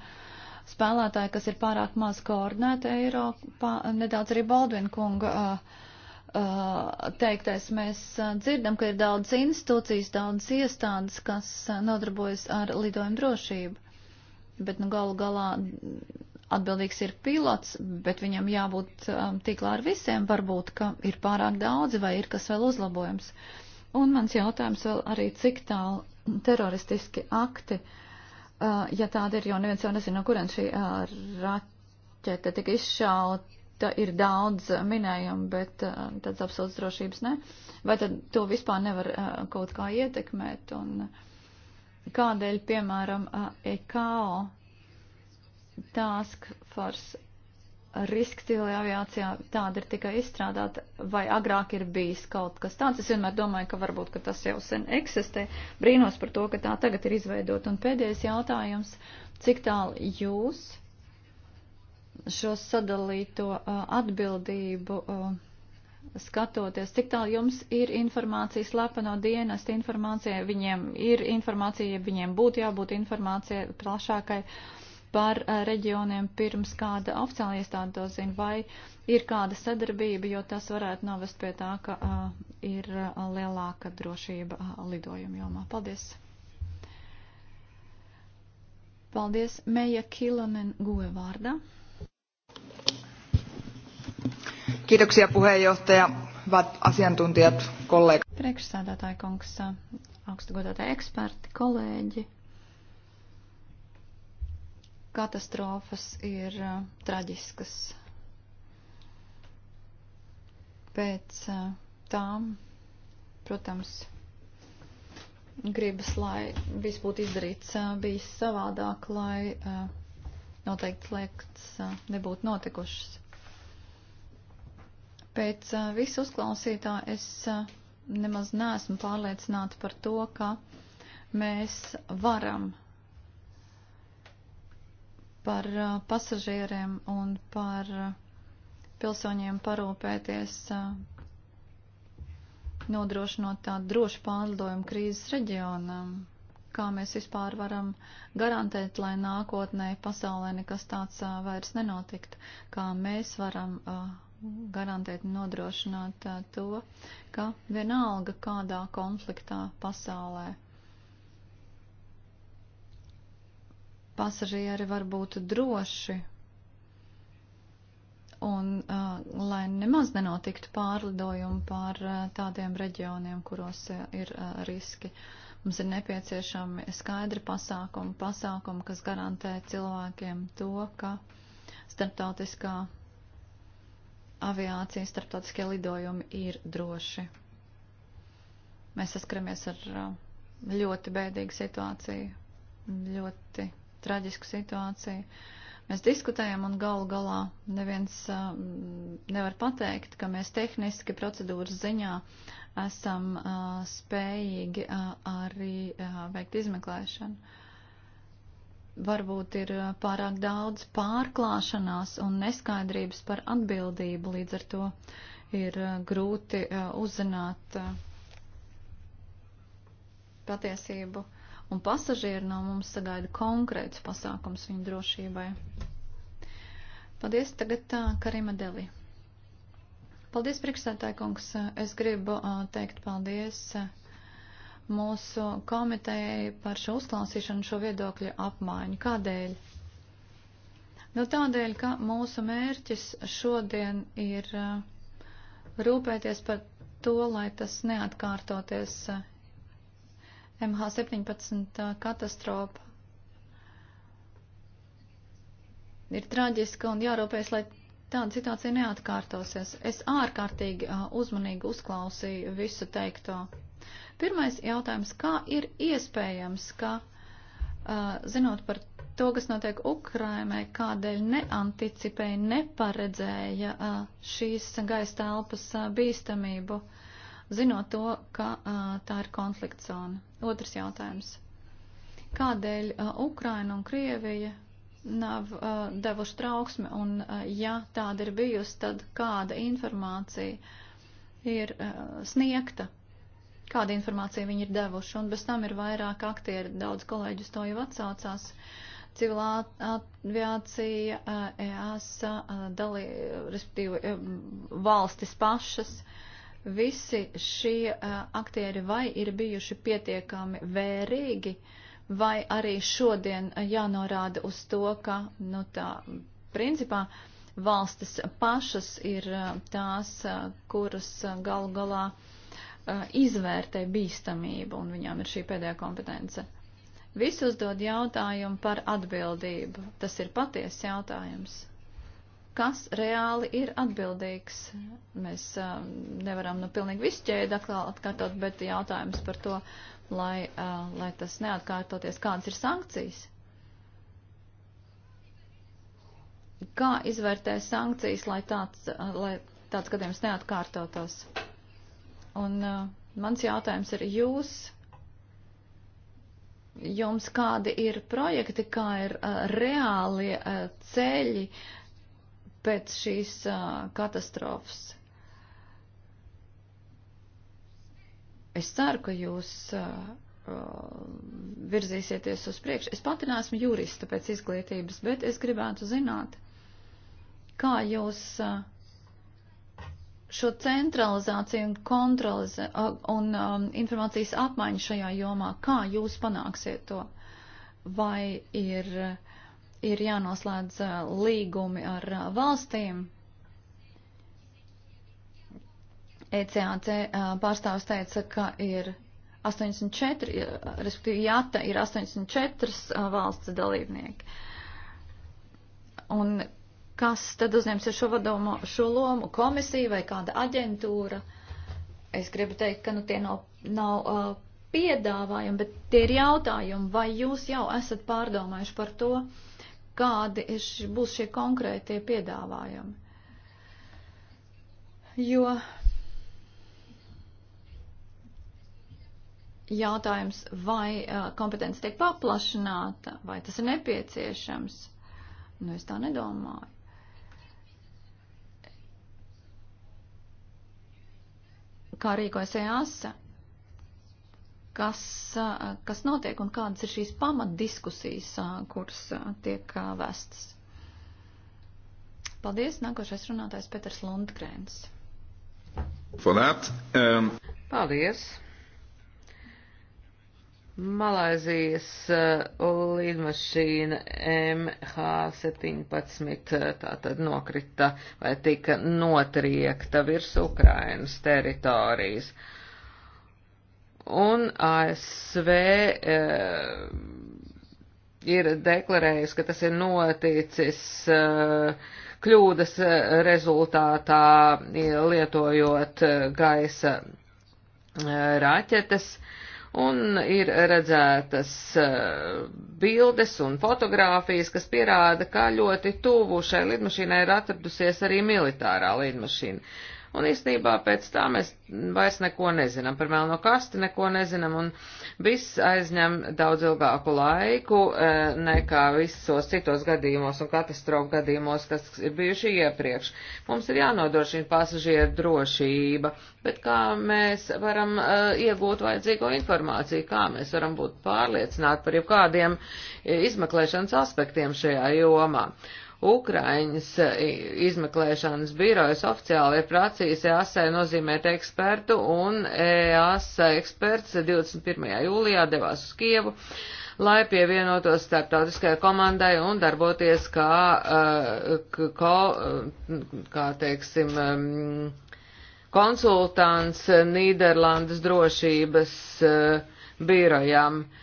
spēlētāji, kas ir pārāk maz koordinēti Eiropā, nedaudz arī Baldvin kunga teiktais. Mēs dzirdam, ka ir daudz institūcijas, daudz iestādes, kas nodarbojas ar lidojumu drošību. Bet nu galu galā atbildīgs ir pilots, bet viņam jābūt um, tīklā ar visiem, varbūt, ka ir pārāk daudzi vai ir kas vēl uzlabojams. Un mans jautājums vēl arī, cik tālu teroristiski akti uh, ja tāda ir, jo neviens jau nezina, no kurien šī raķete tika izšauta, ir daudz minējumu, bet tāds absolūts drošības ne. Vai tad to vispār nevar kaut kā ietekmēt? Un kādēļ, piemēram, EKO Task Force riska civilajā aviācijā tāda ir tikai izstrādāta, vai agrāk ir bijis kaut kas tāds. Es vienmēr domāju, ka varbūt, ka tas jau sen eksistē. Brīnos par to, ka tā tagad ir izveidota. Un pēdējais jautājums, cik tālu jūs šo sadalīto uh, atbildību uh, skatoties, cik tālu jums ir informācijas lepeno dienestu informācijai, viņiem ir informācija, viņiem būtu jābūt informācijai plašākai. Uh, par eh, reģioniem pirms kāda oficiāla iestāde to zina, vai ir kāda sadarbība, jo tas varētu novest pie tā, ka eh, ir eh, lielāka drošība lidojuma jomā. Paldies! Paldies, Meija Kilonen Gue vārdā. Kiitoksia puheenjohtaja, hyvät asiantuntijat, kollegat. Priekšsēdētāji kungs, augstagodātāji eksperti, kolēģi. Katastrofas ir uh, traģiskas. Pēc uh, tām, protams, gribas, lai viss būtu izdarīts uh, bijis savādāk, lai uh, noteikti liekas uh, nebūtu notikušas. Pēc uh, visu uzklausītā es uh, nemaz neesmu pārliecināta par to, ka mēs varam par uh, pasažieriem un par uh, pilsoņiem parūpēties, uh, nodrošinot tādu drošu pārlidojumu krīzes reģionam, kā mēs vispār varam garantēt, lai nākotnē pasaulē nekas tāds vairs nenotikt, kā mēs varam garantēt un nodrošināt to, ka vienalga kādā konfliktā pasaulē pasažieri var būt droši un uh, lai nemaz nenotiktu pārlidojumi pār uh, tādiem reģioniem, kuros uh, ir uh, riski. Mums ir nepieciešami skaidri pasākumi, pasākumi, kas garantē cilvēkiem to, ka starptautiskā aviācija, starptautiskie lidojumi ir droši. Mēs saskaramies ar uh, ļoti bēdīgu situāciju, ļoti traģisku situāciju. Mēs diskutējam un galu galā neviens uh, nevar pateikt, ka mēs tehniski procedūras ziņā esam uh, spējīgi uh, arī uh, veikt izmeklēšanu. Varbūt ir pārāk daudz pārklāšanās un neskaidrības par atbildību, līdz ar to ir uh, grūti uh, uzzināt uh, patiesību. Uh, un pasažieri no mums sagaida konkrēts pasākums viņu drošībai. Paldies tagad Karima Deli. Paldies, priekšsētāji kungs. Es gribu teikt paldies mūsu komitejai par šo uzklausīšanu, šo viedokļu apmaiņu. Kādēļ? Nu, tādēļ, ka mūsu mērķis šodien ir rūpēties par to, lai tas neatkārtoties MH17 katastrofa ir traģiska un jārūpēs, lai tāda situācija neatkārtosies. Es ārkārtīgi uzmanīgi uzklausīju visu teikto. Pirmais jautājums, kā ir iespējams, ka, zinot par to, kas notiek Ukrainai, kādēļ neanticipēja, neparedzēja šīs gaisa telpas bīstamību? Uh, zinot to, ka tā ir konflikts zona. Otrs jautājums. Kādēļ Ukraina un Krievija nav devuši trauksmi, un ja tāda ir bijusi, tad kāda informācija ir sniegta kāda informācija viņi ir devuši, un bez tam ir vairāk aktieri, daudz kolēģis to jau atsaucās. Civilā aviācija, EASA, dalī, respektīvi valstis pašas, uh, Visi šie eh, aktieri vai ir bijuši pietiekami vērīgi, vai arī šodien eh, jānorāda uz to, ka, nu tā, principā valstis pašas ir eh, tās, kuras galu galā izvērtē bīstamību, un viņām ir šī pēdējā kompetence. Visi uzdod jautājumu par atbildību. Tas ir paties jautājums kas reāli ir atbildīgs. Mēs uh, nevaram nu pilnīgi visu ķēdi atkal atkārtot, bet jautājums par to, lai, uh, lai tas neatkārtoties, kādas ir sankcijas. Kā izvērtē sankcijas, lai tāds, uh, lai tāds gadījums neatkārtotos? Un uh, mans jautājums ir jūs. Jums kādi ir projekti, kā ir uh, reāli uh, ceļi, uh, pēc šīs katastrofas. Es ceru, ka jūs virzīsieties uz priekšu. Es pati neesmu jurista pēc izglītības, bet es gribētu zināt, kā jūs šo centralizāciju un, kontroliz... un um, informācijas apmaiņu šajā jomā, kā jūs panāksiet to? Vai ir uh, ir jānoslēdz līgumi ar valstīm. ECAC pārstāvs teica, ka ir 84, respektīvi JATA ir 84 valsts dalībnieki. Un kas tad uzņemsies šo, vadomu, šo lomu? Komisija vai kāda aģentūra? Es gribu teikt, ka nu, tie nav, nav uh, piedāvājumi, bet tie ir jautājumi, vai jūs jau esat pārdomājuši par to, uh, kādi būs šie konkrētie piedāvājumi. Jo jautājums, vai kompetence tiek paplašināta, vai tas ir nepieciešams, nu es tā nedomāju. Kā rīkojas EASA, kas, kas notiek un kādas ir šīs pamatdiskusijas, kuras tiek vestas. Paldies, nākošais runātājs Peters Lundgrēns. Um... Paldies. Malaizijas uh, līdmašīna MH17 tātad nokrita vai tika notriekta virs Ukrainas teritorijas. Uh, Un ASV e, ir deklarējusi, ka tas ir noticis e, kļūdas rezultātā, e, lietojot e, gaisa e, raķetes. Un ir redzētas e, bildes un fotogrāfijas, kas pierāda, kā ļoti tuvu šai lidmašīnai ir atradusies arī militārā lidmašīna un īstenībā pēc tā mēs vairs neko nezinām par melno kasti, neko nezinām, un viss aizņem daudz ilgāku laiku e, nekā visos citos gadījumos un katastrofu gadījumos, kas ir bijuši iepriekš. Mums ir jānodrošina pasažieru drošība, bet kā mēs varam e, iegūt vajadzīgo informāciju, kā mēs varam būt pārliecināti par jebkādiem e, izmeklēšanas aspektiem šajā jomā. Uh, Ukraiņas e, izmeklēšanas birojas oficiāli ir pracījis EASA nozīmēt ekspertu, un EASA eksperts 21. jūlijā devās uz Kievu, lai pievienotos starptautiskajai komandai un darboties kā, e, kā, e, kā teiksim, konsultants Nīderlandes drošības birojām. Uh,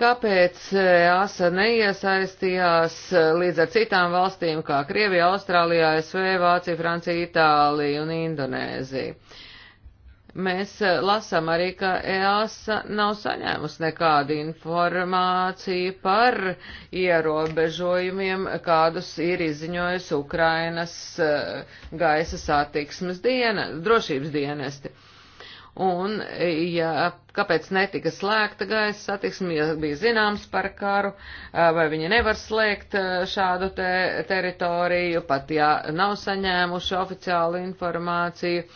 Kāpēc eh, ASA neiesaistījās eh, līdz ar citām valstīm, kā Krievija, Austrālijā, SV, Vācija, Francija, Itālija un Indonēzija? Mēs eh, lasām arī, ka EASA nav saņēmusi nekādu informāciju par ierobežojumiem, kādus ir izziņojusi Ukrainas gaisa satiksmes diena, drošības dienesti. Un, ja kāpēc netika slēgta gaisa satiksme, ja bija zināms par karu, vai viņi nevar slēgt šādu te teritoriju, pat ja nav saņēmuši oficiālu informāciju.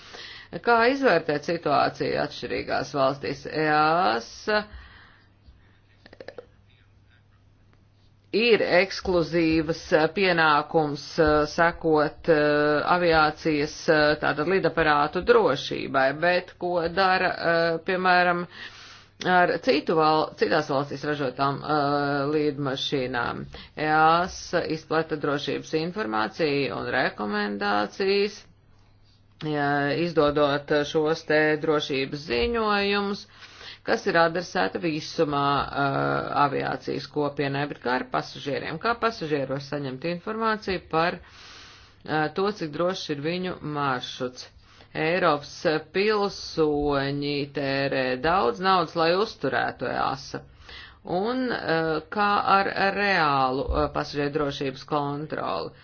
Kā izvērtēt situāciju atšķirīgās valstīs? EAS ir ekskluzīvas eh, pienākums eh, sekot eh, aviācijas tātad lidaparātu drošībai, bet ko dara, piemēram, ar citu val, citās valstīs ražotām lidmašīnām. Jās izplata drošības informāciju un rekomendācijas, izdodot šos te drošības ziņojumus. Uh, kas ir adresēta visumā uh, aviācijas kopienai, bet kā ar pasažieriem. Kā pasažieros saņemt informāciju par uh, to, cik drošs ir viņu maršruts. Eiropas pilsoņi tērē daudz naudas, lai uzturētu EASA un uh, kā ar reālu uh, pasažieru drošības kontroli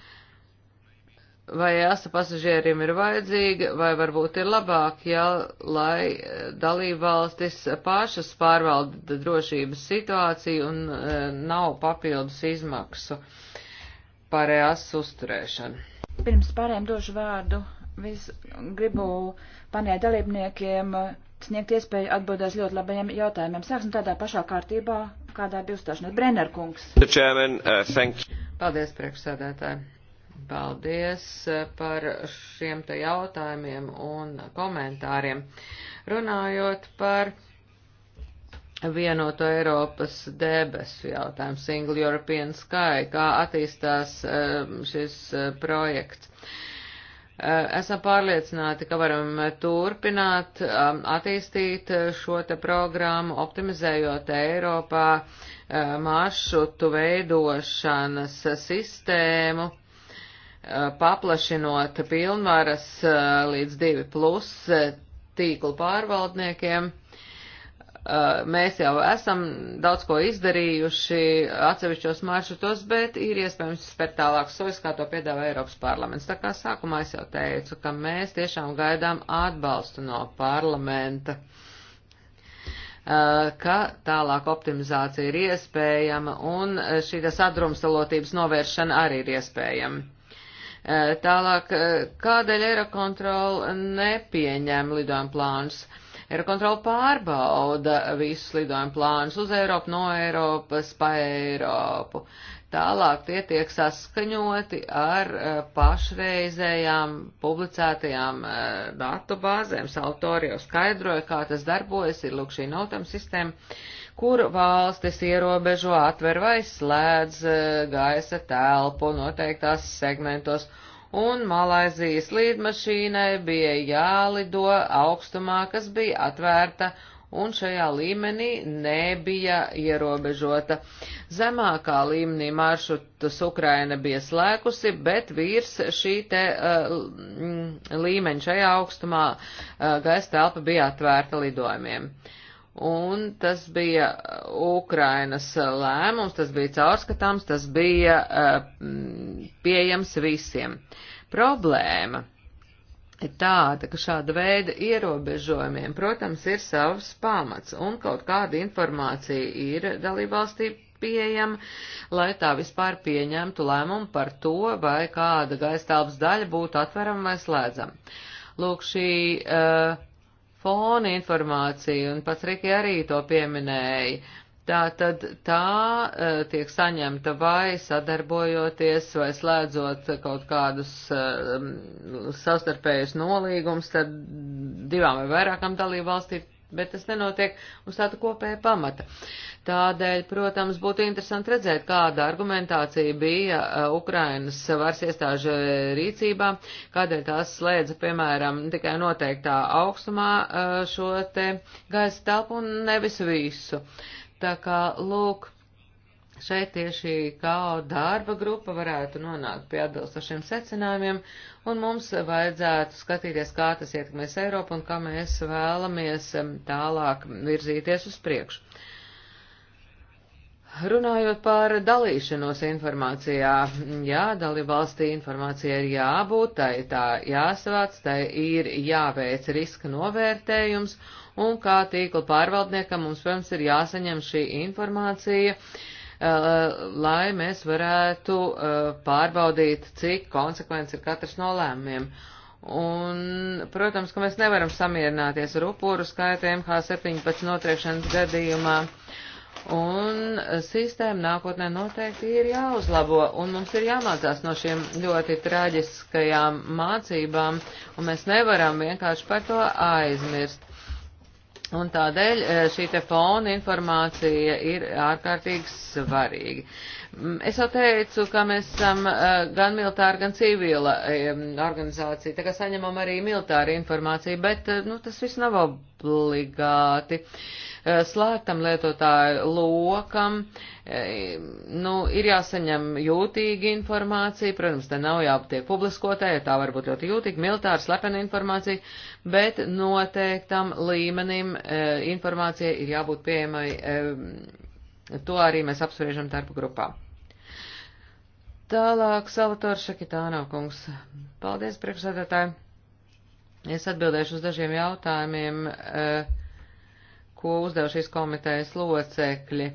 vai asa pasažierim ir vajadzīga, vai varbūt ir labāk, ja, lai e, dalībvalstis pašas pārvalda drošības situāciju un e, nav papildus izmaksu par asu uzturēšanu. Pirms pārējiem došu vārdu, vis gribu panē dalībniekiem e, sniegt iespēju atbildēt ļoti labajiem jautājumiem. Sāksim tādā pašā kārtībā, kādā bija uzstāšanās. Brenner kungs. Chairman, uh, Paldies, priekšsēdētāji. Paldies eh, par šiem te jautājumiem un komentāriem. Runājot par vienoto Eiropas debesu jautājumu, Single European Sky, kā attīstās eh, šis eh, projekts. Esam pārliecināti, ka varam turpināt attīstīt šo te programmu, optimizējot Eiropā maršrutu veidošanas sistēmu paplašinot pilnvaras eh, līdz 2 plus eh, tīklu pārvaldniekiem. Eh, mēs jau esam daudz ko izdarījuši atsevišķos maršrutos, bet ir iespējams spērt tālāk sojas, kā to piedāvā Eiropas parlaments. Tā kā sākumā es jau teicu, ka mēs tiešām gaidām atbalstu no parlamenta ka tālāk optimizācija ir iespējama un šī sadrumstalotības novēršana arī ir iespējama. Eh, tālāk, eh, kādēļ Eirokontrola nepieņem lidojumu plānus? Eirokontrola pārbauda visus lidojumu plānus uz Eiropu, no Eiropas pa Eiropu. Tālāk tie tiek saskaņoti ar eh, pašreizējām publicētajām datu bāzēm. Saltorio skaidroja, kā tas darbojas, ir lūk šī notam sistēma kur valstis ierobežo, atver vai slēdz e, gaisa telpu noteiktās segmentos, un Malaizijas līdmašīnai bija jālido augstumā, kas bija atvērta, un šajā līmenī nebija ierobežota. Zemākā līmenī maršrutus Ukraina bija slēgusi, bet virs šī te uh, līmeņa šajā augstumā uh, gaisa telpa bija atvērta lidojumiem. Uh, un tas bija uh, Ukrainas lēmums, tas bija caurskatāms, tas bija uh, pieejams visiem. Problēma ir tāda, ka šāda veida ierobežojumiem, protams, ir savs pamats, un kaut kāda informācija ir dalībvalstī pieejama, lai tā vispār pieņemtu lēmumu par to, vai kāda gaistālpas daļa būtu atverama vai slēdzama. Lūk, šī uh, fona informācija, un Patriki arī to pieminēja. Tā tad tā e, tiek saņemta vai sadarbojoties vai slēdzot kaut kādus e, savstarpējus nolīgumus, tad divām vai vairākām dalību valstīm bet tas nenotiek uz tāda kopēja pamata. Tādēļ, protams, būtu interesanti redzēt, kāda argumentācija bija uh, Ukrainas varas iestāžu rīcībā, kādēļ tās slēdza, piemēram, tikai noteiktā augstumā uh, šo te gaisa telpu un nevis visu. Tā kā, lūk, Šeit tieši kā darba grupa varētu nonākt pie atbilstošiem secinājumiem, un mums vajadzētu skatīties, kā tas ietekmēs Eiropu un kā mēs vēlamies tālāk virzīties uz priekšu. Runājot par dalīšanos informācijā, jā, dalībvalstī informācija ir jābūt, tai tā jāsavāc, tai ir jāveic riska novērtējums, un kā tīkla pārvaldniekam mums, protams, ir jāsaņem šī informācija. Uh, Eh, lai mēs varētu eh, pārbaudīt, cik konsekvences ir katrs no lēmumiem. Un, protams, ka mēs nevaram samierināties ar upuru skaitiem H17 notriekšanas gadījumā. Un sistēma nākotnē noteikti ir jāuzlabo, un mums ir jāmācās no šiem ļoti traģiskajām mācībām, un mēs nevaram vienkārši par to aizmirst. Un tādēļ e, šī te fona informācija ir ārkārtīgi svarīga. Es jau teicu, ka mēs esam e, gan militāra, gan civila e, organizācija, tā kā saņemam arī militāru informāciju, bet nu, tas viss nav obligāti. Uh, Eh, slēgtam lietotāju lokam, eh, nu, ir jāsaņem jūtīga informācija, protams, te nav jāpatiek publiskotē, tā var būt ļoti jūtīga, militāra, slepena informācija, bet noteiktam līmenim eh, informācija ir jābūt pieejamai, to arī mēs apspriežam darba grupā. Tālāk, Salvatore Šakitāno kungs. Paldies, priekšsēdētāji. Es atbildēšu uz dažiem jautājumiem. Uh, ko uzdev šīs komitejas locekļi.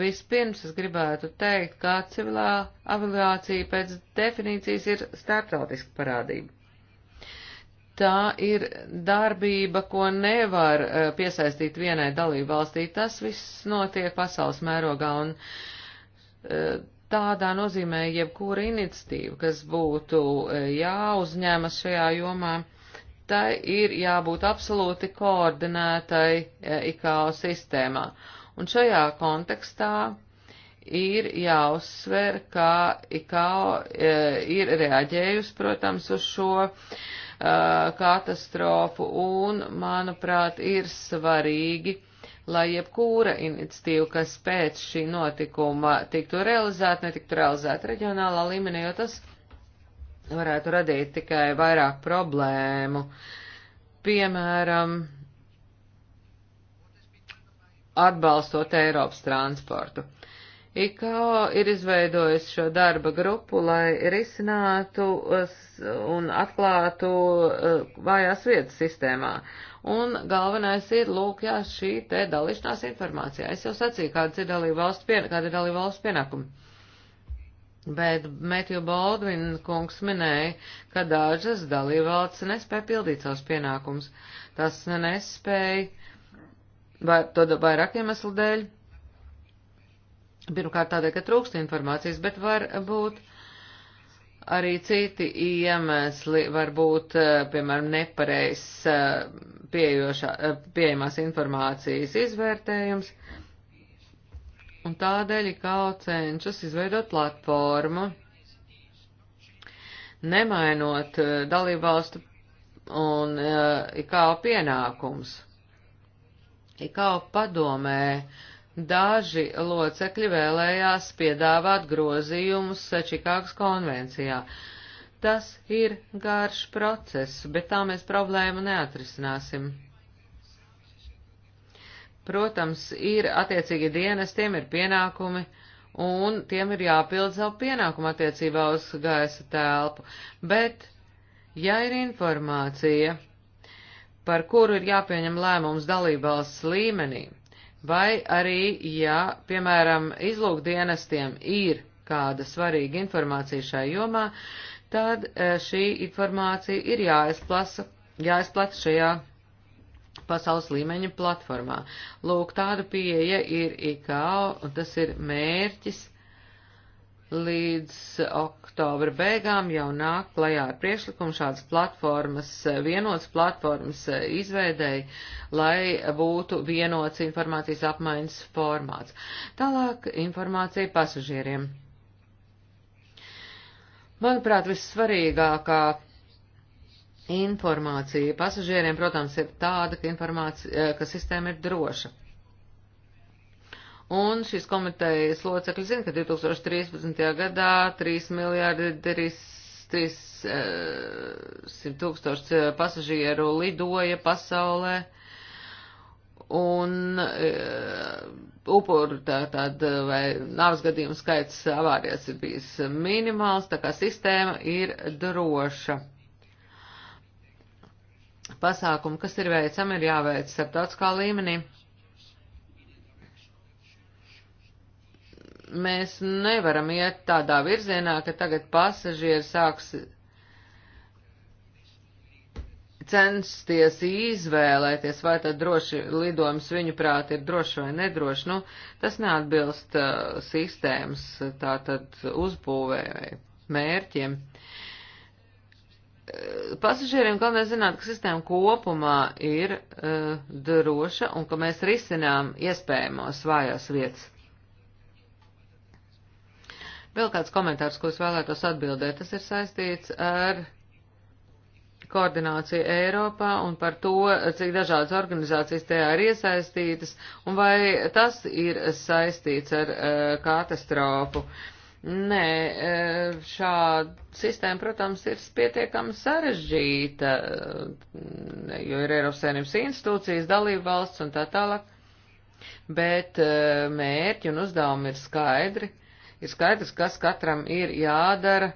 Vispirms es gribētu teikt, ka civilā aviācija pēc definīcijas ir starptautiska parādība. Tā ir darbība, ko nevar eh, piesaistīt vienai dalību valstī. Tas viss notiek pasaules mērogā un eh, tādā nozīmē jebkura iniciatīva, kas būtu eh, jāuzņemas šajā jomā tai ir jābūt absolūti koordinētai e, IKO sistēmā. Un šajā kontekstā ir jāuzsver, ka IKO e, ir reaģējusi, protams, uz šo e, katastrofu un, manuprāt, ir svarīgi, lai jebkura iniciatīva, kas pēc šī notikuma tiktu realizēta, netiktu realizēta reģionālā līmenī, jo tas varētu radīt tikai vairāk problēmu. Piemēram, atbalstot Eiropas transportu. IKO ir izveidojis šo darba grupu, lai risinātu un atklātu eh, vājās vietas sistēmā. Un galvenais ir, lūk, jā, šī te dalīšanās informācijā. Es jau sacīju, kādas ir dalība valsts, pien, kāda ir dalība valsts pienākuma. Bet Mētju Baldvin kungs minēja, ka dažas dalībvalsts nespēja pildīt savus pienākumus. Tas nespēja vai, to vairāk iemeslu dēļ. Pirmkārt tādēļ, ka trūkst informācijas, bet var būt arī citi iemesli, varbūt, eh, piemēram, nepareizs eh, eh, pieejamās informācijas izvērtējums. Un tādēļ IKO cenšas izveidot platformu, nemainot eh, dalībvalstu un eh, IKO pienākums. IKO padomē daži locekļi vēlējās piedāvāt grozījumus Čikāgas konvencijā. Tas ir garš process, bet tā mēs problēmu neatrisināsim. Protams, ir attiecīgi dienestiem, ir pienākumi, un tiem ir jāpild savu pienākumu attiecībā uz gaisa telpu. Bet, ja ir informācija, par kuru ir jāpieņem lēmums dalībvalsts līmenī, vai arī, ja, piemēram, izlūkdienestiem ir kāda svarīga informācija šai jomā, tad eh, šī informācija ir jāizplasa, jāizplata šajā pasaules līmeņa platformā. Lūk, tāda pieeja ir IKO, un tas ir mērķis līdz oktobra beigām jau nāk klajā ar priekšlikumu šādas platformas, vienotas platformas izveidēji, lai būtu vienots informācijas apmaiņas formāts. Tālāk informācija pasažieriem. Manuprāt, vissvarīgākā Informācija pasažieriem, protams, ir tāda, ka, eh, ka sistēma ir droša. Un šīs komitejas locekļi zina, ka 2013. gadā 3 miljārdi 300 eh, tūkstoši eh, pasažieru lidoja pasaulē un uh, upuru tā, tād, vai nāves gadījumu skaits avārijās ir bijis minimāls, tā kā sistēma ir droša pasākumi, kas ir veicami, ir jāveic starptautiskā līmenī. Mēs nevaram iet tādā virzienā, ka tagad pasažieri sāks censties izvēlēties, vai tad droši lidojums viņu prāt ir droši vai nedroši. Nu, tas neatbilst uh, sistēmas tātad uzbūvē vai mērķiem. Uh, pasažieriem galvenais zināt, ka sistēma kopumā ir uh, droša un ka mēs risinām iespējamos vājās vietas. Vēl kāds komentārs, ko es vēlētos atbildēt, tas ir saistīts ar koordināciju Eiropā un par to, cik dažādas organizācijas tajā ir iesaistītas un vai tas ir saistīts ar uh, katastrofu. Uh, Nē, e, šāda sistēma, protams, ir pietiekami sarežģīta, e, jo ir Eiropas Savienības institūcijas, dalība valsts un tā tālāk, bet e, mērķi un uzdevumi ir skaidri, ir skaidrs, kas katram ir jādara,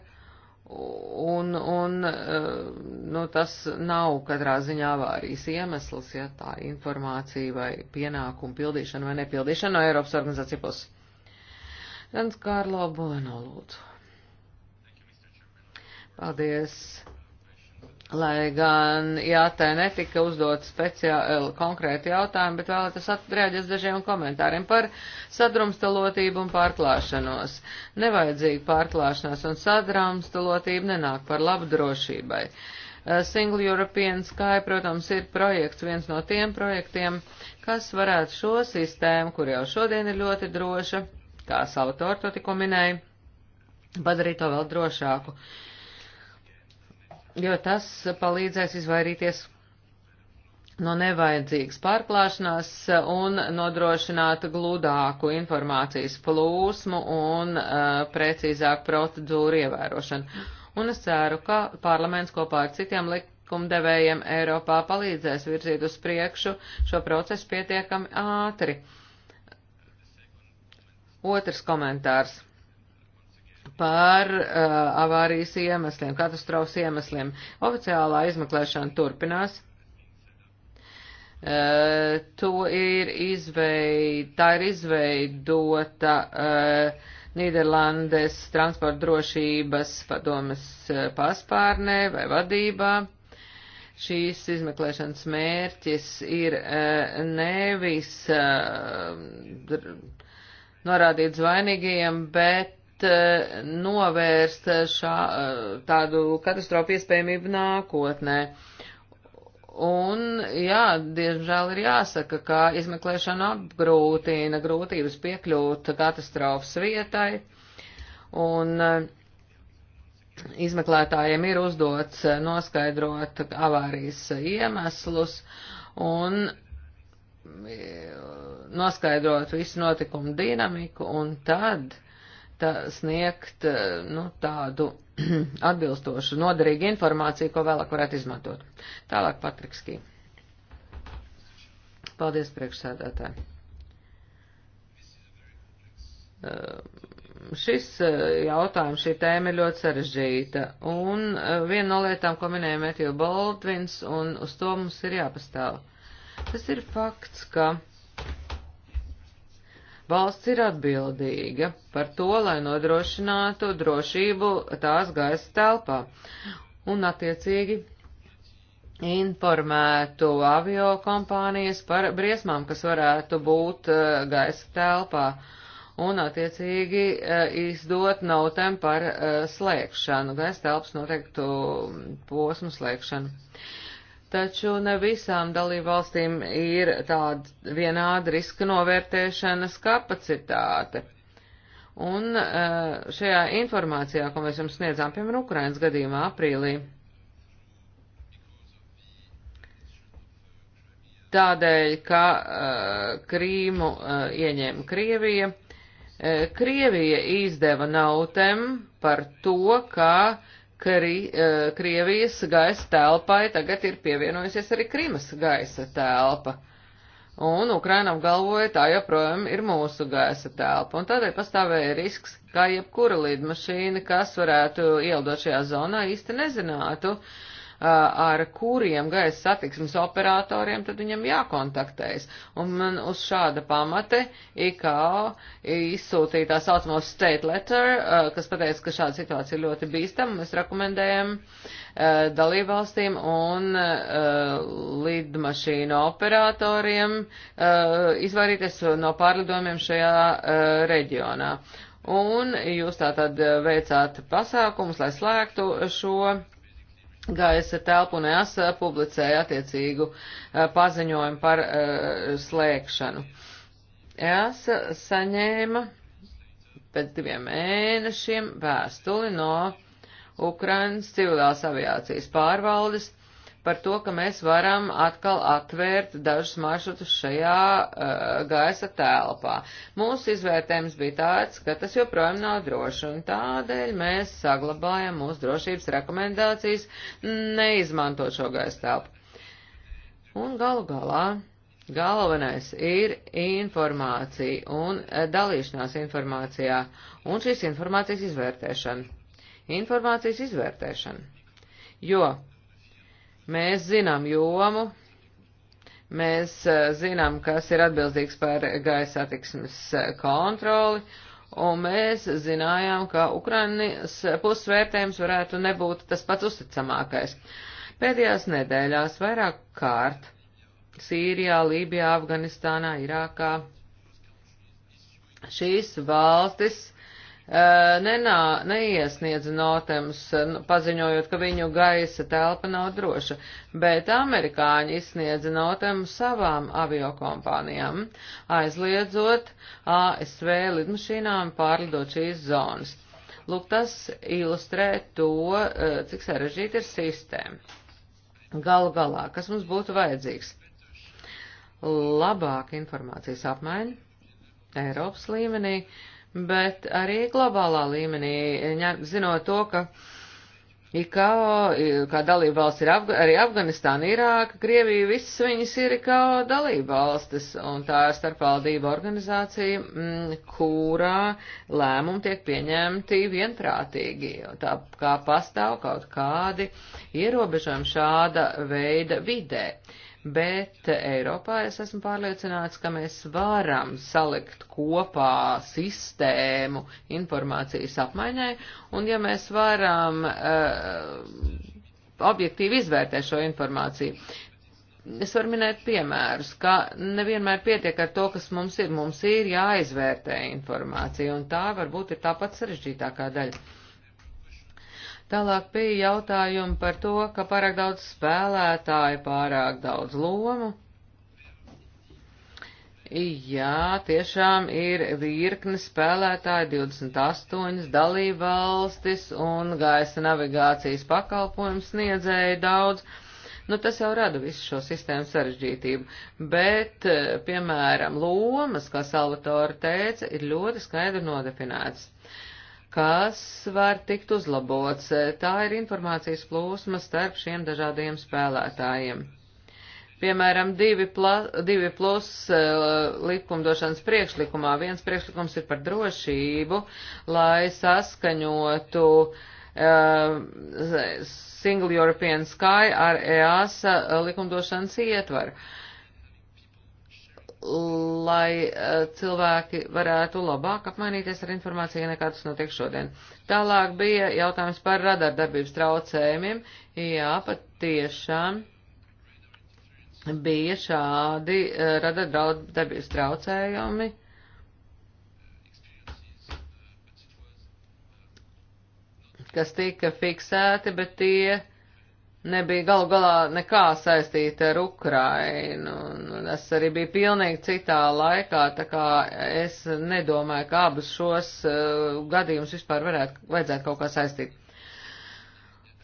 un, un nu, tas nav katrā ziņā avārijas iemesls, ja tā informācija vai pienākumu pildīšana vai nepildīšana no Eiropas organizācijas puses. Dans Kārlo Boleno lūdzu. Paldies. Lai gan jātē netika uzdot speciāli eh, konkrēti jautājumi, bet vēlētos atreaģēt dažiem komentāriem par sadrumstalotību un pārklāšanos. Nevajadzīga pārklāšanās un sadrumstalotība nenāk par labu drošībai. Eh, Single European Sky, protams, ir projekts, viens no tiem projektiem, kas varētu šo sistēmu, kur jau šodien ir ļoti droša, kā Salvatore to tikko minēja, padarīt to vēl drošāku, jo tas palīdzēs izvairīties no nevajadzīgas pārklāšanās un nodrošināt gludāku informācijas plūsmu un uh, precīzāku procedūru ievērošanu. Un es ceru, ka parlaments kopā ar citiem likumdevējiem Eiropā palīdzēs virzīt uz priekšu šo procesu pietiekami ātri. Uh, Otrs komentārs par uh, avārijas iemesliem, katastrofas iemesliem. Oficiālā izmeklēšana turpinās. Uh, to ir izveid, tā ir izveidota uh, Nīderlandes transporta drošības padomas uh, paspārnē vai vadībā. Šīs izmeklēšanas mērķis ir uh, nevis uh, norādīt vainīgajiem, bet eh, novērst eh, šā, eh, tādu katastrofu iespējamību nākotnē. Un, jā, diemžēl ir jāsaka, ka izmeklēšana apgrūtina grūtības piekļūt katastrofas vietai, un izmeklētājiem ir uzdots noskaidrot avārijas iemeslus, un noskaidrot visu notikumu dinamiku un tad tā, sniegt eh, nu, tādu atbilstošu noderīgu informāciju, ko vēlāk varētu izmantot. Tālāk Patrikskī. Paldies priekšsēdētāji. Eh, šis eh, jautājums, šī tēma ir ļoti sarežģīta, un viena no lietām, ko minēja Metju Baldvins, un uz to mums ir jāpastāv. Tas ir fakts, ka Valsts ir atbildīga par to, lai nodrošinātu drošību tās gaisa telpā un attiecīgi informētu avio kompānijas par briesmām, kas varētu būt eh, gaisa telpā un attiecīgi eh, izdot notēm par eh, slēgšanu, gaisa telpas noteiktu mm, posmu slēgšanu taču ne visām dalībvalstīm ir tāda vienāda riska novērtēšanas kapacitāte. Un eh, šajā informācijā, ko mēs jums sniedzām, piemēram, Ukrainas gadījumā aprīlī, tādēļ, ka eh, Krīmu eh, ieņēma Krievija, Krievija izdeva nautem par to, ka Kri, e, Krievijas gaisa telpai tagad ir pievienojusies arī Krimas gaisa telpa. Un Ukrainam galvoja, tā joprojām ir mūsu gaisa telpa. Un tādēļ pastāvēja risks, ka jebkura lidmašīna, kas varētu ielidot šajā zonā, īsti nezinātu, uh, ar kuriem gaisa satiksmes operatoriem tad viņam jākontaktējas. Un man uz šāda pamata IKO izsūtīja tā saucamo state letter, kas pateica, ka šāda situācija ir ļoti bīstama. Mēs rekomendējam dalībvalstīm un lidmašīnu operatoriem izvairīties no pārlidojumiem šajā reģionā. Un jūs tātad veicāt pasākumus, lai slēgtu šo gaisa telpu un es publicēja attiecīgu eh, paziņojumu par eh, slēgšanu. Es saņēma pēc diviem mēnešiem vēstuli no Ukrainas civilās aviācijas pārvaldes, par to, ka mēs varam atkal atvērt dažus maršrutus šajā uh, gaisa telpā. Mūsu izvērtējums bija tāds, ka tas joprojām nav droši, un tādēļ mēs saglabājam mūsu drošības rekomendācijas neizmantot šo gaisa telpu. Un galu galā. Galvenais ir informācija un eh, dalīšanās informācijā un šīs informācijas izvērtēšana. Informācijas izvērtēšana. Jo Mēs zinām jomu, mēs eh, zinām, kas ir atbildīgs par gaisa attiksmes eh, kontroli, un mēs zinājām, ka Ukrainas puses vērtējums varētu nebūt tas pats uzticamākais. Pēdējās nedēļās vairāk kārt Sīrijā, Lībijā, Afganistānā, Irākā šīs valstis Eh, nenā, neiesniedz notems, paziņojot, ka viņu gaisa telpa nav droša, bet amerikāņi izsniedz notemu savām aviokompānijām, aizliedzot ASV lidmašīnām pārlidot šīs zonas. Lūk, tas ilustrē to, eh, cik sarežģīta ir sistēma. Galu galā, kas mums būtu vajadzīgs? Labāka informācijas apmaiņa Eiropas līmenī, uh, bet arī globālā līmenī, zinot to, ka IKO, kā dalība valsts ir Afga arī Afganistāna, Irāka, Krievija, visas viņas ir IKO dalība valstis, un tā ir starpvaldība organizācija, m, mm, kurā lēmumi tiek pieņemti vienprātīgi, tā kā pastāv kaut kādi ierobežojumi šāda veida vidē. Uh, bet Eiropā es esmu pārliecināts, ka mēs varam salikt kopā sistēmu informācijas apmaiņai, un ja mēs varam uh, objektīvi izvērtēt šo informāciju. Es varu minēt piemērus, ka nevienmēr pietiek ar to, kas mums ir. Mums ir jāizvērtē informācija, un tā varbūt ir tāpat sarežģītākā daļa. Tālāk bija jautājumi par to, ka pārāk daudz spēlētāju, pārāk daudz lomu. Jā, tiešām ir virkne spēlētāji, 28 dalībvalstis un gaisa navigācijas pakalpojums sniedzēja daudz. Nu, tas jau rada visu šo sistēmu sarežģītību, bet, eh, piemēram, lomas, kā Salvatore teica, ir ļoti skaidri nodefinētas kas var tikt uzlabots. Tā ir informācijas plūsma starp šiem dažādiem spēlētājiem. Piemēram, divi, pla, divi plus uh, likumdošanas priekšlikumā. Viens priekšlikums ir par drošību, lai saskaņotu uh, Single European Sky ar EASA likumdošanas ietvaru lai uh, cilvēki varētu labāk apmainīties ar informāciju, nekā tas notiek šodien. Tālāk bija jautājums par radardarbības traucējumiem. Jā, pat tiešām bija šādi uh, eh, radardarbības traucējumi. kas tika fiksēti, bet tie nebija galu galā nekā saistīta ar Ukrainu. Es arī biju pilnīgi citā laikā, tā kā es nedomāju, ka abus šos uh, gadījumus vispār varētu, vajadzētu kaut kā saistīt.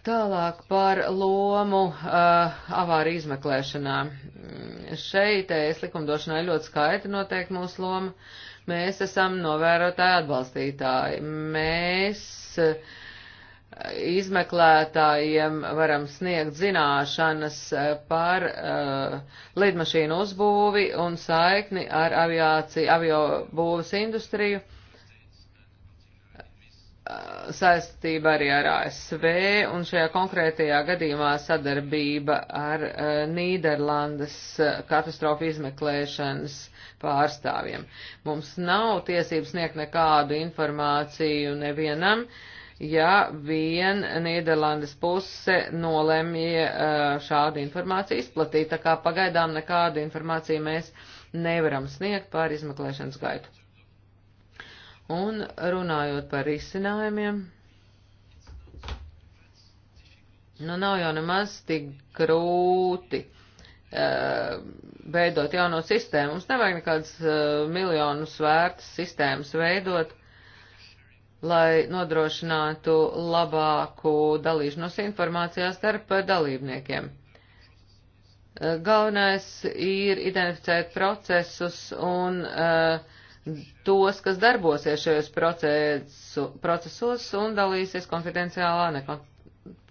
Tālāk par lomu uh, avāriju izmeklēšanā. Šeit eh, es likumdošanai ļoti skaidri noteikti mūsu loma. Mēs esam novērotāji atbalstītāji. Mēs uh, izmeklētājiem varam sniegt zināšanas eh, par uh, lidmašīnu uzbūvi un saikni ar aviāciju, avio būvas industriju uh, saistība arī ar ASV un šajā konkrētajā gadījumā sadarbība ar uh, Nīderlandes katastrofu izmeklēšanas pārstāvjiem. Mums nav tiesības sniegt nekādu informāciju nevienam, uh, ja vien Nīderlandes puse nolemj eh, šādu informāciju izplatīt, tā kā pagaidām nekādu informāciju mēs nevaram sniegt pār izmeklēšanas gaitu. Un runājot par risinājumiem, nu nav jau nemaz tik grūti eh, veidot jauno sistēmu. Mums nevajag nekādas eh, miljonus vērtas sistēmas veidot lai nodrošinātu labāku dalīšanos informācijā starp dalībniekiem. Eh, galvenais ir identificēt procesus un uh, tos, kas darbosies šajos procesu, procesos un dalīsies konfidenciālā, nekonfidenciālā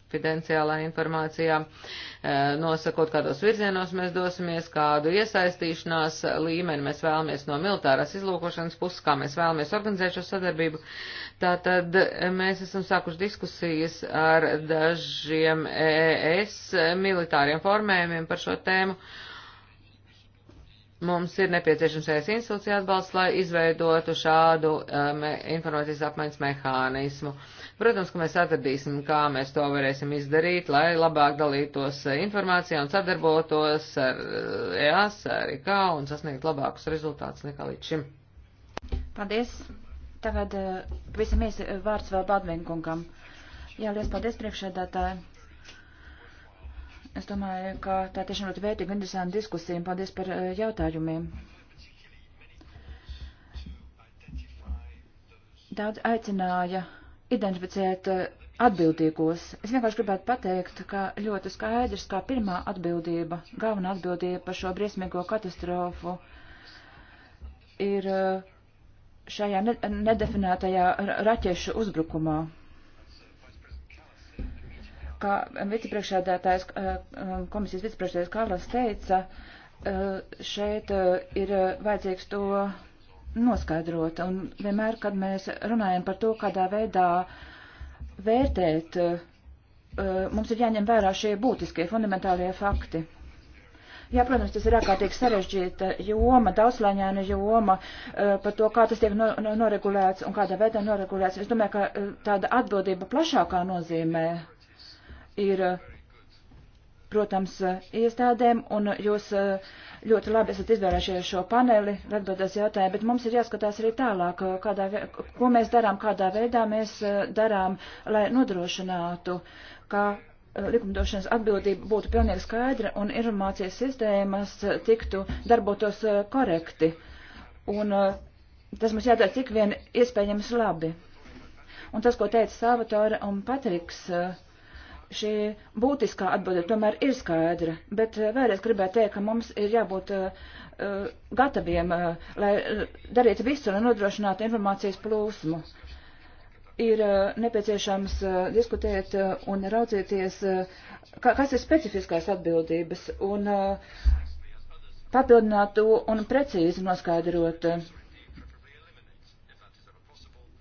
konfidenciālā informācijā, e, nosakot, kādos virzienos mēs dosimies, kādu iesaistīšanās līmeni mēs vēlamies no militārās izlūkošanas puses, kā mēs vēlamies organizēt šo sadarbību. Tātad e, mēs esam sākuši diskusijas ar dažiem ES e militāriem formējumiem par šo tēmu. Mums ir nepieciešams ES institūcija atbalsts, lai izveidotu šādu um, informācijas apmaiņas mehānismu. Uh, Protams, ka mēs atradīsim, kā mēs to varēsim izdarīt, lai labāk dalītos eh, informācijā un sadarbotos ar eh, EAS, ar IKA un sasniegt labākus rezultātus nekā līdz šim. Paldies. Tagad eh, pavisam īsi vārds vēl Badvinkungam. Jā, liels paldies priekšēdātāji. Es domāju, ka tā tiešām ļoti vērtīga un interesanta diskusija. Paldies par jautājumiem. Daudz aicināja identificēt eh, atbildīgos. Es vienkārši gribētu pateikt, ka ļoti skaidrs, kā pirmā atbildība, galvenā atbildība par šo briesmīgo katastrofu ir eh, šajā nedefinētajā raķešu uzbrukumā. Kā vicepriekšādātājs, eh, komisijas vicepriekšādātājs Kārlis teica, šeit ir vajadzīgs to noskaidrota. Un vienmēr, kad mēs runājam par to, kādā veidā vērtēt, eh, mums ir jāņem vērā šie būtiskie fundamentālie fakti. Jā, protams, tas ir ārkārtīgi sarežģīta joma, daudzslāņaina joma eh, par to, kā tas tiek no, no, noregulēts un kādā veidā noregulēts. Es domāju, ka eh, tāda atbildība plašākā nozīmē ir protams, eh, iestādēm, un jūs eh, ļoti labi esat izvēlējušies šo paneli, atbildēs jautājumu, bet mums ir jāskatās arī tālāk, eh, kādā, ko mēs darām, kādā veidā mēs darām, lai nodrošinātu, ka likumdošanas atbildība būtu pilnīgi skaidra un informācijas sistēmas tiktu darbotos korekti. Un tas mums jādara cik vien iespējams labi. Un tas, ko teica Salvatore un Patriks, uh, šī būtiskā atbilde tomēr ir skaidra, bet eh, vēlreiz gribētu teikt, ka mums ir jābūt uh, gataviem, uh, lai darītu visu, lai nodrošinātu informācijas plūsmu. Ir uh, nepieciešams diskutēt un raudzīties, ka, kas ir specifiskās atbildības, un papildināt to un precīzi noskaidrot. Uh,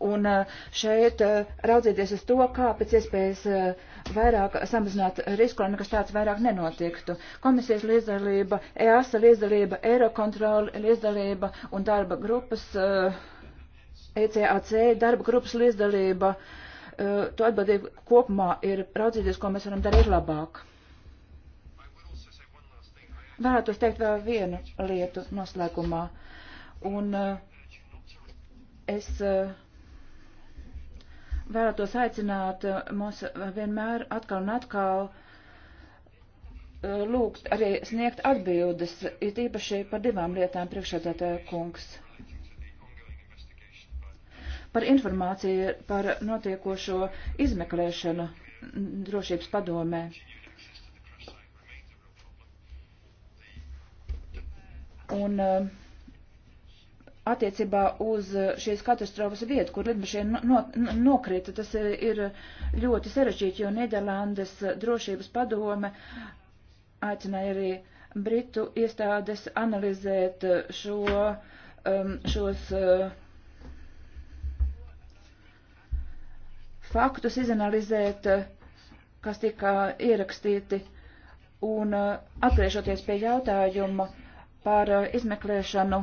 Un eh, šeit eh, raudzīties uz to, kā pēc iespējas eh, vairāk samazināt risku, lai nekas tāds vairāk nenotiektu. Komisijas līdzdalība, EASA līdzdalība, Eirokontrola līdzdalība un darba grupas, ECAC e darba grupas līdzdalība, to atbildību kopumā ir raudzīties, ko mēs varam darīt labāk. Vēlētos teikt vēl vienu lietu noslēgumā. Un es uh, vēlētos aicināt eh, mūs vienmēr atkal un atkal eh, lūgt arī sniegt atbildes, it īpaši par divām lietām priekšsēdētāja kungs. Par informāciju par notiekošo izmeklēšanu drošības padomē. Un uh, attiecībā uz šīs katastrofas vietu, kur lidmašīna no, nokrita. Tas ir ļoti sarežģīti, jo Nīderlandes drošības padome aicināja arī Britu iestādes analizēt šo, um, šos uh, faktus, izanalizēt, uh, kas tika ierakstīti, un uh, atgriežoties pie jautājuma par izmeklēšanu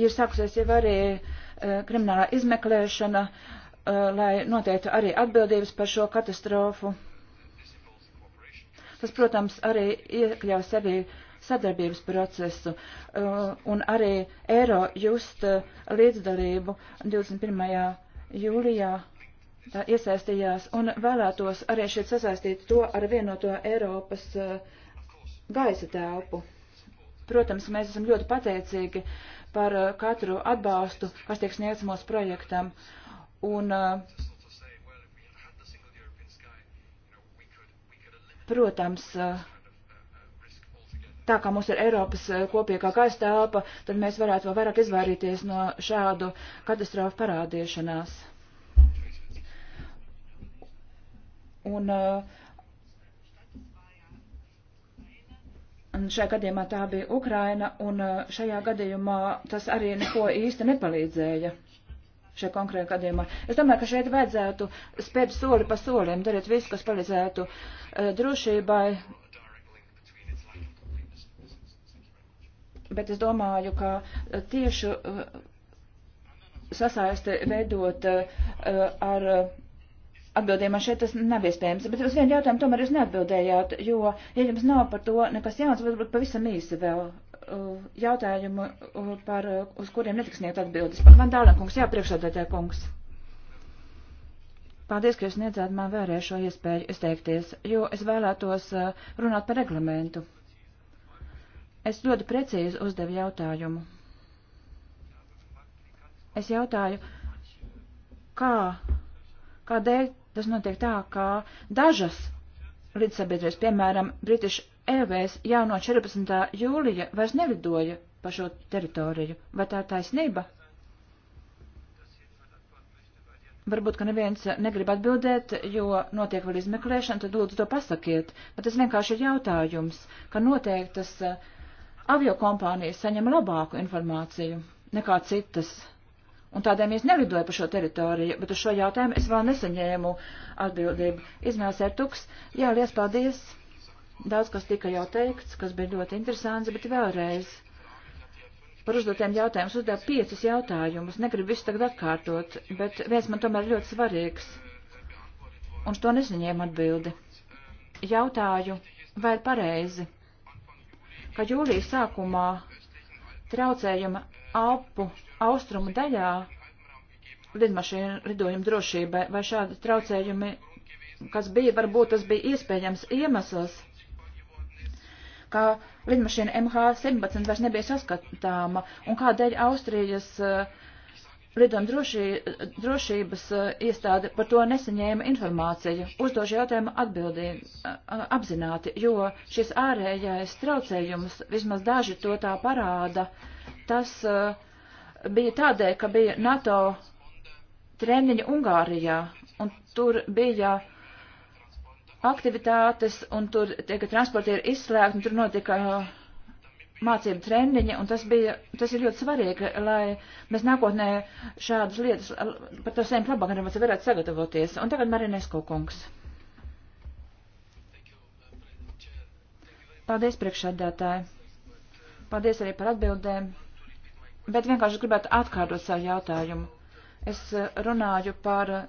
ir sākusies jau arī eh, kriminālā izmeklēšana, eh, lai noteiktu arī atbildības par šo katastrofu. Tas, protams, arī iekļaus sevi sadarbības procesu eh, un arī eiro just līdzdalību 21. jūlijā tā iesaistījās un vēlētos arī šeit sasaistīt to ar vienoto Eiropas gaisa telpu. Protams, mēs esam ļoti pateicīgi uh, par eh, katru atbalstu, kas tiek sniegts mūsu projektam. Un, eh, protams, eh, tā kā mums ir Eiropas kopīgā gaisa telpa, tad mēs varētu vēl vairāk izvairīties no šādu katastrofu parādīšanās. Un uh, Un šajā gadījumā tā bija Ukraina, un uh, šajā gadījumā tas arī neko īsti nepalīdzēja. Šajā konkrētajā gadījumā. Es domāju, ka šeit vajadzētu spēt soli pa solim, darīt visu, kas palīdzētu uh, drošībai. Bet es domāju, ka uh, tieši sasaisti veidot ar atbildēju, man šeit tas nav iespējams, bet uz vienu jautājumu tomēr jūs neatbildējāt, jo, ja jums nav par to nekas jauns, varbūt pavisam īsi vēl uh, jautājumu, uh, par, uh, uz kuriem netiks sniegt atbildes. Man dālēn kungs, jā, priekšsādātāja kungs. Paldies, ka jūs sniedzāt man vēlreiz šo iespēju izteikties, jo es vēlētos runāt par reglamentu. Es ļoti precīzi uzdevu jautājumu. Es jautāju, kā, kādēļ tas notiek tā, ka dažas lidsabiedrības, piemēram, British Airways jau no 14. jūlija vairs nelidoja pa šo teritoriju. Vai tā taisnība? Varbūt, ka neviens negrib atbildēt, jo notiek vēl izmeklēšana, tad lūdzu to pasakiet. Bet tas vienkārši ir jautājums, ka noteiktas aviokompānijas saņem labāku informāciju nekā citas un tādēļ es nelidoju pa šo teritoriju, bet uz šo jautājumu es vēl nesaņēmu atbildību. Izmērs ir tuks. Jā, liels paldies. Daudz, kas tika jau teikts, kas bija ļoti interesants, bet vēlreiz par uzdotiem jautājumiem. Uzdev piecus jautājumus, negribu visu tagad atkārtot, bet viens man tomēr ļoti svarīgs, un to nesaņēmu atbildi. Jautāju, vai ir pareizi, ka jūlijas sākumā traucējuma Alpu austrumu daļā lidmašīnu lidojumu drošībai vai šādi traucējumi, kas bija, varbūt tas bija iespējams iemesls, ka lidmašīna MH17 vairs nebija saskatāma un kādēļ Austrijas eh, lidojuma drošī, drošības eh, iestāde par to nesaņēma informāciju. Uzdošu jautājumu atbildīgi, eh, apzināti, jo šis ārējais traucējums, vismaz daži to tā parāda, uh, Tas uh, bija tādēļ, ka bija NATO treniņi Ungārijā, un tur bija aktivitātes, un tur tie, ka transportieri izslēgti, un tur notika uh, mācību treniņi, un tas, bija, tas ir ļoti svarīgi, lai mēs nākotnē šādas lietas uh, par to saviem labākiem varētu sagatavoties. Un tagad Marinesko kungs. Paldies, priekšādātāji. Paldies arī par atbildēm. Bet vienkārši gribētu atkārtot savu jautājumu. Es eh, runāju par eh,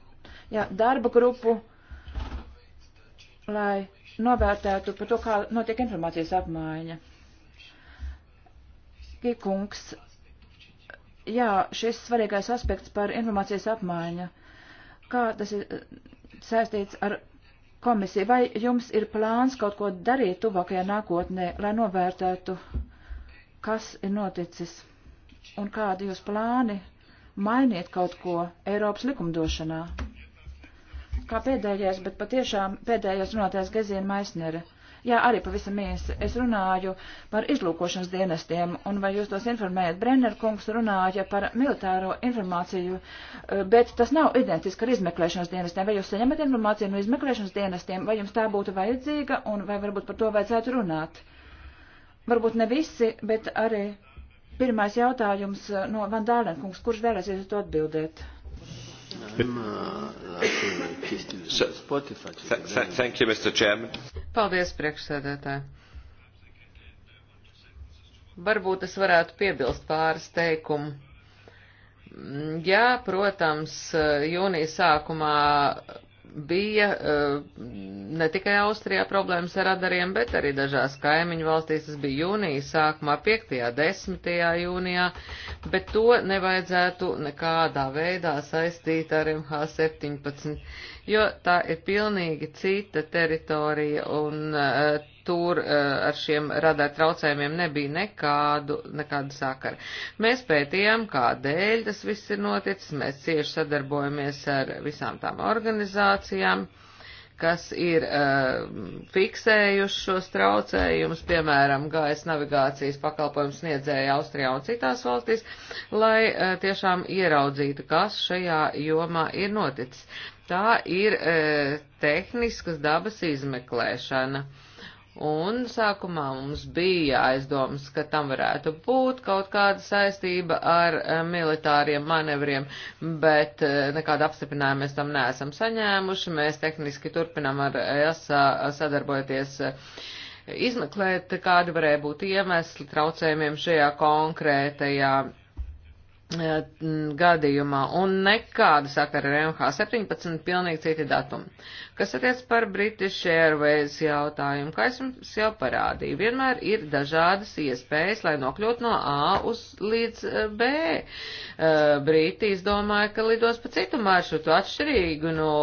jā, darba grupu, lai novērtētu par to, kā notiek informācijas apmaiņa. Kikungs, jā, šis svarīgais aspekts par informācijas apmaiņu, kā tas ir eh, saistīts ar komisiju, vai jums ir plāns kaut ko darīt tuvākajā nākotnē, lai novērtētu uh, kas ir noticis un kādi jūs plāni mainiet kaut ko Eiropas likumdošanā. Kā pēdējais, bet patiešām pēdējais runātais Gezīna Maisnere. Jā, arī pavisam īsi. Es runāju par izlūkošanas dienestiem, un vai jūs tos informējat? Brenner kungs runāja par militāro informāciju, bet tas nav identiski ar izmeklēšanas dienestiem. Vai jūs saņemat informāciju no izmeklēšanas dienestiem, vai jums tā būtu vajadzīga, un vai varbūt par to vajadzētu runāt? Uh, varbūt ne visi, bet arī pirmais jautājums eh, no Van Dālenkungs, kurš vēlēsies to atbildēt? Uh, thank you, Mr. Chairman. Paldies, priekšsēdētāji. Varbūt es varētu piebilst pāris teikumu. Mm, jā, protams, eh, jūnija sākumā bija eh, ne tikai Austrijā problēmas ar radariem, bet arī dažās kaimiņu valstīs. Tas bija jūnija sākumā, 5. 10. jūnijā, bet to nevajadzētu nekādā veidā saistīt ar MH17, jo tā ir pilnīgi cita teritorija un eh, tur eh, ar šiem radar traucējumiem nebija nekādu, nekādu sakara. Mēs pētījām, kādēļ tas viss ir noticis, mēs cieši sadarbojamies ar visām tām organizācijām kas ir uh, fiksējuši šos traucējumus, piemēram, gaisa navigācijas pakalpojums sniedzēja Austrijā un citās valstīs, lai uh, tiešām ieraudzītu, kas šajā jomā ir noticis. Tā ir uh, tehniskas dabas izmeklēšana. Uh, Un sākumā mums bija aizdomas, ka tam varētu būt kaut kāda saistība ar eh, militāriem manevriem, bet eh, nekāda apstiprinājuma mēs tam neesam saņēmuši. Mēs tehniski turpinam ar ESA sadarbojoties eh, izmeklēt, kādi varēja būt iemesli traucējumiem šajā konkrētajā Eh, gadījumā un nekāda sakara ar MH17, pilnīgi citi datumi. Kas attiec par British Airways jautājumu, kā es jums jau parādīju, vienmēr ir dažādas iespējas, lai nokļūtu no A uz līdz eh, B. Eh, Brīti izdomāja, ka lidos pa citu maršrutu atšķirīgu no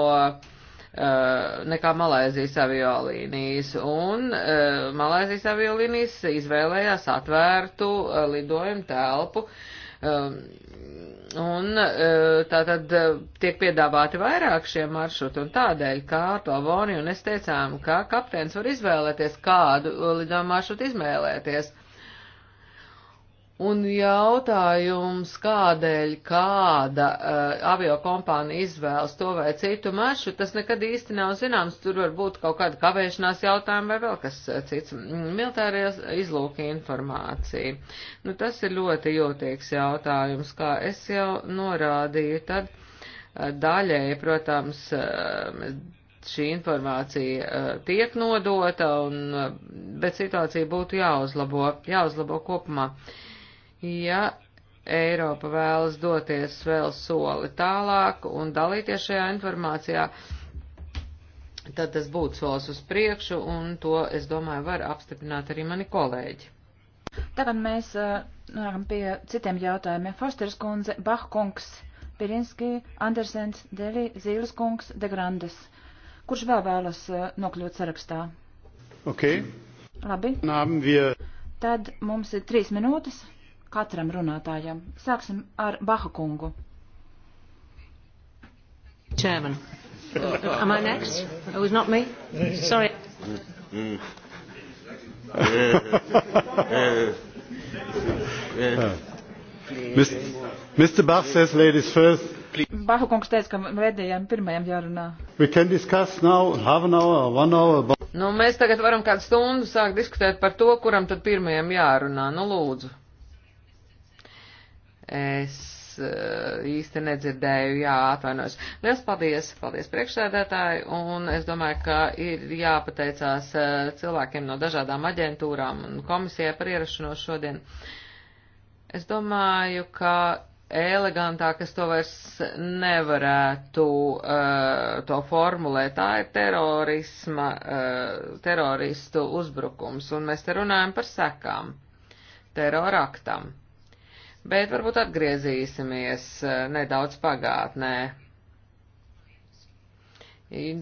nekā Malaisijas aviolīnijas, un uh, Malaisijas aviolīnijas izvēlējās atvērtu uh, lidojumu telpu, uh, Um, un uh, tātad uh, tiek piedāvāti vairāk šie maršruti, un tādēļ, kā to Voni un es teicām, ka kapteins var izvēlēties, kādu uh, lidojumu maršrutu izvēlēties. Un jautājums, kādēļ kāda uh, eh, avio kompānija izvēlas to vai citu maršrutu, tas nekad īsti nav zināms. Tur var būt kaut kāda kavēšanās jautājuma vai vēl kas eh, cits. Mm, Militārijas izlūka informācija. Nu, tas ir ļoti jūtīgs jautājums, kā es jau norādīju. Tad uh, eh, daļēji, protams, uh, šī informācija uh, tiek nodota, un, uh, bet situācija būtu jāuzlabo, jāuzlabo kopumā. Uh, Ja Eiropa vēlas doties vēl soli tālāk un dalīties šajā informācijā, tad tas būtu solis uz priekšu, un to, es domāju, var apstiprināt arī mani kolēģi. Tagad mēs uh, nonākam pie citiem jautājumiem. Forsters kundze, Bach kungs, Pirinski, Andersens, Deli, Zīles kungs, De Grandes. Kurš vēl vēlas uh, nokļūt sarakstā? Ok. Labi. Tad mums ir trīs minūtes katram runātājam. Sāksim ar Baha kungu. Chairman. Am I next? Oh, It was not me. Sorry. Mr. Bach says ladies first. Baha kungs teica, ka vēdējiem pirmajam jārunā. We can discuss now half an hour, one hour. About... Nu, mēs tagad varam kādu stundu sākt diskutēt par to, kuram tad pirmajam jārunā. Nu, lūdzu. Es eh, īsti nedzirdēju, jā, atvainojos. Liels paldies, paldies priekšsēdētāji, un es domāju, ka ir jāpateicās eh, cilvēkiem no dažādām aģentūrām un komisijai par ierašanos šodien. Es domāju, ka elegantāk es to vairs nevarētu uh, to formulēt. Tā ir terorisma, uh, teroristu uzbrukums, un mēs te runājam par sekām teroraktam bet varbūt atgriezīsimies eh, nedaudz pagātnē.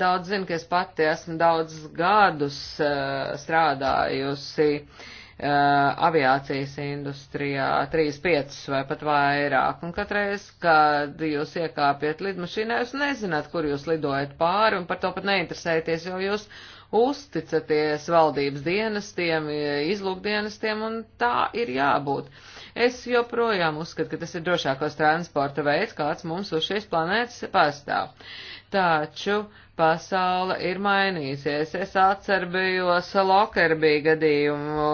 Daudz zinu, ka es pati esmu daudz gadus eh, strādājusi eh, aviācijas industrijā, 3-5 vai pat vairāk, un katreiz, kad jūs iekāpjat lidmašīnā, jūs nezināt, kur jūs lidojat pāri, un par to pat neinteresēties, jo jūs uzticaties valdības dienestiem, izlūkdienestiem, un tā ir jābūt. Uh, Es joprojām uzskatu, ka tas ir drošākos transporta veids, kāds mums uz šīs planētas pastāv. Taču pasaule ir mainīsies. Es atcerbījos Lokerbī gadījumu,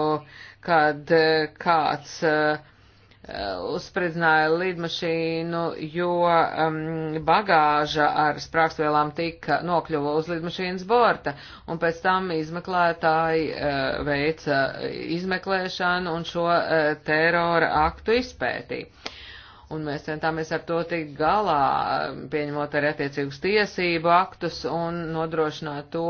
kad eh, kāds uh, uzspridzināja lidmašīnu, jo um, bagāža ar sprākstvielām tika nokļuva uz lidmašīnas borta, un pēc tam izmeklētāji uh, veica izmeklēšanu un šo uh, terora aktu izpētīja. Un mēs centāmies ar to tikt galā, um, pieņemot arī attiecīgus tiesību aktus un nodrošināt to,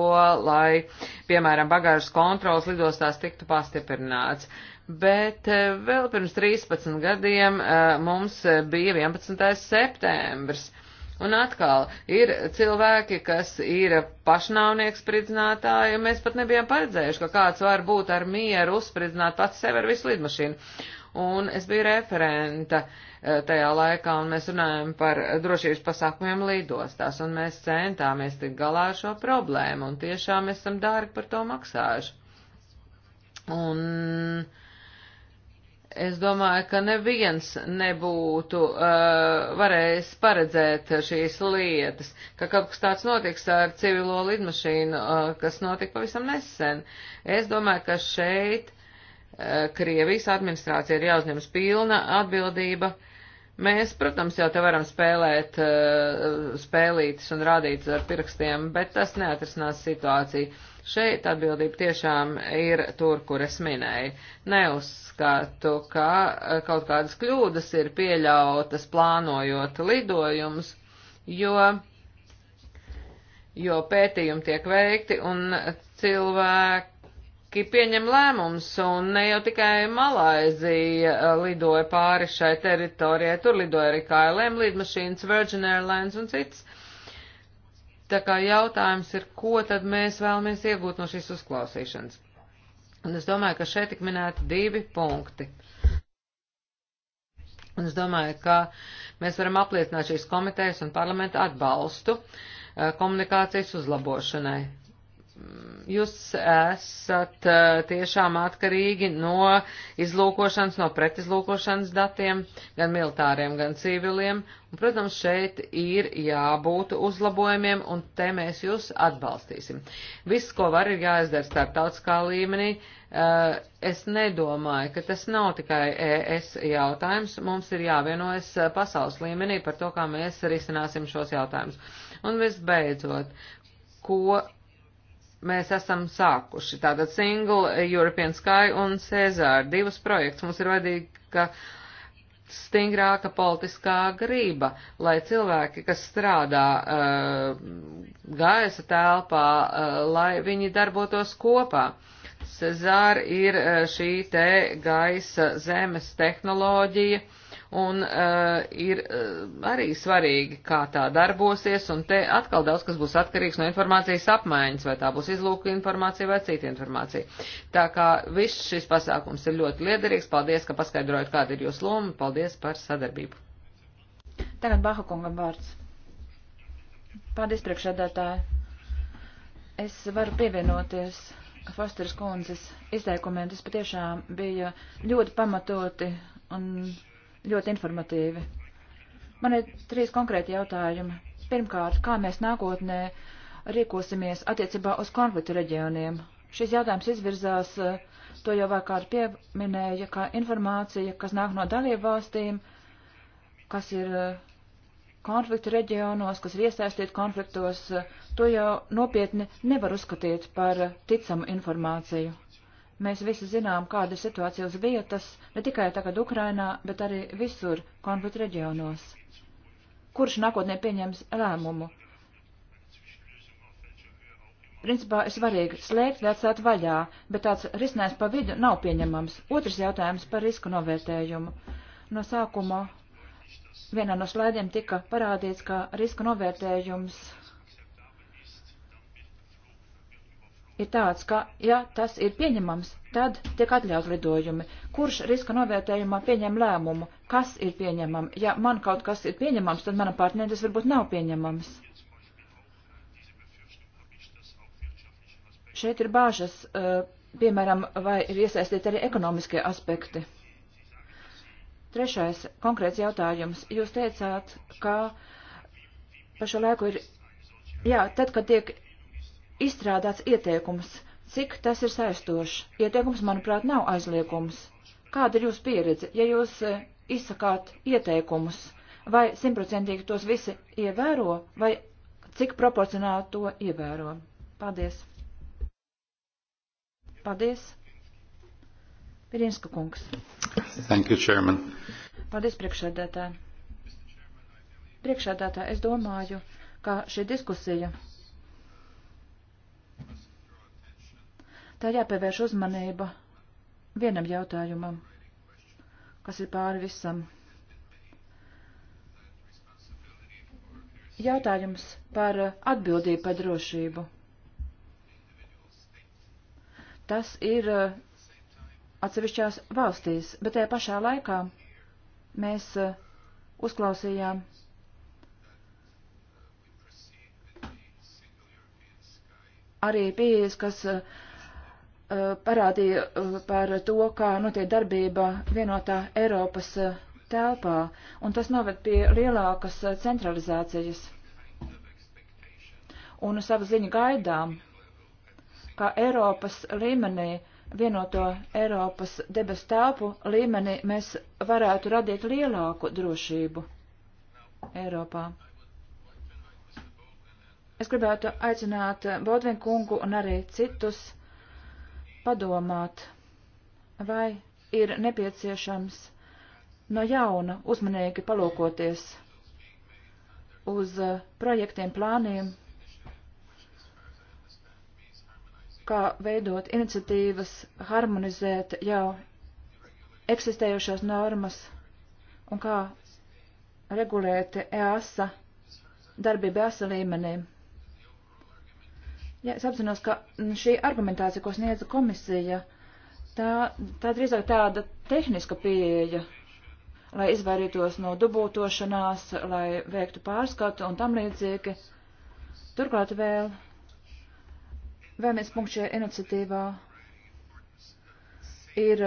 lai, piemēram, bagāžas kontrols lidostās tiktu pastiprināts. Uh, Bet eh, vēl pirms 13 gadiem eh, mums eh, bija 11. septembris. Un atkal ir cilvēki, kas ir pašnāvnieks spridzinātāji, un mēs pat nebijām paredzējuši, ka kāds var būt ar mieru uzspridzināt pats sevi ar visu lidmašīnu. Un es biju referenta tajā laikā, un mēs runājam par drošības pasākumiem lidostās, un mēs centāmies tik galā ar šo problēmu, un tiešām esam dārgi par to maksājuši. Un uh, Es domāju, ka neviens nebūtu uh, varējis paredzēt šīs lietas, ka kaut kas tāds notiks ar civilo lidmašīnu, uh, kas notika pavisam nesen. Es domāju, ka šeit uh, Krievijas administrācija ir jāuzņemas pilna atbildība. Mēs, protams, jau te varam spēlēt uh, spēlītas un rādītas ar pirkstiem, bet tas neatrisinās situāciju Šeit atbildība tiešām ir tur, kur es minēju. Neuzskatu, ka eh, kaut kādas kļūdas ir pieļautas plānojot lidojumus, jo, jo pētījumi tiek veikti un cilvēki politiski pieņem lēmums, un ne jau tikai Malaizija eh, lidoja pāri šai teritorijai, tur lidoja arī KLM lidmašīnas, Virgin Airlines un citas. Tā kā jautājums ir, ko tad mēs vēlamies iegūt no šīs uzklausīšanas. Un es domāju, ka šeit tik minēti divi punkti. Un es domāju, ka mēs varam apliecināt šīs komitejas un parlamenta atbalstu eh, komunikācijas uzlabošanai jūs esat tiešām atkarīgi no izlūkošanas, no pretizlūkošanas datiem, gan militāriem, gan civiliem. Un, protams, šeit ir jābūt uzlabojumiem, un te mēs jūs atbalstīsim. Viss, ko var, ir jāizdara starptautiskā līmenī. Es nedomāju, ka tas nav tikai ES jautājums. Mums ir jāvienojas pasaules līmenī par to, kā mēs risināsim šos jautājumus. Un visbeidzot, ko mēs esam sākuši. Tātad Single, European Sky un Cezāra divus projektus. Mums ir vajadzīga stingrāka politiskā grība, lai cilvēki, kas strādā uh, gaisa telpā, uh, lai viņi darbotos kopā. Cezāra ir uh, šī te gaisa zemes tehnoloģija. Uh, un uh, ir uh, arī svarīgi, kā tā darbosies, un te atkal daudz kas būs atkarīgs no informācijas apmaiņas, vai tā būs izlūka informācija vai cita informācija. Tā kā viss šis pasākums ir ļoti liederīgs, paldies, ka paskaidrojat, kāda ir jūsu loma, paldies par sadarbību. Tagad Baha kungam vārds. Paldies, priekšsēdētāji. Es varu pievienoties. Fosteras kundzes izteikumiem tas patiešām bija ļoti pamatoti un ļoti informatīvi. Man ir trīs konkrēti jautājumi. Pirmkārt, kā mēs nākotnē rīkosimies attiecībā uz konfliktu reģioniem? Šis jautājums izvirzās, eh, to jau vēl kādu pieminēja, kā informācija, kas nāk no dalību valstīm, kas ir eh, konfliktu reģionos, kas ir iesaistīti konfliktos, eh, to jau nopietni nevar uzskatīt par ticamu informāciju. Mēs visi zinām, kāda ir situācija uz vietas, ne tikai tagad Ukrainā, bet arī visur konflikta reģionos. Kurš nākotnē pieņems lēmumu? Principā ir svarīgi slēgt vai atstāt vaļā, bet tāds risinājums pa vidu nav pieņemams. Otrs jautājums par risku novērtējumu. No sākuma vienā no slaidiem tika parādīts, ka riska novērtējums ir tāds, ka, ja tas ir pieņemams, tad tiek atļaut lidojumi. Kurš riska novērtējumā pieņem lēmumu, kas ir pieņemams? Ja man kaut kas ir pieņemams, tad manam partnerim tas varbūt nav pieņemams. Šeit ir bāžas, eh, piemēram, vai ir iesaistīti arī ekonomiskie aspekti. Trešais konkrēts jautājums. Jūs teicāt, ka pa šo laiku ir, jā, tad, kad tiek izstrādāts ieteikums, cik tas ir saistošs. Ieteikums, manuprāt, nav aizliekums. Kāda ir jūsu pieredze, ja jūs e, izsakāt ieteikumus, vai simtprocentīgi tos visi ievēro, vai cik proporcionāli to ievēro? Paldies! Paldies! Pirinska kungs. Thank you, Chairman. Paldies, priekšsēdētā. Priekšsēdētā, es domāju, ka šī diskusija tā jāpievērš uzmanība vienam jautājumam, kas ir pāri visam. Jautājums par atbildību par drošību. Tas ir uh, atsevišķās valstīs, bet tajā pašā laikā mēs uh, uzklausījām arī pieejas, kas uh, Eh, parādīja eh, par to, kā notiek darbība vienotā Eiropas eh, telpā, un tas noved pie lielākas centralizācijas. Un savu ziņu gaidām, kā Eiropas līmenī, vienoto Eiropas debes telpu līmenī, mēs varētu radīt lielāku drošību Eiropā. Es gribētu aicināt Bodvin kungu un arī citus padomāt, vai ir nepieciešams no jauna uzmanīgi palūkoties uz uh, projektiem, plāniem, kā veidot iniciatīvas, harmonizēt jau eksistējošās normas un kā regulēt EASA darbību EASA līmenī. Jā, es apzinos, ka šī argumentācija, ko sniedza komisija, tā, tā drīzāk tāda tehniska pieeja, lai izvairītos no dubultošanās, lai veiktu pārskatu un tam līdzīgi. Turklāt vēl, vēl viens punkts šajā iniciatīvā ir,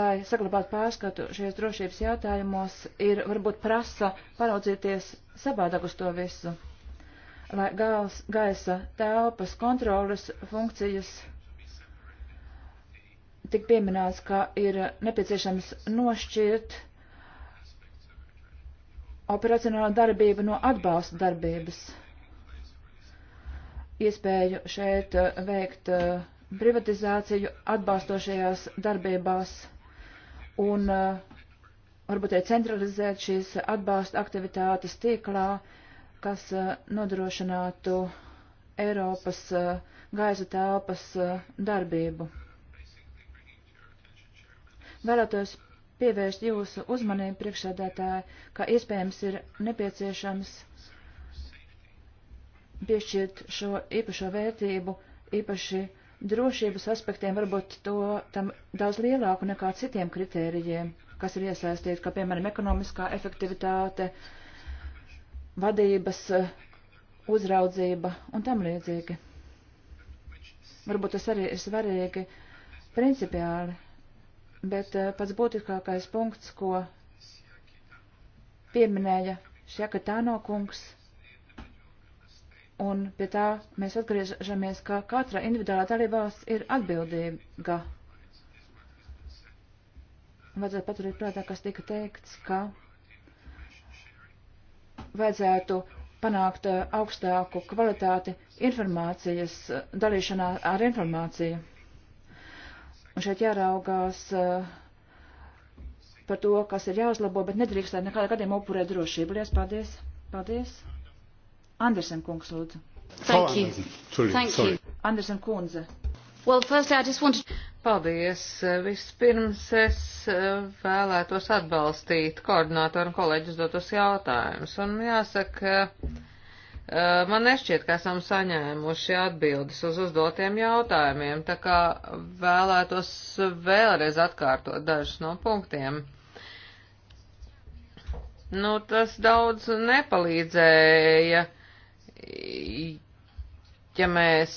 lai saglabātu pārskatu šajos drošības jautājumos, ir varbūt prasa paraudzīties savādāk uz to visu lai gals, gaisa telpas kontrolas funkcijas tik pieminēts, ka ir nepieciešams nošķirt operacionālo darbību no atbalsta darbības. Iespēju šeit eh, veikt eh, privatizāciju atbalstošajās darbībās un eh, varbūt arī centralizēt šīs atbalsta aktivitātes tīklā, kas uh, nodrošinātu Eiropas uh, gaisa telpas uh, darbību. Vēlētos pievērst jūsu uzmanību priekšsēdētāji, ka iespējams ir nepieciešams piešķirt šo īpašo vērtību, īpaši drošības aspektiem, varbūt to tam daudz lielāku nekā citiem kritērijiem, kas ir iesaistīti, kā piemēram ekonomiskā efektivitāte, uh, vadības eh, uzraudzība un tam līdzīgi. Varbūt tas arī ir svarīgi principiāli, bet eh, pats būtiskākais punkts, ko pieminēja Šakatāno kungs, un pie tā mēs atgriežamies, ka katra individuālā dalībvalsts ir atbildīga. Vajadzētu paturēt prātā, kas tika teikts, ka vajadzētu panākt eh, augstāku kvalitāti informācijas, eh, dalīšanā ar informāciju. Un šeit jāraugās eh, par to, kas ir jāuzlabo, bet nedrīkst tādā nekādā gadījumā upurēt drošību. Lies, paldies! Paldies! Andersen kungs, lūdzu. Thank you. Thank you. Andersen kundze. Well, firstly, I just wanted... Paldies! Vispirms es eh, vēlētos atbalstīt koordinātoru un kolēģis dotus jautājumus. Un jāsaka, eh, man nešķiet, ka esam saņēmuši atbildes uz uzdotiem jautājumiem, tā kā vēlētos vēlreiz atkārtot dažus no punktiem. Nu, tas daudz nepalīdzēja ja mēs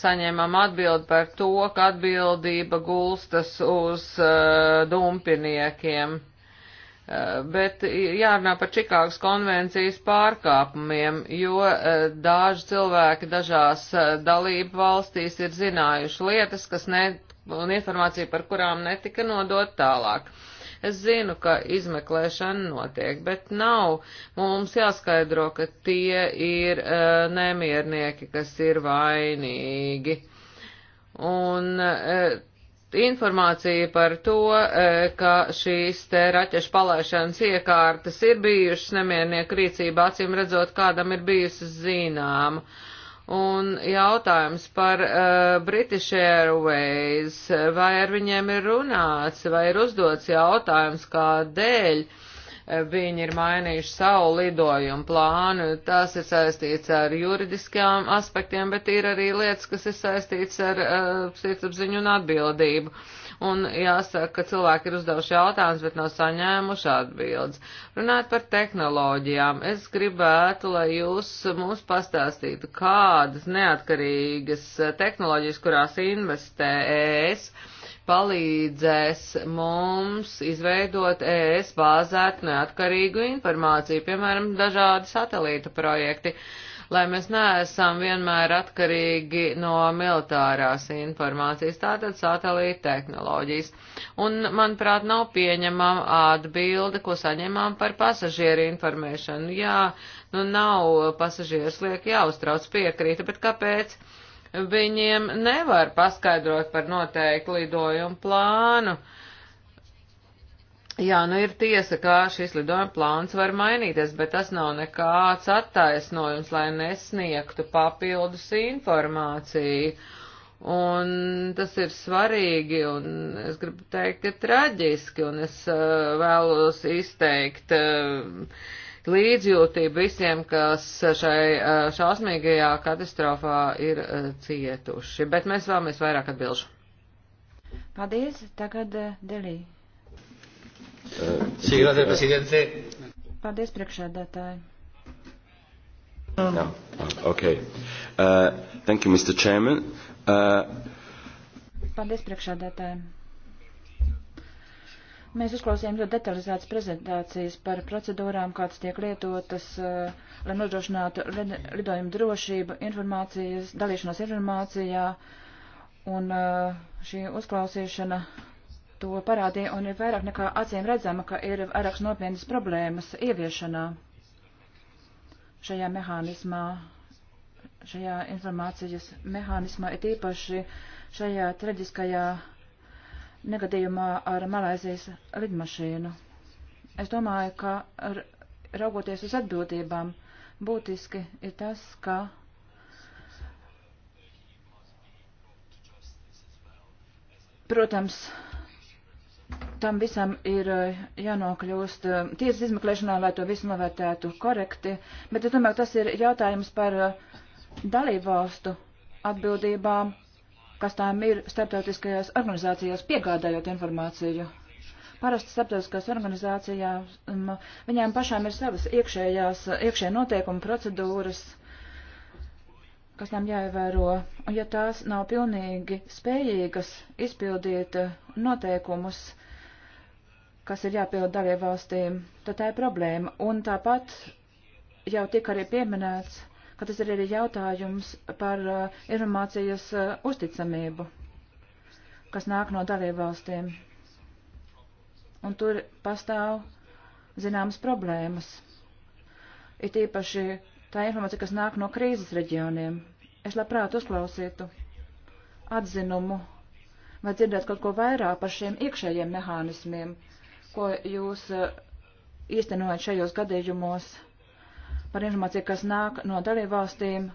saņemam atbildi par to, ka atbildība gulstas uz uh, dumpiniekiem. Uh, bet jārunā par Čikāgas konvencijas pārkāpumiem, jo uh, daži cilvēki dažās dalību valstīs ir zinājuši lietas, kas ne, un informācija par kurām netika nodot tālāk. Uh, Es zinu, ka izmeklēšana notiek, bet nav mums jāskaidro, ka tie ir uh, nemiernieki, kas ir vainīgi. Un uh, informācija par to, e, ka šīs te raķešu palaišanas iekārtas ir bijušas nemiernieku rīcībā, acīm redzot, kādam ir bijusi zināma. Un jautājums par uh, British Airways, vai ar viņiem ir runāts, vai ir uzdots jautājums, kādēļ eh, viņi ir mainījuši savu lidojumu plānu. Tas ir saistīts ar juridiskām aspektiem, bet ir arī lietas, kas ir saistīts ar uh, sirdsapziņu un atbildību. Uh, un jāsaka, ka cilvēki ir uzdevuši jautājumus, bet nav saņēmuši atbildes. Runājot par tehnoloģijām, es gribētu, lai jūs mums pastāstītu, kādas neatkarīgas tehnoloģijas, kurās investē ES, palīdzēs mums izveidot ES bāzētu neatkarīgu informāciju, piemēram, dažādi satelīta projekti. Uh, lai mēs neesam vienmēr atkarīgi no militārās informācijas, tātad satelīta tehnoloģijas. Un, manuprāt, nav pieņemama atbilde, ko saņemām par pasažieru informēšanu. Jā, nu nav pasažieris liek jāuztrauc piekrīta, bet kāpēc? Viņiem nevar paskaidrot par noteiktu lidojumu plānu. Uh, Jā, nu ir tiesa, ka šis lidojuma plāns var mainīties, bet tas nav nekāds attaisnojums, lai nesniegtu papildus informāciju. Un tas ir svarīgi, un es gribu teikt, ka traģiski, un es uh, vēlos izteikt uh, līdzjūtību visiem, kas šai uh, šausmīgajā katastrofā ir uh, cietuši. Bet mēs vēlamies vairāk atbilžu. Paldies, tagad uh, Delī Eh, sí, gracias, presidente. Paldies, priekšēdētāji. No. Oh, okay. Uh, thank you, Mr. Chairman. Uh, Paldies, priekšēdētāji. Mēs uzklausījām ļoti detalizētas prezentācijas par procedūrām, kādas tiek lietotas, lai nodrošinātu lidojumu drošību, informācijas, dalīšanos informācijā. Un šī uzklausīšana to parādīja, un ir vairāk nekā acīm redzama, ka ir vairākas nopietnas problēmas ieviešanā šajā mehānismā, šajā informācijas mehānismā, ir īpaši šajā traģiskajā negadījumā ar Malaisijas lidmašīnu. Es domāju, ka ar, raugoties uz atbildībām, būtiski ir tas, ka protams, tam visam ir eh, jānokļūst eh, tiesas izmeklēšanā, lai to visu novērtētu korekti, bet es domāju, tas ir jautājums par eh, dalībvalstu atbildībām, kas tām ir starptautiskajās organizācijās piegādājot informāciju. Parasti starptautiskās organizācijās mm, viņām pašām ir savas iekšējās, iekšējā noteikuma procedūras, kas tām jāievēro, un ja tās nav pilnīgi spējīgas izpildīt noteikumus, uh, kas ir jāpild dalībvalstīm, tad tā ir problēma. Un tāpat jau tika arī pieminēts, ka tas ir arī jautājums par uh, informācijas uh, uzticamību, kas nāk no dalībvalstīm. Un tur pastāv zināmas problēmas. It īpaši tā informācija, kas nāk no krīzes reģioniem. Es labprāt uzklausītu atzinumu vai dzirdēt kaut ko vairāk par šiem iekšējiem mehānismiem, ko jūs eh, īstenojat šajos gadījumos par informāciju, kas nāk no dalībvalstīm,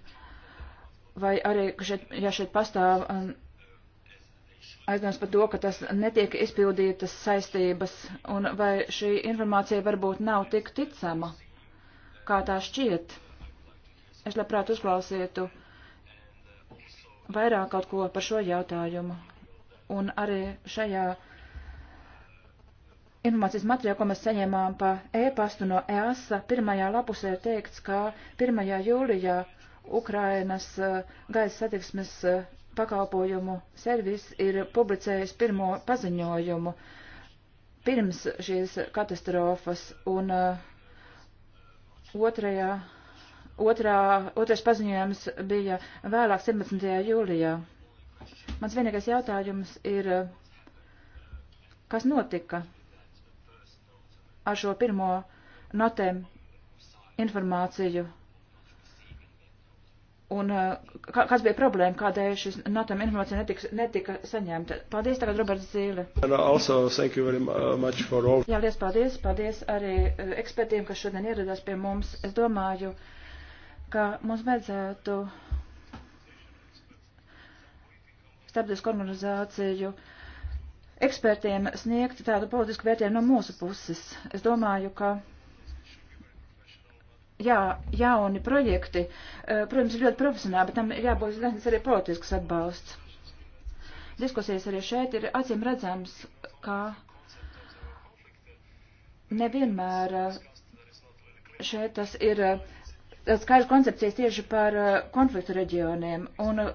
vai arī, šeit, ja šeit pastāv eh, aizdomas par to, ka tas netiek izpildītas saistības, un vai šī informācija varbūt nav tik ticama, kā tā šķiet. Es labprāt uzklausītu vairāk kaut ko par šo jautājumu. Un arī šajā informācijas materiālu, ko mēs saņēmām pa e-pastu no EASA, pirmajā lapusē ir teikts, ka 1. jūlijā Ukrainas eh, gaisa satiksmes eh, pakalpojumu servis ir publicējis pirmo paziņojumu pirms šīs katastrofas un eh, otrajā, otrā, otrais paziņojums bija vēlāk 17. jūlijā. Mans vienīgais jautājums ir, kas notika? ar šo pirmo notēm informāciju. Un kā, eh, kas bija problēma, kādēļ šis notēm informācija netika, netika saņemta? Paldies tagad, Roberts Zīle. Uh, Jā, liels paldies. Paldies arī eh, ekspertiem, kas šodien ieradās pie mums. Es domāju, ka mums vajadzētu starptautisku organizāciju uh, ekspertiem sniegt tādu politisku vērtējumu no mūsu puses. Es domāju, ka jā, jauni projekti, eh, protams, ir ļoti profesionāli, bet tam ir jābūt zinātnes arī politisks atbalsts. Diskusijas arī šeit ir acīm redzams, ka nevienmēr eh, šeit tas ir eh, skaidrs koncepcijas tieši par konfliktu reģioniem. Un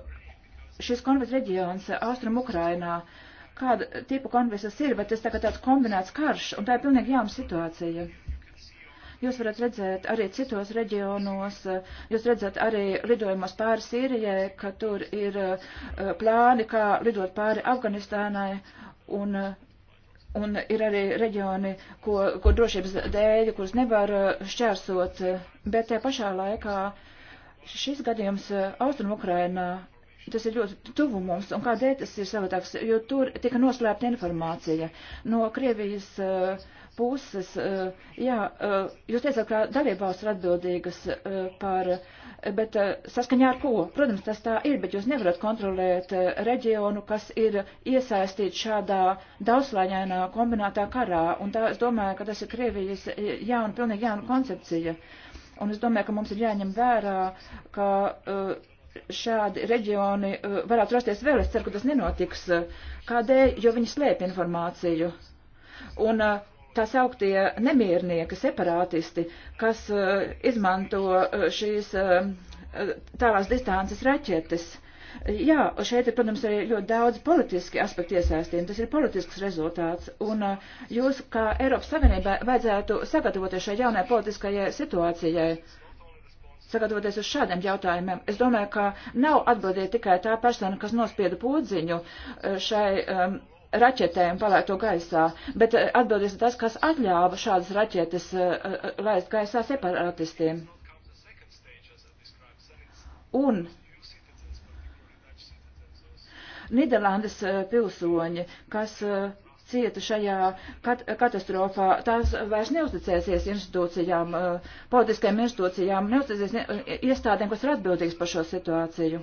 šis konfliktu reģions Austrum Ukrainā uh, kāda tipa konflikts tas ir, bet tas tagad tāds kombinēts karš, un tā ir pilnīgi jauna situācija. Jūs varat redzēt arī citos reģionos, jūs redzat arī lidojumos pāri Sīrijai, ka tur ir uh, plāni, kā lidot pāri Afganistānai, un, uh, un ir arī reģioni, ko, ko drošības dēļ, kurus nevar uh, šķērsot, bet te pašā laikā šis gadījums Austrum Ukrainā tas ir ļoti tuvu mums, un kādēļ tas ir savādāks, jo tur tika noslēpta informācija no Krievijas uh, puses. Uh, jā, uh, jūs teicāt, ka dalībvalsts ir atbildīgas uh, par, bet uh, saskaņā ar ko? Protams, tas tā ir, bet jūs nevarat kontrolēt uh, reģionu, kas ir iesaistīts šādā daudzslāņainā kombinētā karā, un tā es domāju, ka tas ir Krievijas jauna, pilnīgi jauna koncepcija. Un es domāju, ka mums ir jāņem vērā, ka uh, šādi reģioni uh, varētu rasties vēl. Es ceru, ka tas nenotiks. Kādēļ? Jo viņi slēp informāciju. Un uh, tā sauktie nemiernieki, separātisti, kas uh, izmanto šīs tālās distances raķetes. Jā, šeit ir, protams, arī ļoti daudz politiski aspekti iesaistīti. Tas ir politisks rezultāts. Un jūs, kā Eiropas Savienībai, vajadzētu sagatavoties šai jaunajai politiskajai situācijai. Uh, sagatavoties uz šādiem jautājumiem. Es domāju, ka nav atbildīga tikai tā persona, kas nospieda podziņu eh, šai um, ehm, raķetēm palēto gaisā, bet eh, atbildīs tas, kas atļāva šādas raķetes uh, laist gaisā separatistiem. Un Nīderlandes pilsoņi, kas uh, cieta šajā kat katastrofā, tās vairs neuzticēsies institūcijām, eh, politiskajām institūcijām, neuzticēsies iestādēm, kas ir atbildīgas par šo situāciju.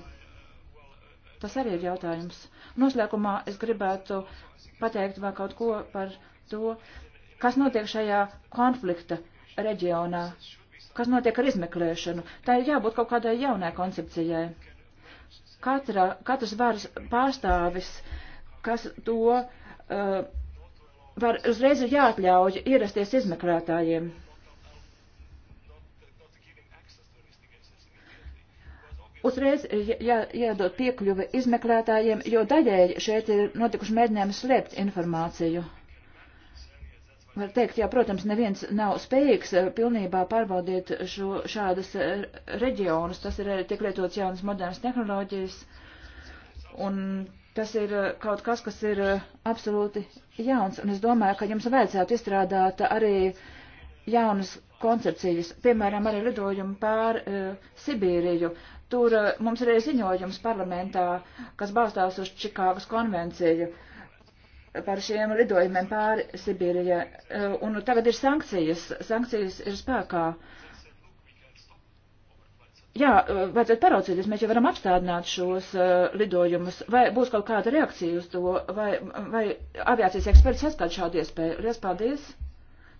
Tas arī ir jautājums. Noslēgumā es gribētu pateikt vēl kaut ko par to, kas notiek šajā konflikta reģionā, kas notiek ar izmeklēšanu. Tā ir jābūt kaut kādai jaunai koncepcijai. Katra, katrs varas pārstāvis, kas to uh, uh, var uzreiz ir jāatļauj ierasties izmeklētājiem. Uzreiz jā, jādod piekļuve izmeklētājiem, jo daļēji šeit ir notikuši mēģinājumi slēpt informāciju. Var teikt, jā, protams, neviens nav spējīgs uh, pilnībā pārbaudīt šo, šādas uh, reģionus. Tas ir tiek lietots jaunas modernas tehnoloģijas. Un tas ir eh, kaut kas, kas ir eh, absolūti jauns, un es domāju, ka jums vajadzētu izstrādāt arī jaunas koncepcijas, piemēram, arī lidojumu pār uh, Sibīriju. Tur uh, mums ir arī ziņojums parlamentā, kas balstās uz Čikāgas konvenciju par šiem lidojumiem pāri Sibīrijai, uh, un tagad ir sankcijas, sankcijas ir spēkā. Uh, jā, eh, vajadzētu paraucīties, mēs jau varam apstādināt šos uh, lidojumus, vai būs kaut kāda reakcija uz to, vai, vai aviācijas eksperts saskat šādu iespēju. Lies paldies.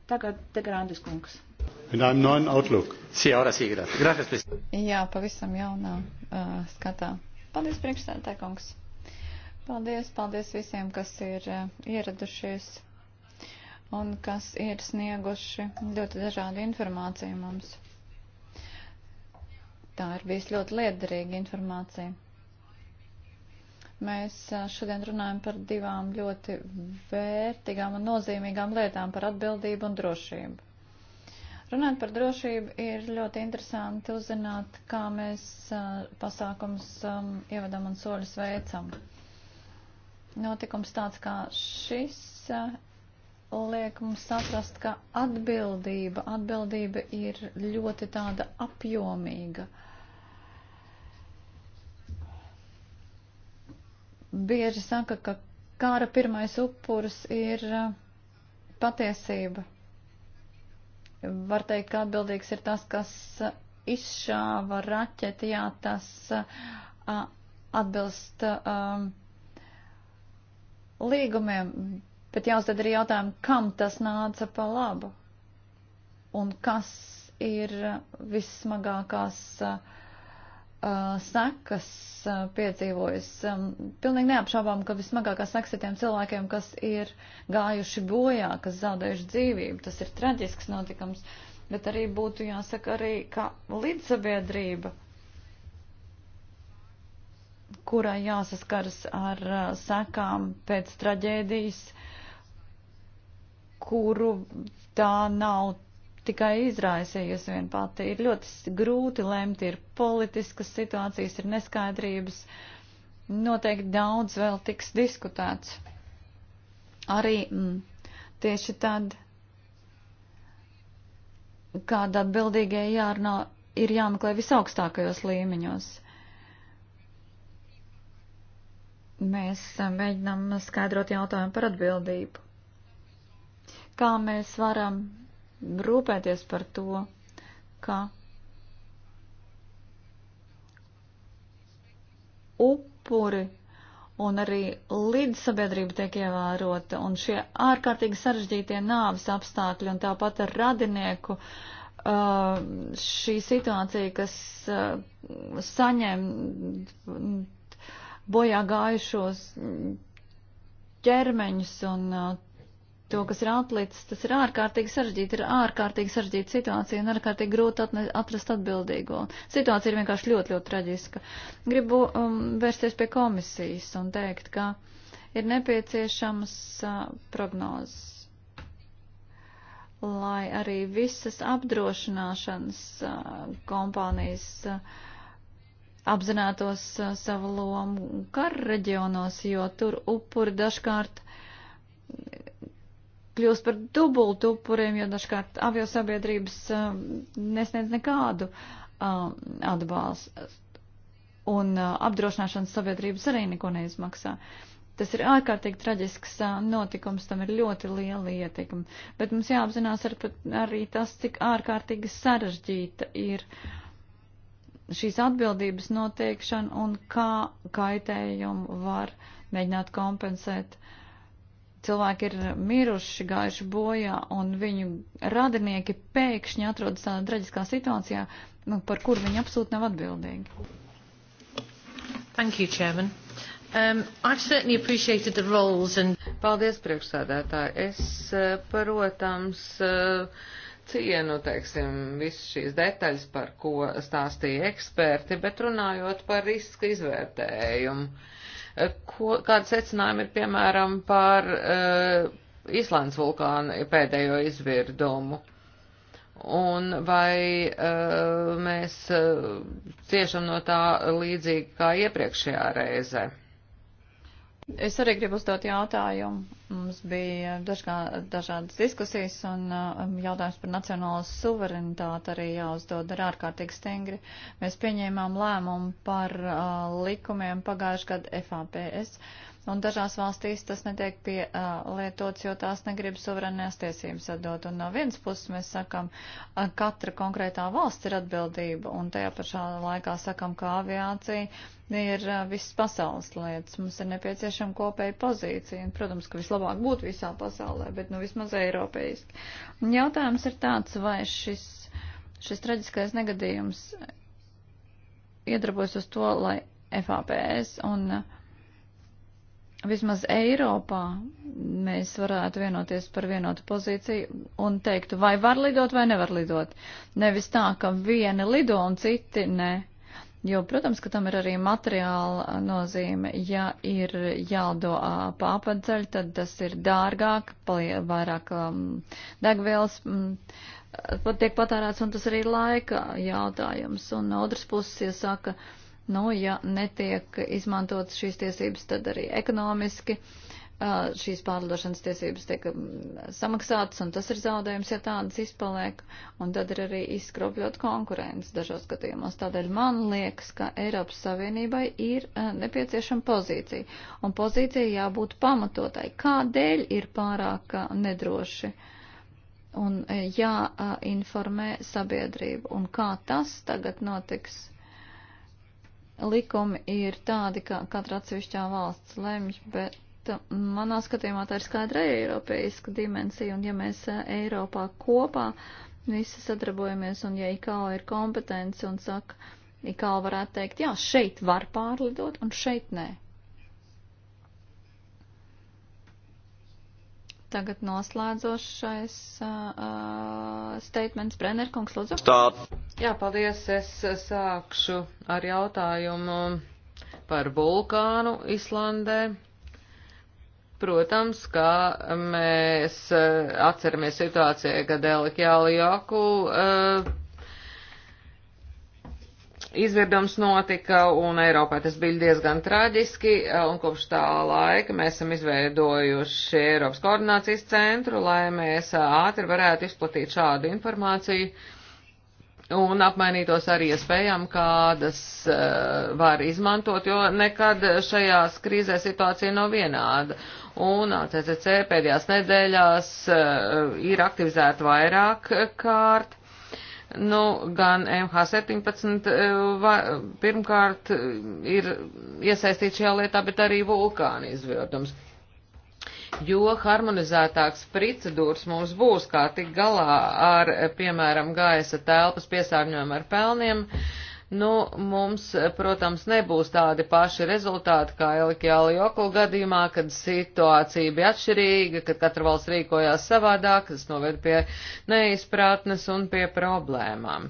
Tagad te Grandis kungs. In einem neuen Outlook. Sí, ahora sí, gracias. Jā, pavisam jaunā uh, skatā. Paldies, priekšsēdētāj kungs. Paldies, paldies visiem, kas ir uh, ieradušies un kas ir snieguši ļoti dažādu informāciju mums. Tā ir bijis ļoti liederīga informācija. Mēs šodien runājam par divām ļoti vērtīgām un nozīmīgām lietām - par atbildību un drošību. Runājot par drošību, ir ļoti interesanti uzzināt, kā mēs pasākums ievedam un soļus veicam. Notikums tāds kā šis liek mums saprast, ka atbildība, atbildība ir ļoti tāda apjomīga. Uh, bieži saka, ka kāra pirmais upurs ir uh, patiesība. Var teikt, ka atbildīgs ir tas, kas uh, izšāva raķeti, jā, tas uh, atbilst um, līgumiem, bet jāuzdod arī jautājumu, kam tas nāca pa labu un kas ir vissmagākās uh, Uh, sekas uh, piedzīvojis. Um, pilnīgi neapšaubām, ka vismagākās sekas ir tiem cilvēkiem, kas ir gājuši bojā, kas zaudējuši dzīvību. Tas ir traģisks notikums, bet arī būtu jāsaka arī, ka līdzsabiedrība, kurai jāsaskaras ar uh, sekām pēc traģēdijas, kuru tā nav tikai izraisījusi vien pati. Ir ļoti grūti lemt, ir politiskas situācijas, ir neskaidrības. Noteikti daudz vēl tiks diskutēts. Arī mm, tieši tad, kāda atbildīgie jārunā, ir jāmeklē visaugstākajos līmeņos. Mēs eh, mēģinām skaidrot jautājumu par atbildību. Kā mēs varam rūpēties par to, ka upuri un arī līdzsabiedrība tiek ievērota, un šie ārkārtīgi sarežģītie nāvis apstākļi, un tāpat ar radinieku uh, šī situācija, kas uh, saņem bojā gājušos ķermeņus un uh, to, kas ir atlicis, tas ir ārkārtīgi sarežģīti, ir ārkārtīgi sarežģīta situācija un ārkārtīgi grūti atne, atrast atbildīgo. Situācija ir vienkārši ļoti, ļoti traģiska. Gribu um, vērsties pie komisijas un teikt, ka ir nepieciešamas uh, prognozes lai arī visas apdrošināšanas uh, kompānijas uh, apzinātos uh, savu lomu kara reģionos, jo tur upuri dažkārt kļūst par dubultu upuriem, jo dažkārt aviosabiedrības uh, nesniedz nekādu uh, atbalstu. Un uh, apdrošināšanas sabiedrības arī neko neizmaksā. Tas ir ārkārtīgi traģisks uh, notikums, tam ir ļoti liela ietekme. Bet mums jāapzinās ar, arī tas, cik ārkārtīgi sarežģīta ir šīs atbildības noteikšana un kā kaitējumu var mēģināt kompensēt uh, cilvēki ir miruši, gājuši bojā, un viņu radinieki pēkšņi atrodas tādā traģiskā situācijā, nu, par kur viņi absolūti nav atbildīgi. Thank you, Chairman. Um, I've certainly appreciated the roles and... Paldies, priekšsādātāji. Es, eh, protams, eh, cienu, teiksim, visas šīs detaļas, par ko stāstīja eksperti, bet runājot par riska izvērtējumu Ko, kāda secinājuma ir, piemēram, par uh, eh, Islands vulkānu pēdējo izvirdumu? Un vai uh, mēs uh, ciešam no tā līdzīgi kā iepriekšējā reizē? Es arī gribu uzdot jautājumu. Mums bija dažkā, dažādas diskusijas un um, jautājums par nacionālo suverenitāti arī jāuzdod ar ārkārtīgi stingri. Mēs pieņēmām lēmumu par uh, likumiem pagājušajā gadā FAPS. Uh, Un dažās valstīs tas netiek pielietots, jo tās negrib suverenās tiesības atdot. Un no vienas puses mēs sakam, katra konkrētā valsts ir atbildība, un tajā pašā laikā sakam, ka aviācija ir viss pasaules lietas. Mums ir nepieciešama kopēja pozīcija, un, protams, ka vislabāk būtu visā pasaulē, bet nu vismaz eiropeiski. Un jautājums ir tāds, vai šis, šis traģiskais negadījums iedarbojas uz to, lai FAPS un. Uh, vismaz Eiropā mēs varētu vienoties par vienotu pozīciju un teiktu, vai var lidot vai nevar lidot. Nevis tā, ka vieni lido un citi ne. Jo, protams, ka tam ir arī materiāla nozīme. Ja ir jādo pa apceļ, tad tas ir dārgāk, vairāk um, degvielas um, tiek patērēts, un tas arī ir laika jautājums. Un no otras puses, ja saka, uh, Nu, ja netiek izmantotas šīs tiesības, tad arī ekonomiski uh, šīs pārlidošanas tiesības tiek um, samaksātas, un tas ir zaudējums, ja tādas izpaliek, un tad ir arī izskropļot konkurences dažos gadījumos. Tādēļ man liekas, ka Eiropas Savienībai ir uh, nepieciešama pozīcija, un pozīcija jābūt pamatotai. Kādēļ ir pārāk uh, nedroši? Un jāinformē sabiedrība, un kā tas tagad notiks? likumi ir tādi, ka katra atsevišķā valsts lemj, bet uh, manā skatījumā tā ir skaidra eiropeiska dimensija, un ja mēs uh, Eiropā kopā visi sadarbojamies, un ja IKO ir kompetence un saka, IKO varētu teikt, jā, šeit var pārlidot, un šeit nē. Tagad noslēdzošais uh, statements Brennerkungs, lūdzu. Stop. Jā, paldies. Es sākšu ar jautājumu par vulkānu Islandē. Protams, kā mēs atceramies situācijā, kad Elikjāli Jaku uh, izvirdums notika, un Eiropā tas bija diezgan traģiski, eh, un kopš tā laika mēs esam izveidojuši Eiropas koordinācijas centru, lai mēs eh, ātri varētu izplatīt šādu informāciju un apmainītos ar iespējām, kādas uh, var izmantot, jo nekad šajās krīzē situācija nav vienāda. Un CCC pēdējās nedēļās uh, ir aktivizēta vairāk kārt Nu, gan MH17 eh, pirmkārt eh, ir iesaistīts šajā lietā, bet arī vulkāna izvirdums. Jo harmonizētāks procedūras mums būs, kā tik galā ar, piemēram, gaisa telpas piesārņojumu ar pelniem, uh, Nu, mums, protams, nebūs tādi paši rezultāti kā Elkjāla Jokula gadījumā, kad situācija bija atšķirīga, kad katra valsts rīkojās savādāk, tas noved pie neizprātnes un pie problēmām.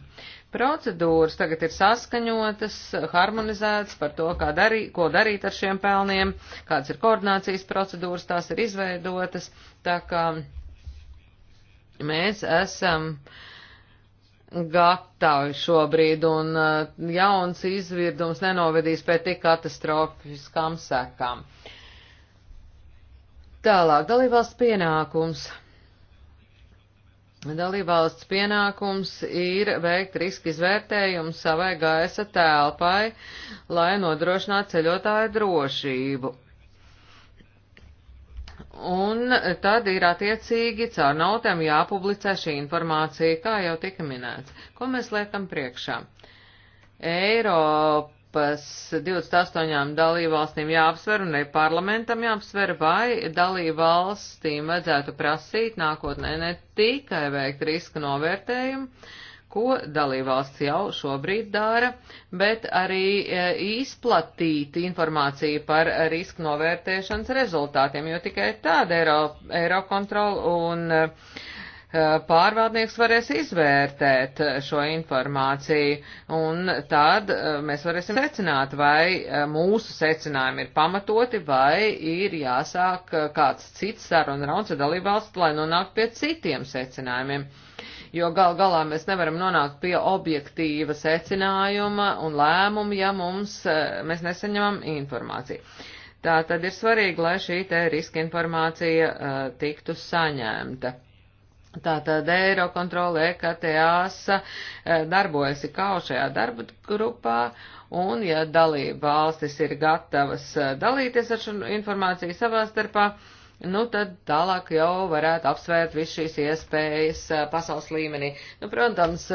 Procedūras tagad ir saskaņotas, harmonizētas par to, kā darī, ko darīt ar šiem pelniem, kādas ir koordinācijas procedūras, tās ir izveidotas, tā kā mēs esam uh, gatavi šobrīd, un uh, jauns izvirdums nenovedīs pie tik katastrofiskām sekām. Tālāk, dalībvalsts pienākums. Dalībvalsts pienākums ir veikt riska izvērtējumu savai gaisa telpai, lai nodrošinātu ceļotāju drošību. Un tad ir attiecīgi caur nautēm jāpublicē šī informācija, kā jau tika minēts. Ko mēs liekam priekšā? Eiropas 28 dalībvalstīm jāapsver un arī parlamentam jāapsver, vai dalībvalstīm vajadzētu prasīt nākotnē ne tikai veikt riska novērtējumu, ko dalībvalsts jau šobrīd dara, bet arī e, izplatīt informāciju par risku novērtēšanas rezultātiem, jo tikai tāda Eirokontrola Eiro un e, e, pārvaldnieks varēs izvērtēt šo informāciju, un tad mēs varēsim secināt, vai mūsu secinājumi ir pamatoti, vai ir jāsāk kāds cits saruna rauns ar dalībvalstu, lai nonāktu pie citiem secinājumiem jo gal galā mēs nevaram nonākt pie objektīva secinājuma un lēmuma, ja mums, e, mēs nesaņemam informāciju. Tā tad ir svarīgi, lai šī te riska informācija uh, tiktu saņemta. Tātad Eirokontrola e EKTASA darbojas kā šajā darba grupā, un ja dalība valstis ir gatavas dalīties ar šo informāciju savā starpā, uh, nu tad tālāk jau varētu apsvērt visu šīs iespējas pasaules līmenī. Nu, protams,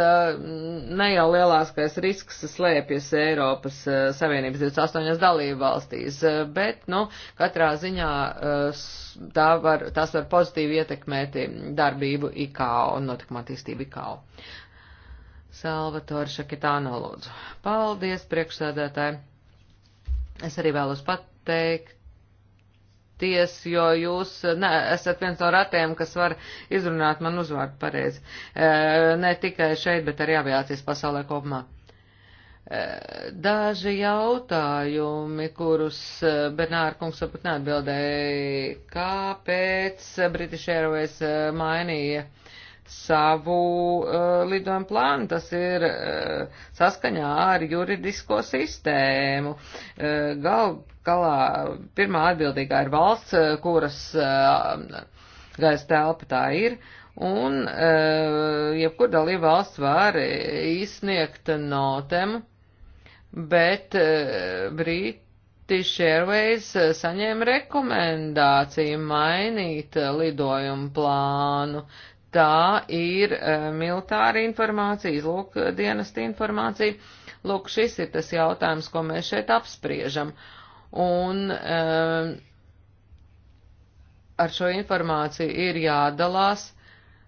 ne jau lielāskais risks slēpjas Eiropas Savienības 28 dalību valstīs, bet, nu, katrā ziņā tā var, tas var pozitīvi ietekmēt darbību IKO un notikuma attīstību IKO. Salvatore Šakitāno lūdzu. Paldies, priekšsēdētāji. Es arī vēlos pateikt ties, jo jūs ne, esat viens no ratiem, kas var izrunāt man uzvārdu pareizi. E, ne tikai šeit, bet arī aviācijas pasaulē kopumā. E, daži jautājumi, kurus e, Bernāra kungs varbūt neatbildēja, kāpēc British Airways e, mainīja savu uh, lidojumu plānu, tas ir uh, saskaņā ar juridisko sistēmu. Uh, Galv galā pirmā atbildīgā ir valsts, eh, kuras eh, gaisa telpa tā ir, un eh, jebkur dalība valsts var izsniegt notemu, bet Brīt British Airways saņēma rekomendāciju mainīt lidojumu plānu. Tā ir uh, militāra informācija, lūk, dienesta informācija. Lūk, šis ir tas jautājums, ko mēs šeit apspriežam. Uh, un um, ar šo informāciju ir jādalās,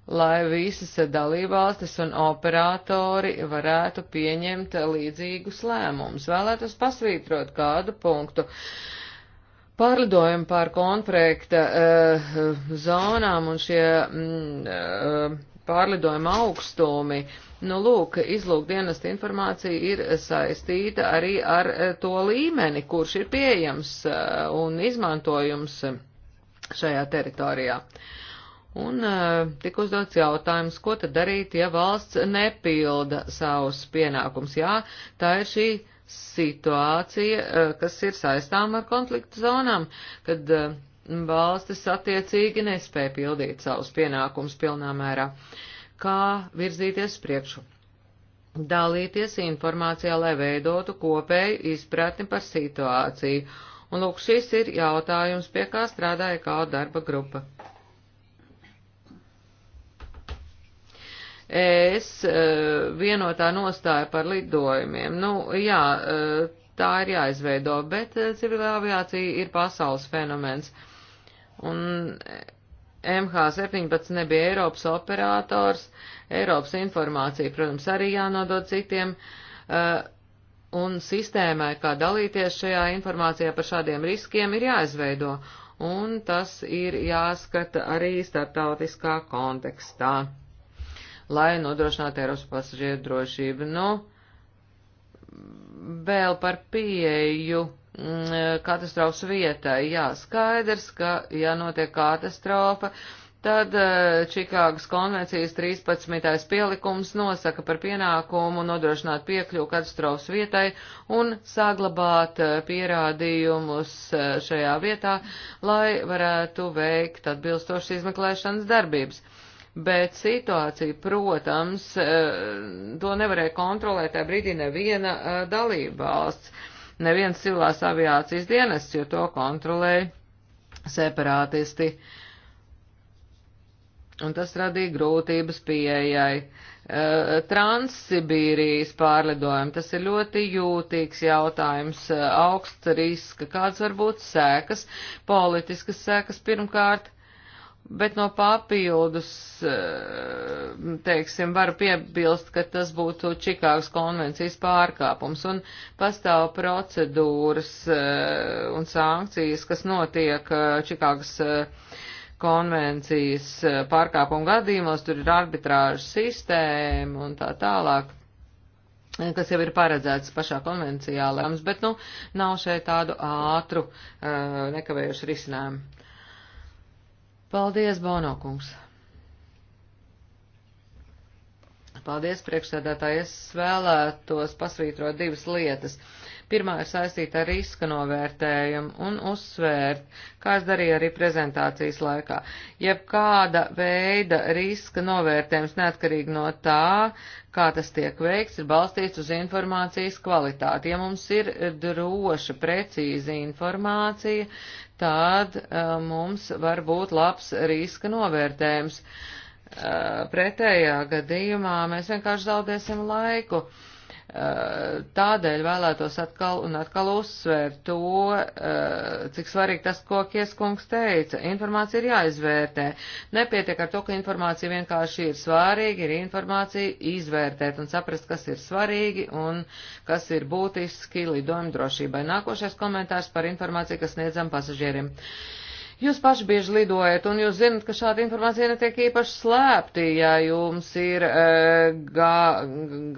lai visas dalībvalstis un operatori varētu pieņemt līdzīgus lēmumus. Vēlētos pasvītrot kādu punktu. Pārlidojumi pār konflikta uh, zonām un šie mm, uh, pārlidojuma augstumi uh, Nu, lūk, izlūkdienesta informācija ir saistīta arī ar eh, to līmeni, kurš ir pieejams eh, un izmantojums eh, šajā teritorijā. Un tik uzdots jautājums, ko tad darīt, ja valsts nepilda savus pienākums. Jā, tā ir šī situācija, kas ir saistām ar konfliktu zonām, kad valstis attiecīgi nespēja pildīt savus pienākumus pilnā mērā. Uh, kā virzīties priekšu. Dalīties informācijā, lai veidotu kopēju izpratni par situāciju. Un lūk, šis ir jautājums, pie kā strādāja kā darba grupa. Es e, vienotā nostāja par lidojumiem. Nu, jā, e, tā ir jāizveido, bet e, civilā aviācija ir pasaules fenomens. Un MH17 nebija Eiropas operators, Eiropas informācija, protams, arī jānodod citiem, uh, un sistēmai, kā dalīties šajā informācijā par šādiem riskiem, ir jāizveido, un tas ir jāskata arī starptautiskā kontekstā, lai nodrošinātu Eiropas pasažieru drošību. Nu, vēl par pieeju Mm, e, katastrofu vietai. Jā, skaidrs, ka, ja notiek katastrofa, tad e, Čikāgas konvencijas 13. pielikums nosaka par pienākumu nodrošināt piekļuvu katastrofas vietai un saglabāt e, pierādījumus šajā vietā, lai varētu veikt atbilstošas izmeklēšanas darbības. Bet situācija, protams, to nevarēja kontrolēt tajā brīdī neviena dalībvalsts neviens civilās aviācijas dienests, jo to kontrolēja separātisti. Un tas radīja grūtības pieejai. Eh, Transsibīrijas pārlidojumi, tas ir ļoti jūtīgs jautājums, eh, augsts riska, kāds var būt sēkas, politiskas sēkas pirmkārt, bet no papildus, eh, teiksim, varu piebilst, ka tas būtu Čikāgas konvencijas pārkāpums un pastāv procedūras eh, un sankcijas, kas notiek eh, Čikāgas konvencijas pārkāpumu gadījumos, tur ir arbitrāža sistēma un tā tālāk kas jau ir paredzēts pašā konvencijā lēmums, bet, nu, nav šeit tādu ātru, nekavējušu risinājumu. Paldies, Bonokungs! Paldies, priekšsēdētāji! Es vēlētos pasvītrot divas lietas. Pirmā ir saistīta ar riska novērtējumu un uzsvērt, kā es darīju arī prezentācijas laikā. Jebkāda veida riska novērtējums, neatkarīgi no tā, kā tas tiek veikts, ir balstīts uz informācijas kvalitāti. Ja mums ir droša, precīza informācija, tad uh, mums var būt labs riska novērtējums. Uh, pretējā gadījumā mēs vienkārši zaudēsim laiku. Uh, Eh, tādēļ vēlētos atkal un atkal uzsvērt to, eh, cik svarīgi tas, ko Kieskungs teica. Informācija ir jāizvērtē. Nepietiek ar to, ka informācija vienkārši ir svārīga, ir informācija izvērtēt un saprast, kas ir svarīgi un kas ir būtiski lidojuma drošībai. Nākošais komentārs par informāciju, kas sniedzam pasažierim. Uh, Jūs paši bieži lidojat, un jūs zinat, ka šāda informācija netiek īpaši slēpti, ja jums ir e, ga,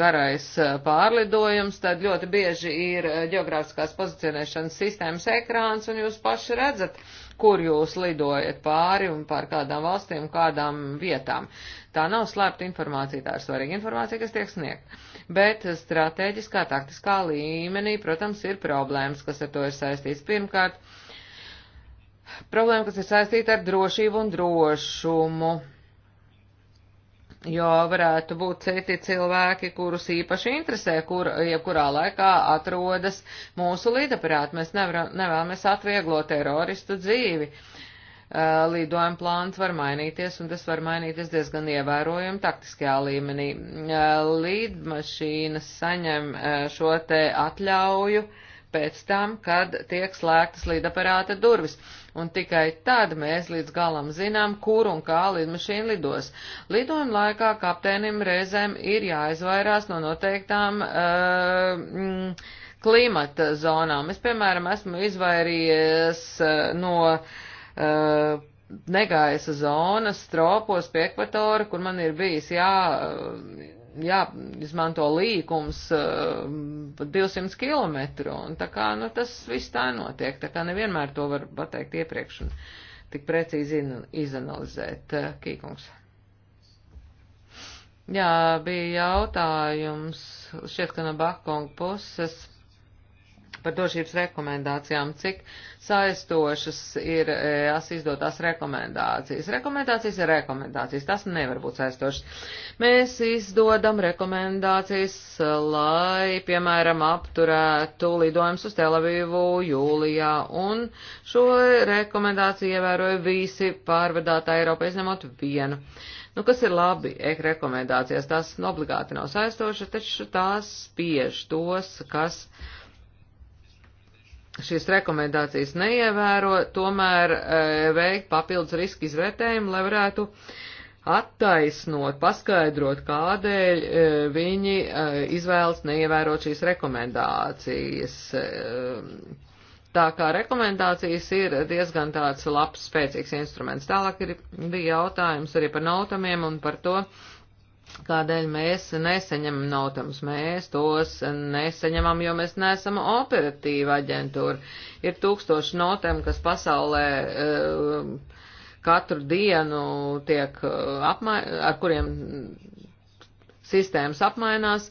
garais e, pārlidojums, tad ļoti bieži ir e, geogrāfiskās pozicionēšanas sistēmas ekrāns, un jūs paši redzat, kur jūs lidojat pāri un pār kādām valstīm, kādām vietām. Tā nav slēpta informācija, tā ir svarīga informācija, kas tiek sniegta. Bet strateģiskā, taktiskā līmenī, protams, ir problēmas, kas ar to ir saistīts. Pirmkārt, problēma, kas ir saistīta ar drošību un drošumu. Jo varētu būt citi cilvēki, kurus īpaši interesē, kur, jebkurā laikā atrodas mūsu līdaprāt. Mēs nevaram, nevēlamies atvieglot teroristu dzīvi. Uh, Lidojuma plāns var mainīties, un tas var mainīties diezgan ievērojami taktiskajā līmenī. Uh, Līdmašīnas saņem uh, šo te atļauju pēc tam, kad tiek slēgtas līdaparāta durvis un tikai tad mēs līdz galam zinām, kur un kā lidmašīna lidos. Lidojuma laikā kapteinim reizēm ir jāizvairās no noteiktām uh, mm, klimata zonām. Es, piemēram, esmu izvairījies uh, no uh, negaisa zonas tropos pie ekvatora, kur man ir bijis jā. Uh, jāizmanto līkums uh, 200 km, un tā kā, nu, tas viss tā notiek, tā kā nevienmēr to var pateikt iepriekš un tik precīzi izanalizēt. Uh, Kīkungs. Jā, bija jautājums, šķiet, ka no Bakonga puses par drošības rekomendācijām, cik saistošas ir tās e, izdotās rekomendācijas. Rekomendācijas ir rekomendācijas, tas nevar būt saistošas. Mēs izdodam rekomendācijas, lai, piemēram, apturētu lidojumus uz Telavīvu jūlijā, un šo rekomendāciju ievēroja visi pārvadātāji Eiropā, izņemot vienu. Nu, kas ir labi e, rekomendācijās, tās obligāti nav saistošas, taču tās spiež tos, kas uh, šīs rekomendācijas neievēro, tomēr e, veikt papildus riska izvērtējumu, lai varētu attaisnot, paskaidrot, kādēļ e, viņi e, izvēlas neievērot šīs rekomendācijas. Tā kā rekomendācijas ir diezgan tāds labs, spēcīgs instruments. Tālāk ir, bija jautājums arī par nautamiem un par to, kādēļ mēs nesaņemam naudamus. Mēs tos nesaņemam, jo mēs neesam operatīva aģentūra. Ir tūkstoši notem, kas pasaulē eh, katru dienu tiek eh, apmai, ar kuriem sistēmas apmainās.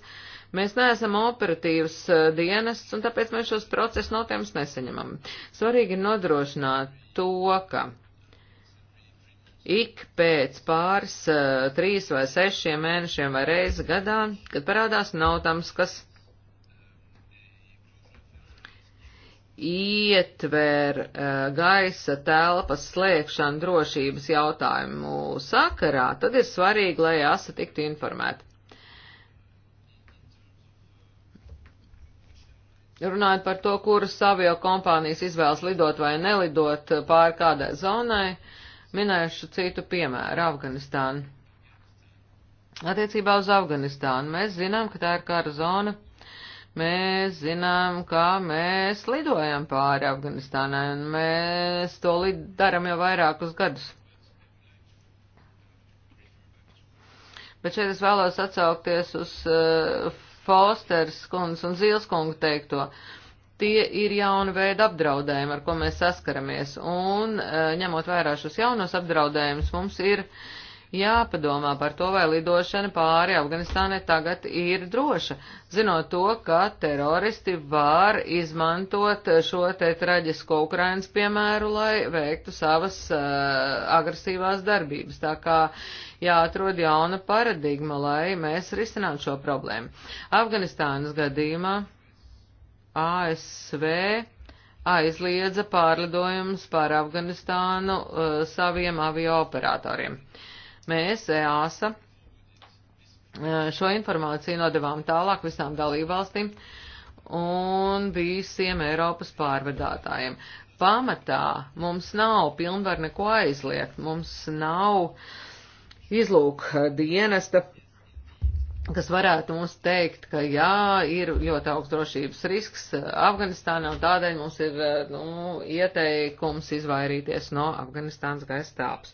Mēs neesam operatīvas eh, dienests, un tāpēc mēs šos procesu notēmus nesaņemam. Svarīgi ir nodrošināt to, ka ik pēc pāris, uh, trīs vai sešiem mēnešiem vai reizi gadā, kad parādās nautams, kas ietver uh, gaisa telpas slēgšanu drošības jautājumu sakarā, tad ir svarīgi, lai asa tiktu informēta. Runājot par to, kuras avio kompānijas izvēlas lidot vai nelidot pāri kādai zonai, uh, Minēšu citu piemēru - Afganistānu. Attiecībā uz Afganistānu mēs zinām, ka tā ir kara zona. Mēs zinām, kā mēs lidojam pāri Afganistānai, un mēs to daram jau vairākus gadus. Bet šeit es vēlos atsaukties uz uh, Fosters kundas un Zīles kungu teikto. Uh, tie ir jauna veida apdraudējumi, ar ko mēs saskaramies. Un eh, ņemot vērā šos jaunos apdraudējumus, mums ir jāpadomā par to, vai lidošana pāri Afganistānai tagad ir droša, zinot to, ka teroristi var izmantot šo te traģisko Ukrainas piemēru, lai veiktu savas uh, agresīvās darbības. Tā kā jāatrod jauna paradigma, lai mēs risinātu šo problēmu. Afganistānas gadījumā ASV aizliedza pārlidojumus pār Afganistānu uh, saviem avio operatoriem. Mēs, EASA, eh, šo informāciju nodevām tālāk visām dalībvalstīm un visiem Eiropas pārvadātājiem. Pamatā mums nav pilnvar neko aizliegt, mums nav izlūk dienesta kas varētu mums teikt, ka jā, ir ļoti augsts drošības risks Afganistānā, un tādēļ mums ir eh, nu, ieteikums izvairīties no Afganistānas gaisa tāps.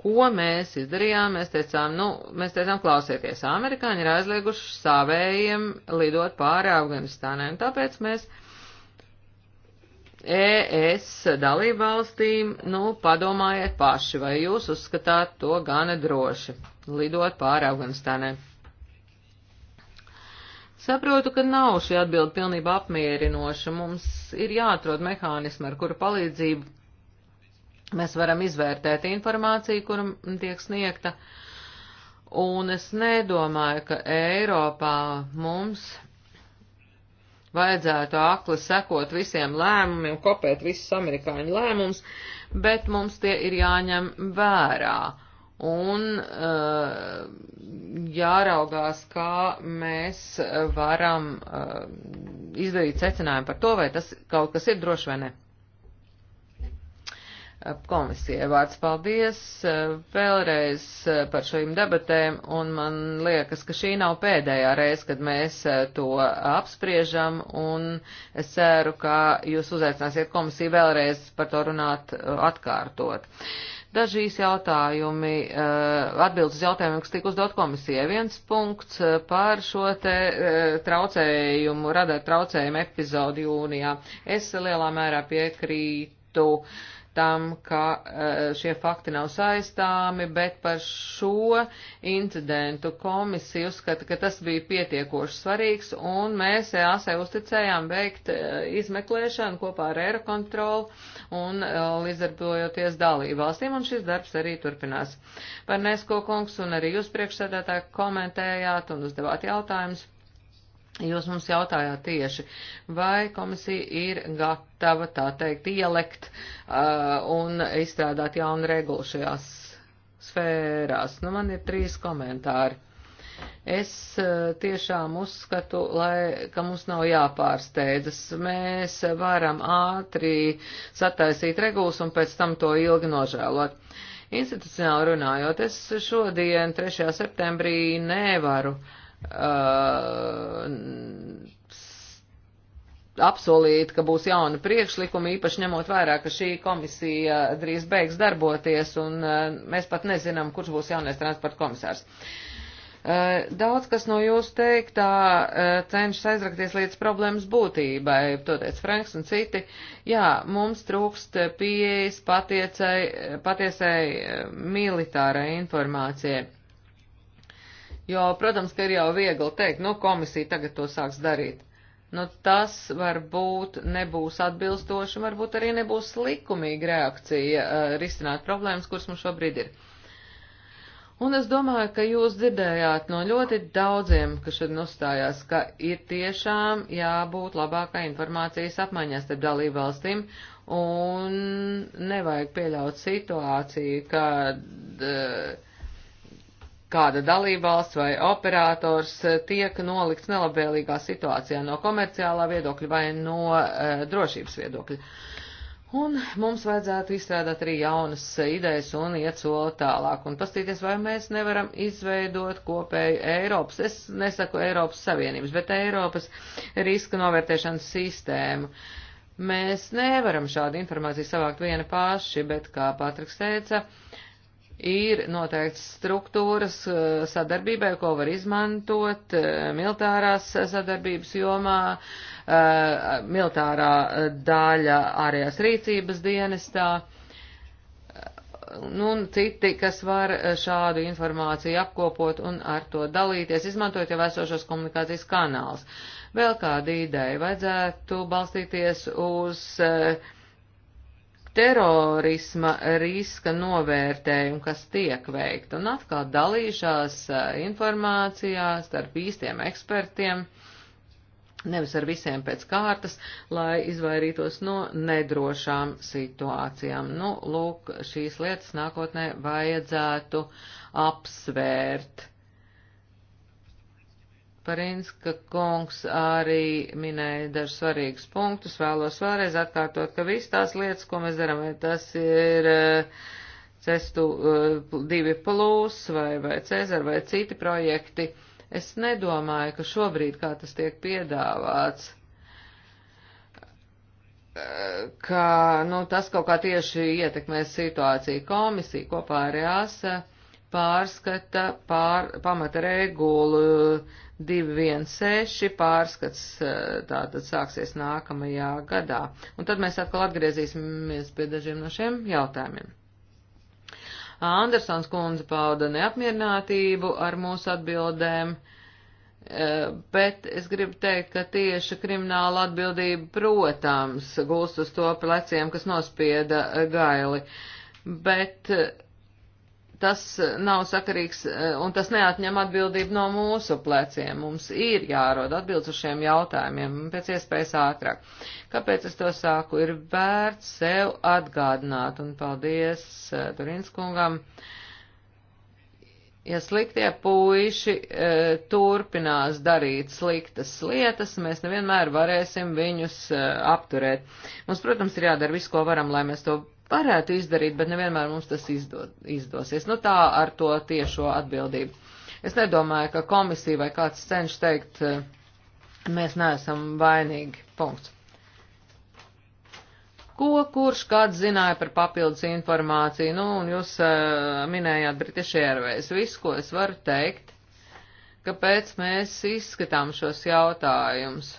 Ko mēs izdarījām? Mēs teicām, nu, mēs teicām, klausieties, amerikāņi ir aizlieguši savējiem lidot pāri Afganistānai, un tāpēc mēs ES dalībvalstīm, nu, padomājiet paši, vai jūs uzskatāt to gana droši lidot pāri Afganistānai. Saprotu, ka nav šī atbilda pilnībā apmierinoša. Mums ir jāatrod mehānismi, ar kuru palīdzību mēs varam izvērtēt informāciju, kura tiek sniegta. Un es nedomāju, ka Eiropā mums vajadzētu akli sekot visiem lēmumiem, kopēt visus amerikāņu lēmumus, bet mums tie ir jāņem vērā un uh, jāraugās, kā mēs varam uh, izdarīt secinājumu par to, vai tas kaut kas ir droši vai ne. Eh, komisijai vārds paldies vēlreiz par šīm debatēm, un man liekas, ka šī nav pēdējā reize, kad mēs to apspriežam, un es ceru, ka jūs uzaicināsiet komisiju vēlreiz par to runāt atkārtot. Uh, Dažīs jautājumi, eh, atbildes jautājumiem, kas tika uzdot komisijai. Viens punkts eh, par šo te eh, traucējumu, radar traucējumu epizodu jūnijā. Es lielā mērā piekrītu tam, ka eh, šie fakti nav saistāmi, bet par šo incidentu komisija uzskata, ka tas bija pietiekoši svarīgs, un mēs ASE uzticējām veikt eh, izmeklēšanu kopā ar Eirokontrolu un eh, līdzdarbojoties dalību valstīm, un šis darbs arī turpinās. Par Nesko kungs un arī jūs priekšsēdētāji komentējāt un uzdevāt jautājumus Jūs mums jautājāt tieši, vai komisija ir gatava, tā teikt, ielekt uh, un izstrādāt jaunu regulu šajās sfērās. Nu, man ir trīs komentāri. Es uh, tiešām uzskatu, lai, ka mums nav jāpārsteidzas. Mēs varam ātri sataisīt regulas un pēc tam to ilgi nožēlot. Institucionāli runājot, es šodien, 3. septembrī, nevaru uh, uh, apsolīt, ka būs jauni priekšlikumi, īpaši ņemot vērā, ka šī komisija drīz beigs darboties, un uh, mēs pat nezinām, kurš būs jaunais transporta komisārs. Uh, daudz kas no jūsu teiktā uh, cenšas aizrakties līdz problēmas būtībai, to teica Franks un citi. Jā, mums trūkst pieejas patiesai uh, militārai informācijai Jo, protams, ka ir jau viegli teikt, nu, komisija tagad to sāks darīt. Nu, tas varbūt nebūs atbilstoši, varbūt arī nebūs likumīga reakcija uh, risināt problēmas, kuras mums šobrīd ir. Un es domāju, ka jūs dzirdējāt no ļoti daudziem, kas šodien uzstājās, ka ir tiešām jābūt labākai informācijas apmaiņā starp dalību valstīm un nevajag pieļaut situāciju, kad uh, kāda dalībvalsts vai operators eh, tiek nolikts nelabvēlīgā situācijā no komerciālā viedokļa vai no uh, drošības viedokļa. Un mums vajadzētu izstrādāt arī jaunas eh, idejas un iet soli tālāk un pastīties, vai mēs nevaram izveidot kopēju Eiropas, es nesaku Eiropas Savienības, bet Eiropas riska novērtēšanas sistēmu. Mēs nevaram šādu informāciju savākt viena paši, bet, kā Patriks teica, uh, ir noteikts struktūras eh, sadarbībai, ko var izmantot eh, militārās sadarbības jomā, eh, militārā daļa ārējās rīcības dienestā nu, un citi, kas var šādu informāciju apkopot un ar to dalīties, izmantojot jau esošos komunikācijas kanāls. Vēl kāda ideja vajadzētu balstīties uz uh, terorisma riska novērtējumu, kas tiek veikt, un atkal dalīšās informācijā starp īstiem ekspertiem, nevis ar visiem pēc kārtas, lai izvairītos no nedrošām situācijām. Nu, lūk, šīs lietas nākotnē vajadzētu apsvērt Parinska kungs arī minēja dažus svarīgus punktus. Vēlos vēlreiz atkārtot, ka viss tās lietas, ko mēs darām, vai tas ir eh, cestu eh, divi plūs vai, vai Cezar vai citi projekti, es nedomāju, ka šobrīd, kā tas tiek piedāvāts, eh, ka nu, tas kaut kā tieši ietekmēs situāciju komisiju kopā ar jāsa e pārskata pār, pamata regulu 216 pārskats eh, tātad sāksies nākamajā gadā. Un tad mēs atkal atgriezīsimies pie dažiem no šiem jautājumiem. Andersons kundze pauda neapmierinātību ar mūsu atbildēm, eh, bet es gribu teikt, ka tieši krimināla atbildība, protams, gulst uz to pleciem, kas nospieda gaili. Bet eh, tas eh, nav sakarīgs eh, un tas neatņem atbildību no mūsu pleciem. Mums ir jārod atbildes uz šiem jautājumiem pēc iespējas ātrāk. Kāpēc es to sāku? Ir vērts sev atgādināt un paldies eh, Turinskungam. Ja sliktie puiši e, turpinās darīt sliktas lietas, mēs nevienmēr varēsim viņus e, apturēt. Mums, protams, ir jādara viss, ko varam, lai mēs to varētu izdarīt, bet nevienmēr mums tas izdod, izdosies. Nu tā ar to tiešo atbildību. Es nedomāju, ka komisija vai kāds cenš teikt, eh, mēs neesam vainīgi. Punkts. Ko kurš kāds zināja par papildus informāciju? Nu, un jūs uh, minējāt British Airways. Viss, ko es varu teikt, kāpēc mēs izskatām šos jautājumus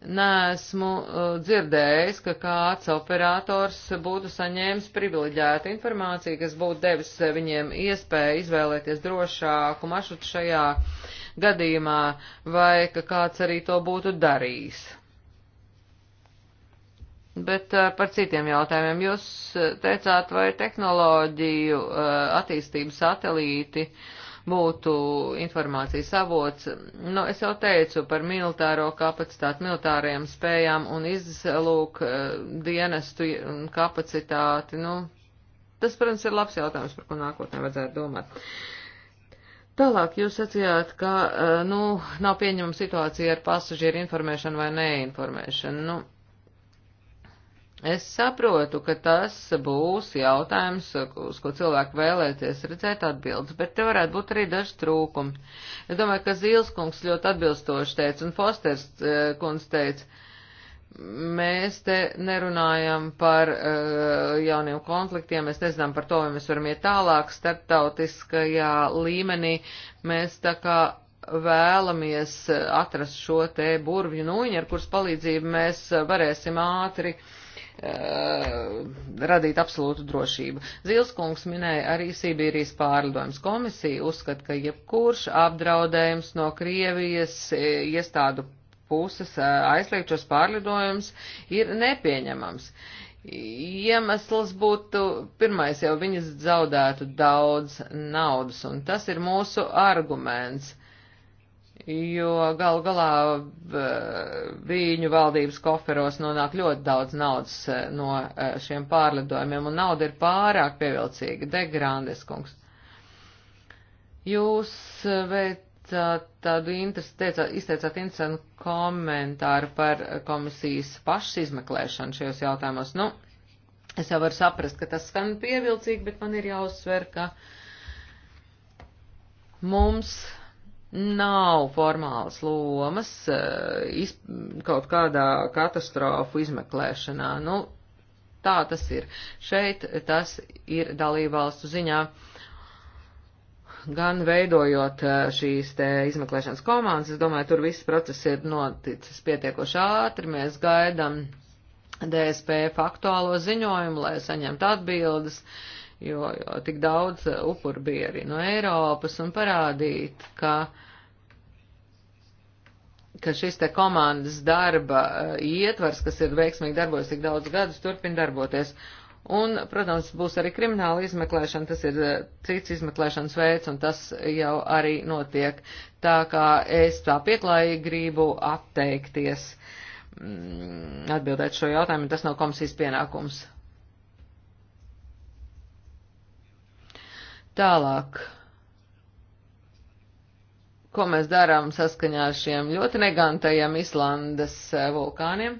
Nesmu uh, dzirdējis, ka kāds operators būtu saņēmis privileģētu informāciju, kas būtu devis viņiem iespēju izvēlēties drošāku maršrutu šajā gadījumā, vai ka kāds arī to būtu darījis. Bet uh, par citiem jautājumiem. Jūs uh, teicāt, vai tehnoloģiju attīstību satelīti uh, būtu informācijas avots. Nu, es jau teicu par militāro kapacitāti, militāriem spējām un izlūk eh, dienestu eh, kapacitāti. Nu, tas, protams, ir labs jautājums, par ko nākotnē vajadzētu domāt. Tālāk jūs sacījāt, ka, eh, nu, nav pieņemama situācija ar pasažieru informēšanu vai neinformēšanu. Nu, Es saprotu, ka tas būs jautājums, uz ko cilvēki vēlēties redzēt atbildes, bet te varētu būt arī daži trūkumi. Es domāju, ka Zīleskungs ļoti atbilstoši teica, un Fosters eh, kundz teica, mēs te nerunājam par uh, jauniem konfliktiem, mēs nezinām par to, vai mēs varam iet tālāk starptautiskajā līmenī. Mēs tā kā vēlamies eh, atrast šo te burvju nūjiņu, ar kuras palīdzību mēs varēsim ātri uh, Uh, radīt absolūtu drošību. Zilskungs minēja arī Sibīrijas pārlidojums. Komisija uzskata, ka jebkurš apdraudējums no Krievijas uh, iestādu puses uh, aizliegšos pārlidojums ir nepieņemams. Iemesls būtu, pirmais jau viņas zaudētu daudz naudas, un tas ir mūsu arguments jo gal galā viņu valdības koferos nonāk ļoti daudz naudas e, no e, šiem pārlidojumiem, un nauda ir pārāk pievilcīga. Degrandes kungs. Jūs e, veicāt tādu interesantu, izteicāt interesantu komentāru par komisijas pašas izmeklēšanu šajos jautājumos. Nu, es jau varu saprast, ka tas skan pievilcīgi, bet man ir jāuzsver, ka mums nav formālas lomas eh, iz, kaut kādā katastrofu izmeklēšanā. Nu, tā tas ir. Šeit tas ir dalībvalstu ziņā. Gan veidojot eh, šīs te izmeklēšanas komandas, es domāju, tur viss process ir noticis pietiekoši ātri, mēs gaidam DSP faktuālo ziņojumu, lai saņemtu atbildes. Uh, jo, jo tik daudz upuru bija arī no Eiropas, un parādīt, ka, ka šis te komandas darba eh, ietvars, kas ir veiksmīgi darbojas tik daudz gadus, turpina darboties. Un, protams, būs arī krimināla izmeklēšana, tas ir eh, cits izmeklēšanas veids, un tas jau arī notiek. Tā kā es tā pieklājīgi gribu atteikties mm, atbildēt šo jautājumu, tas nav komisijas pienākums. Tālāk. Ko mēs darām saskaņā ar šiem ļoti negantajiem Islandes eh, vulkāniem?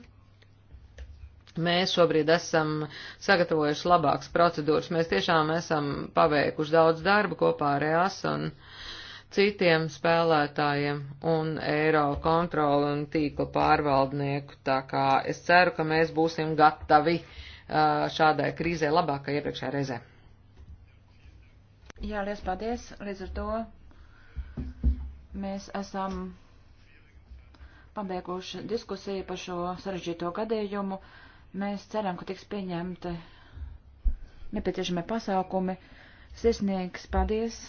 Mēs šobrīd esam sagatavojuši labākas procedūras. Mēs tiešām esam paveikuši daudz darba kopā ar EAS un citiem spēlētājiem un eiro kontroli un tīkla pārvaldnieku. Tā kā es ceru, ka mēs būsim gatavi eh, šādai krīzē labākai iepriekšējā reizē. Jā, liels paldies. Līdz ar to mēs esam pabeiguši diskusiju par šo sarežģīto gadījumu. Mēs ceram, ka tiks pieņemti nepieciešamie pasākumi. Sirsnīgs paldies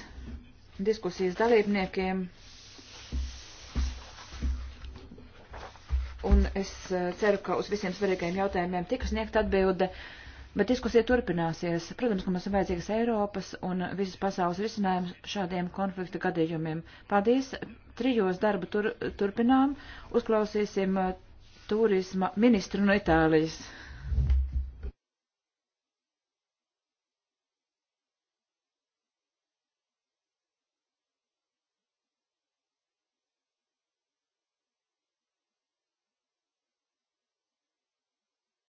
diskusijas dalībniekiem. Un es eh, ceru, ka uz visiem svarīgajiem jautājumiem tiks sniegt atbilde. Bet diskusija turpināsies. Protams, ka mums ir vajadzīgs Eiropas un visas pasaules risinājums šādiem konflikta gadījumiem. Paldies! Trijos darbu tur, turpinām. Uzklausīsim uh, turisma ministru no Itālijas.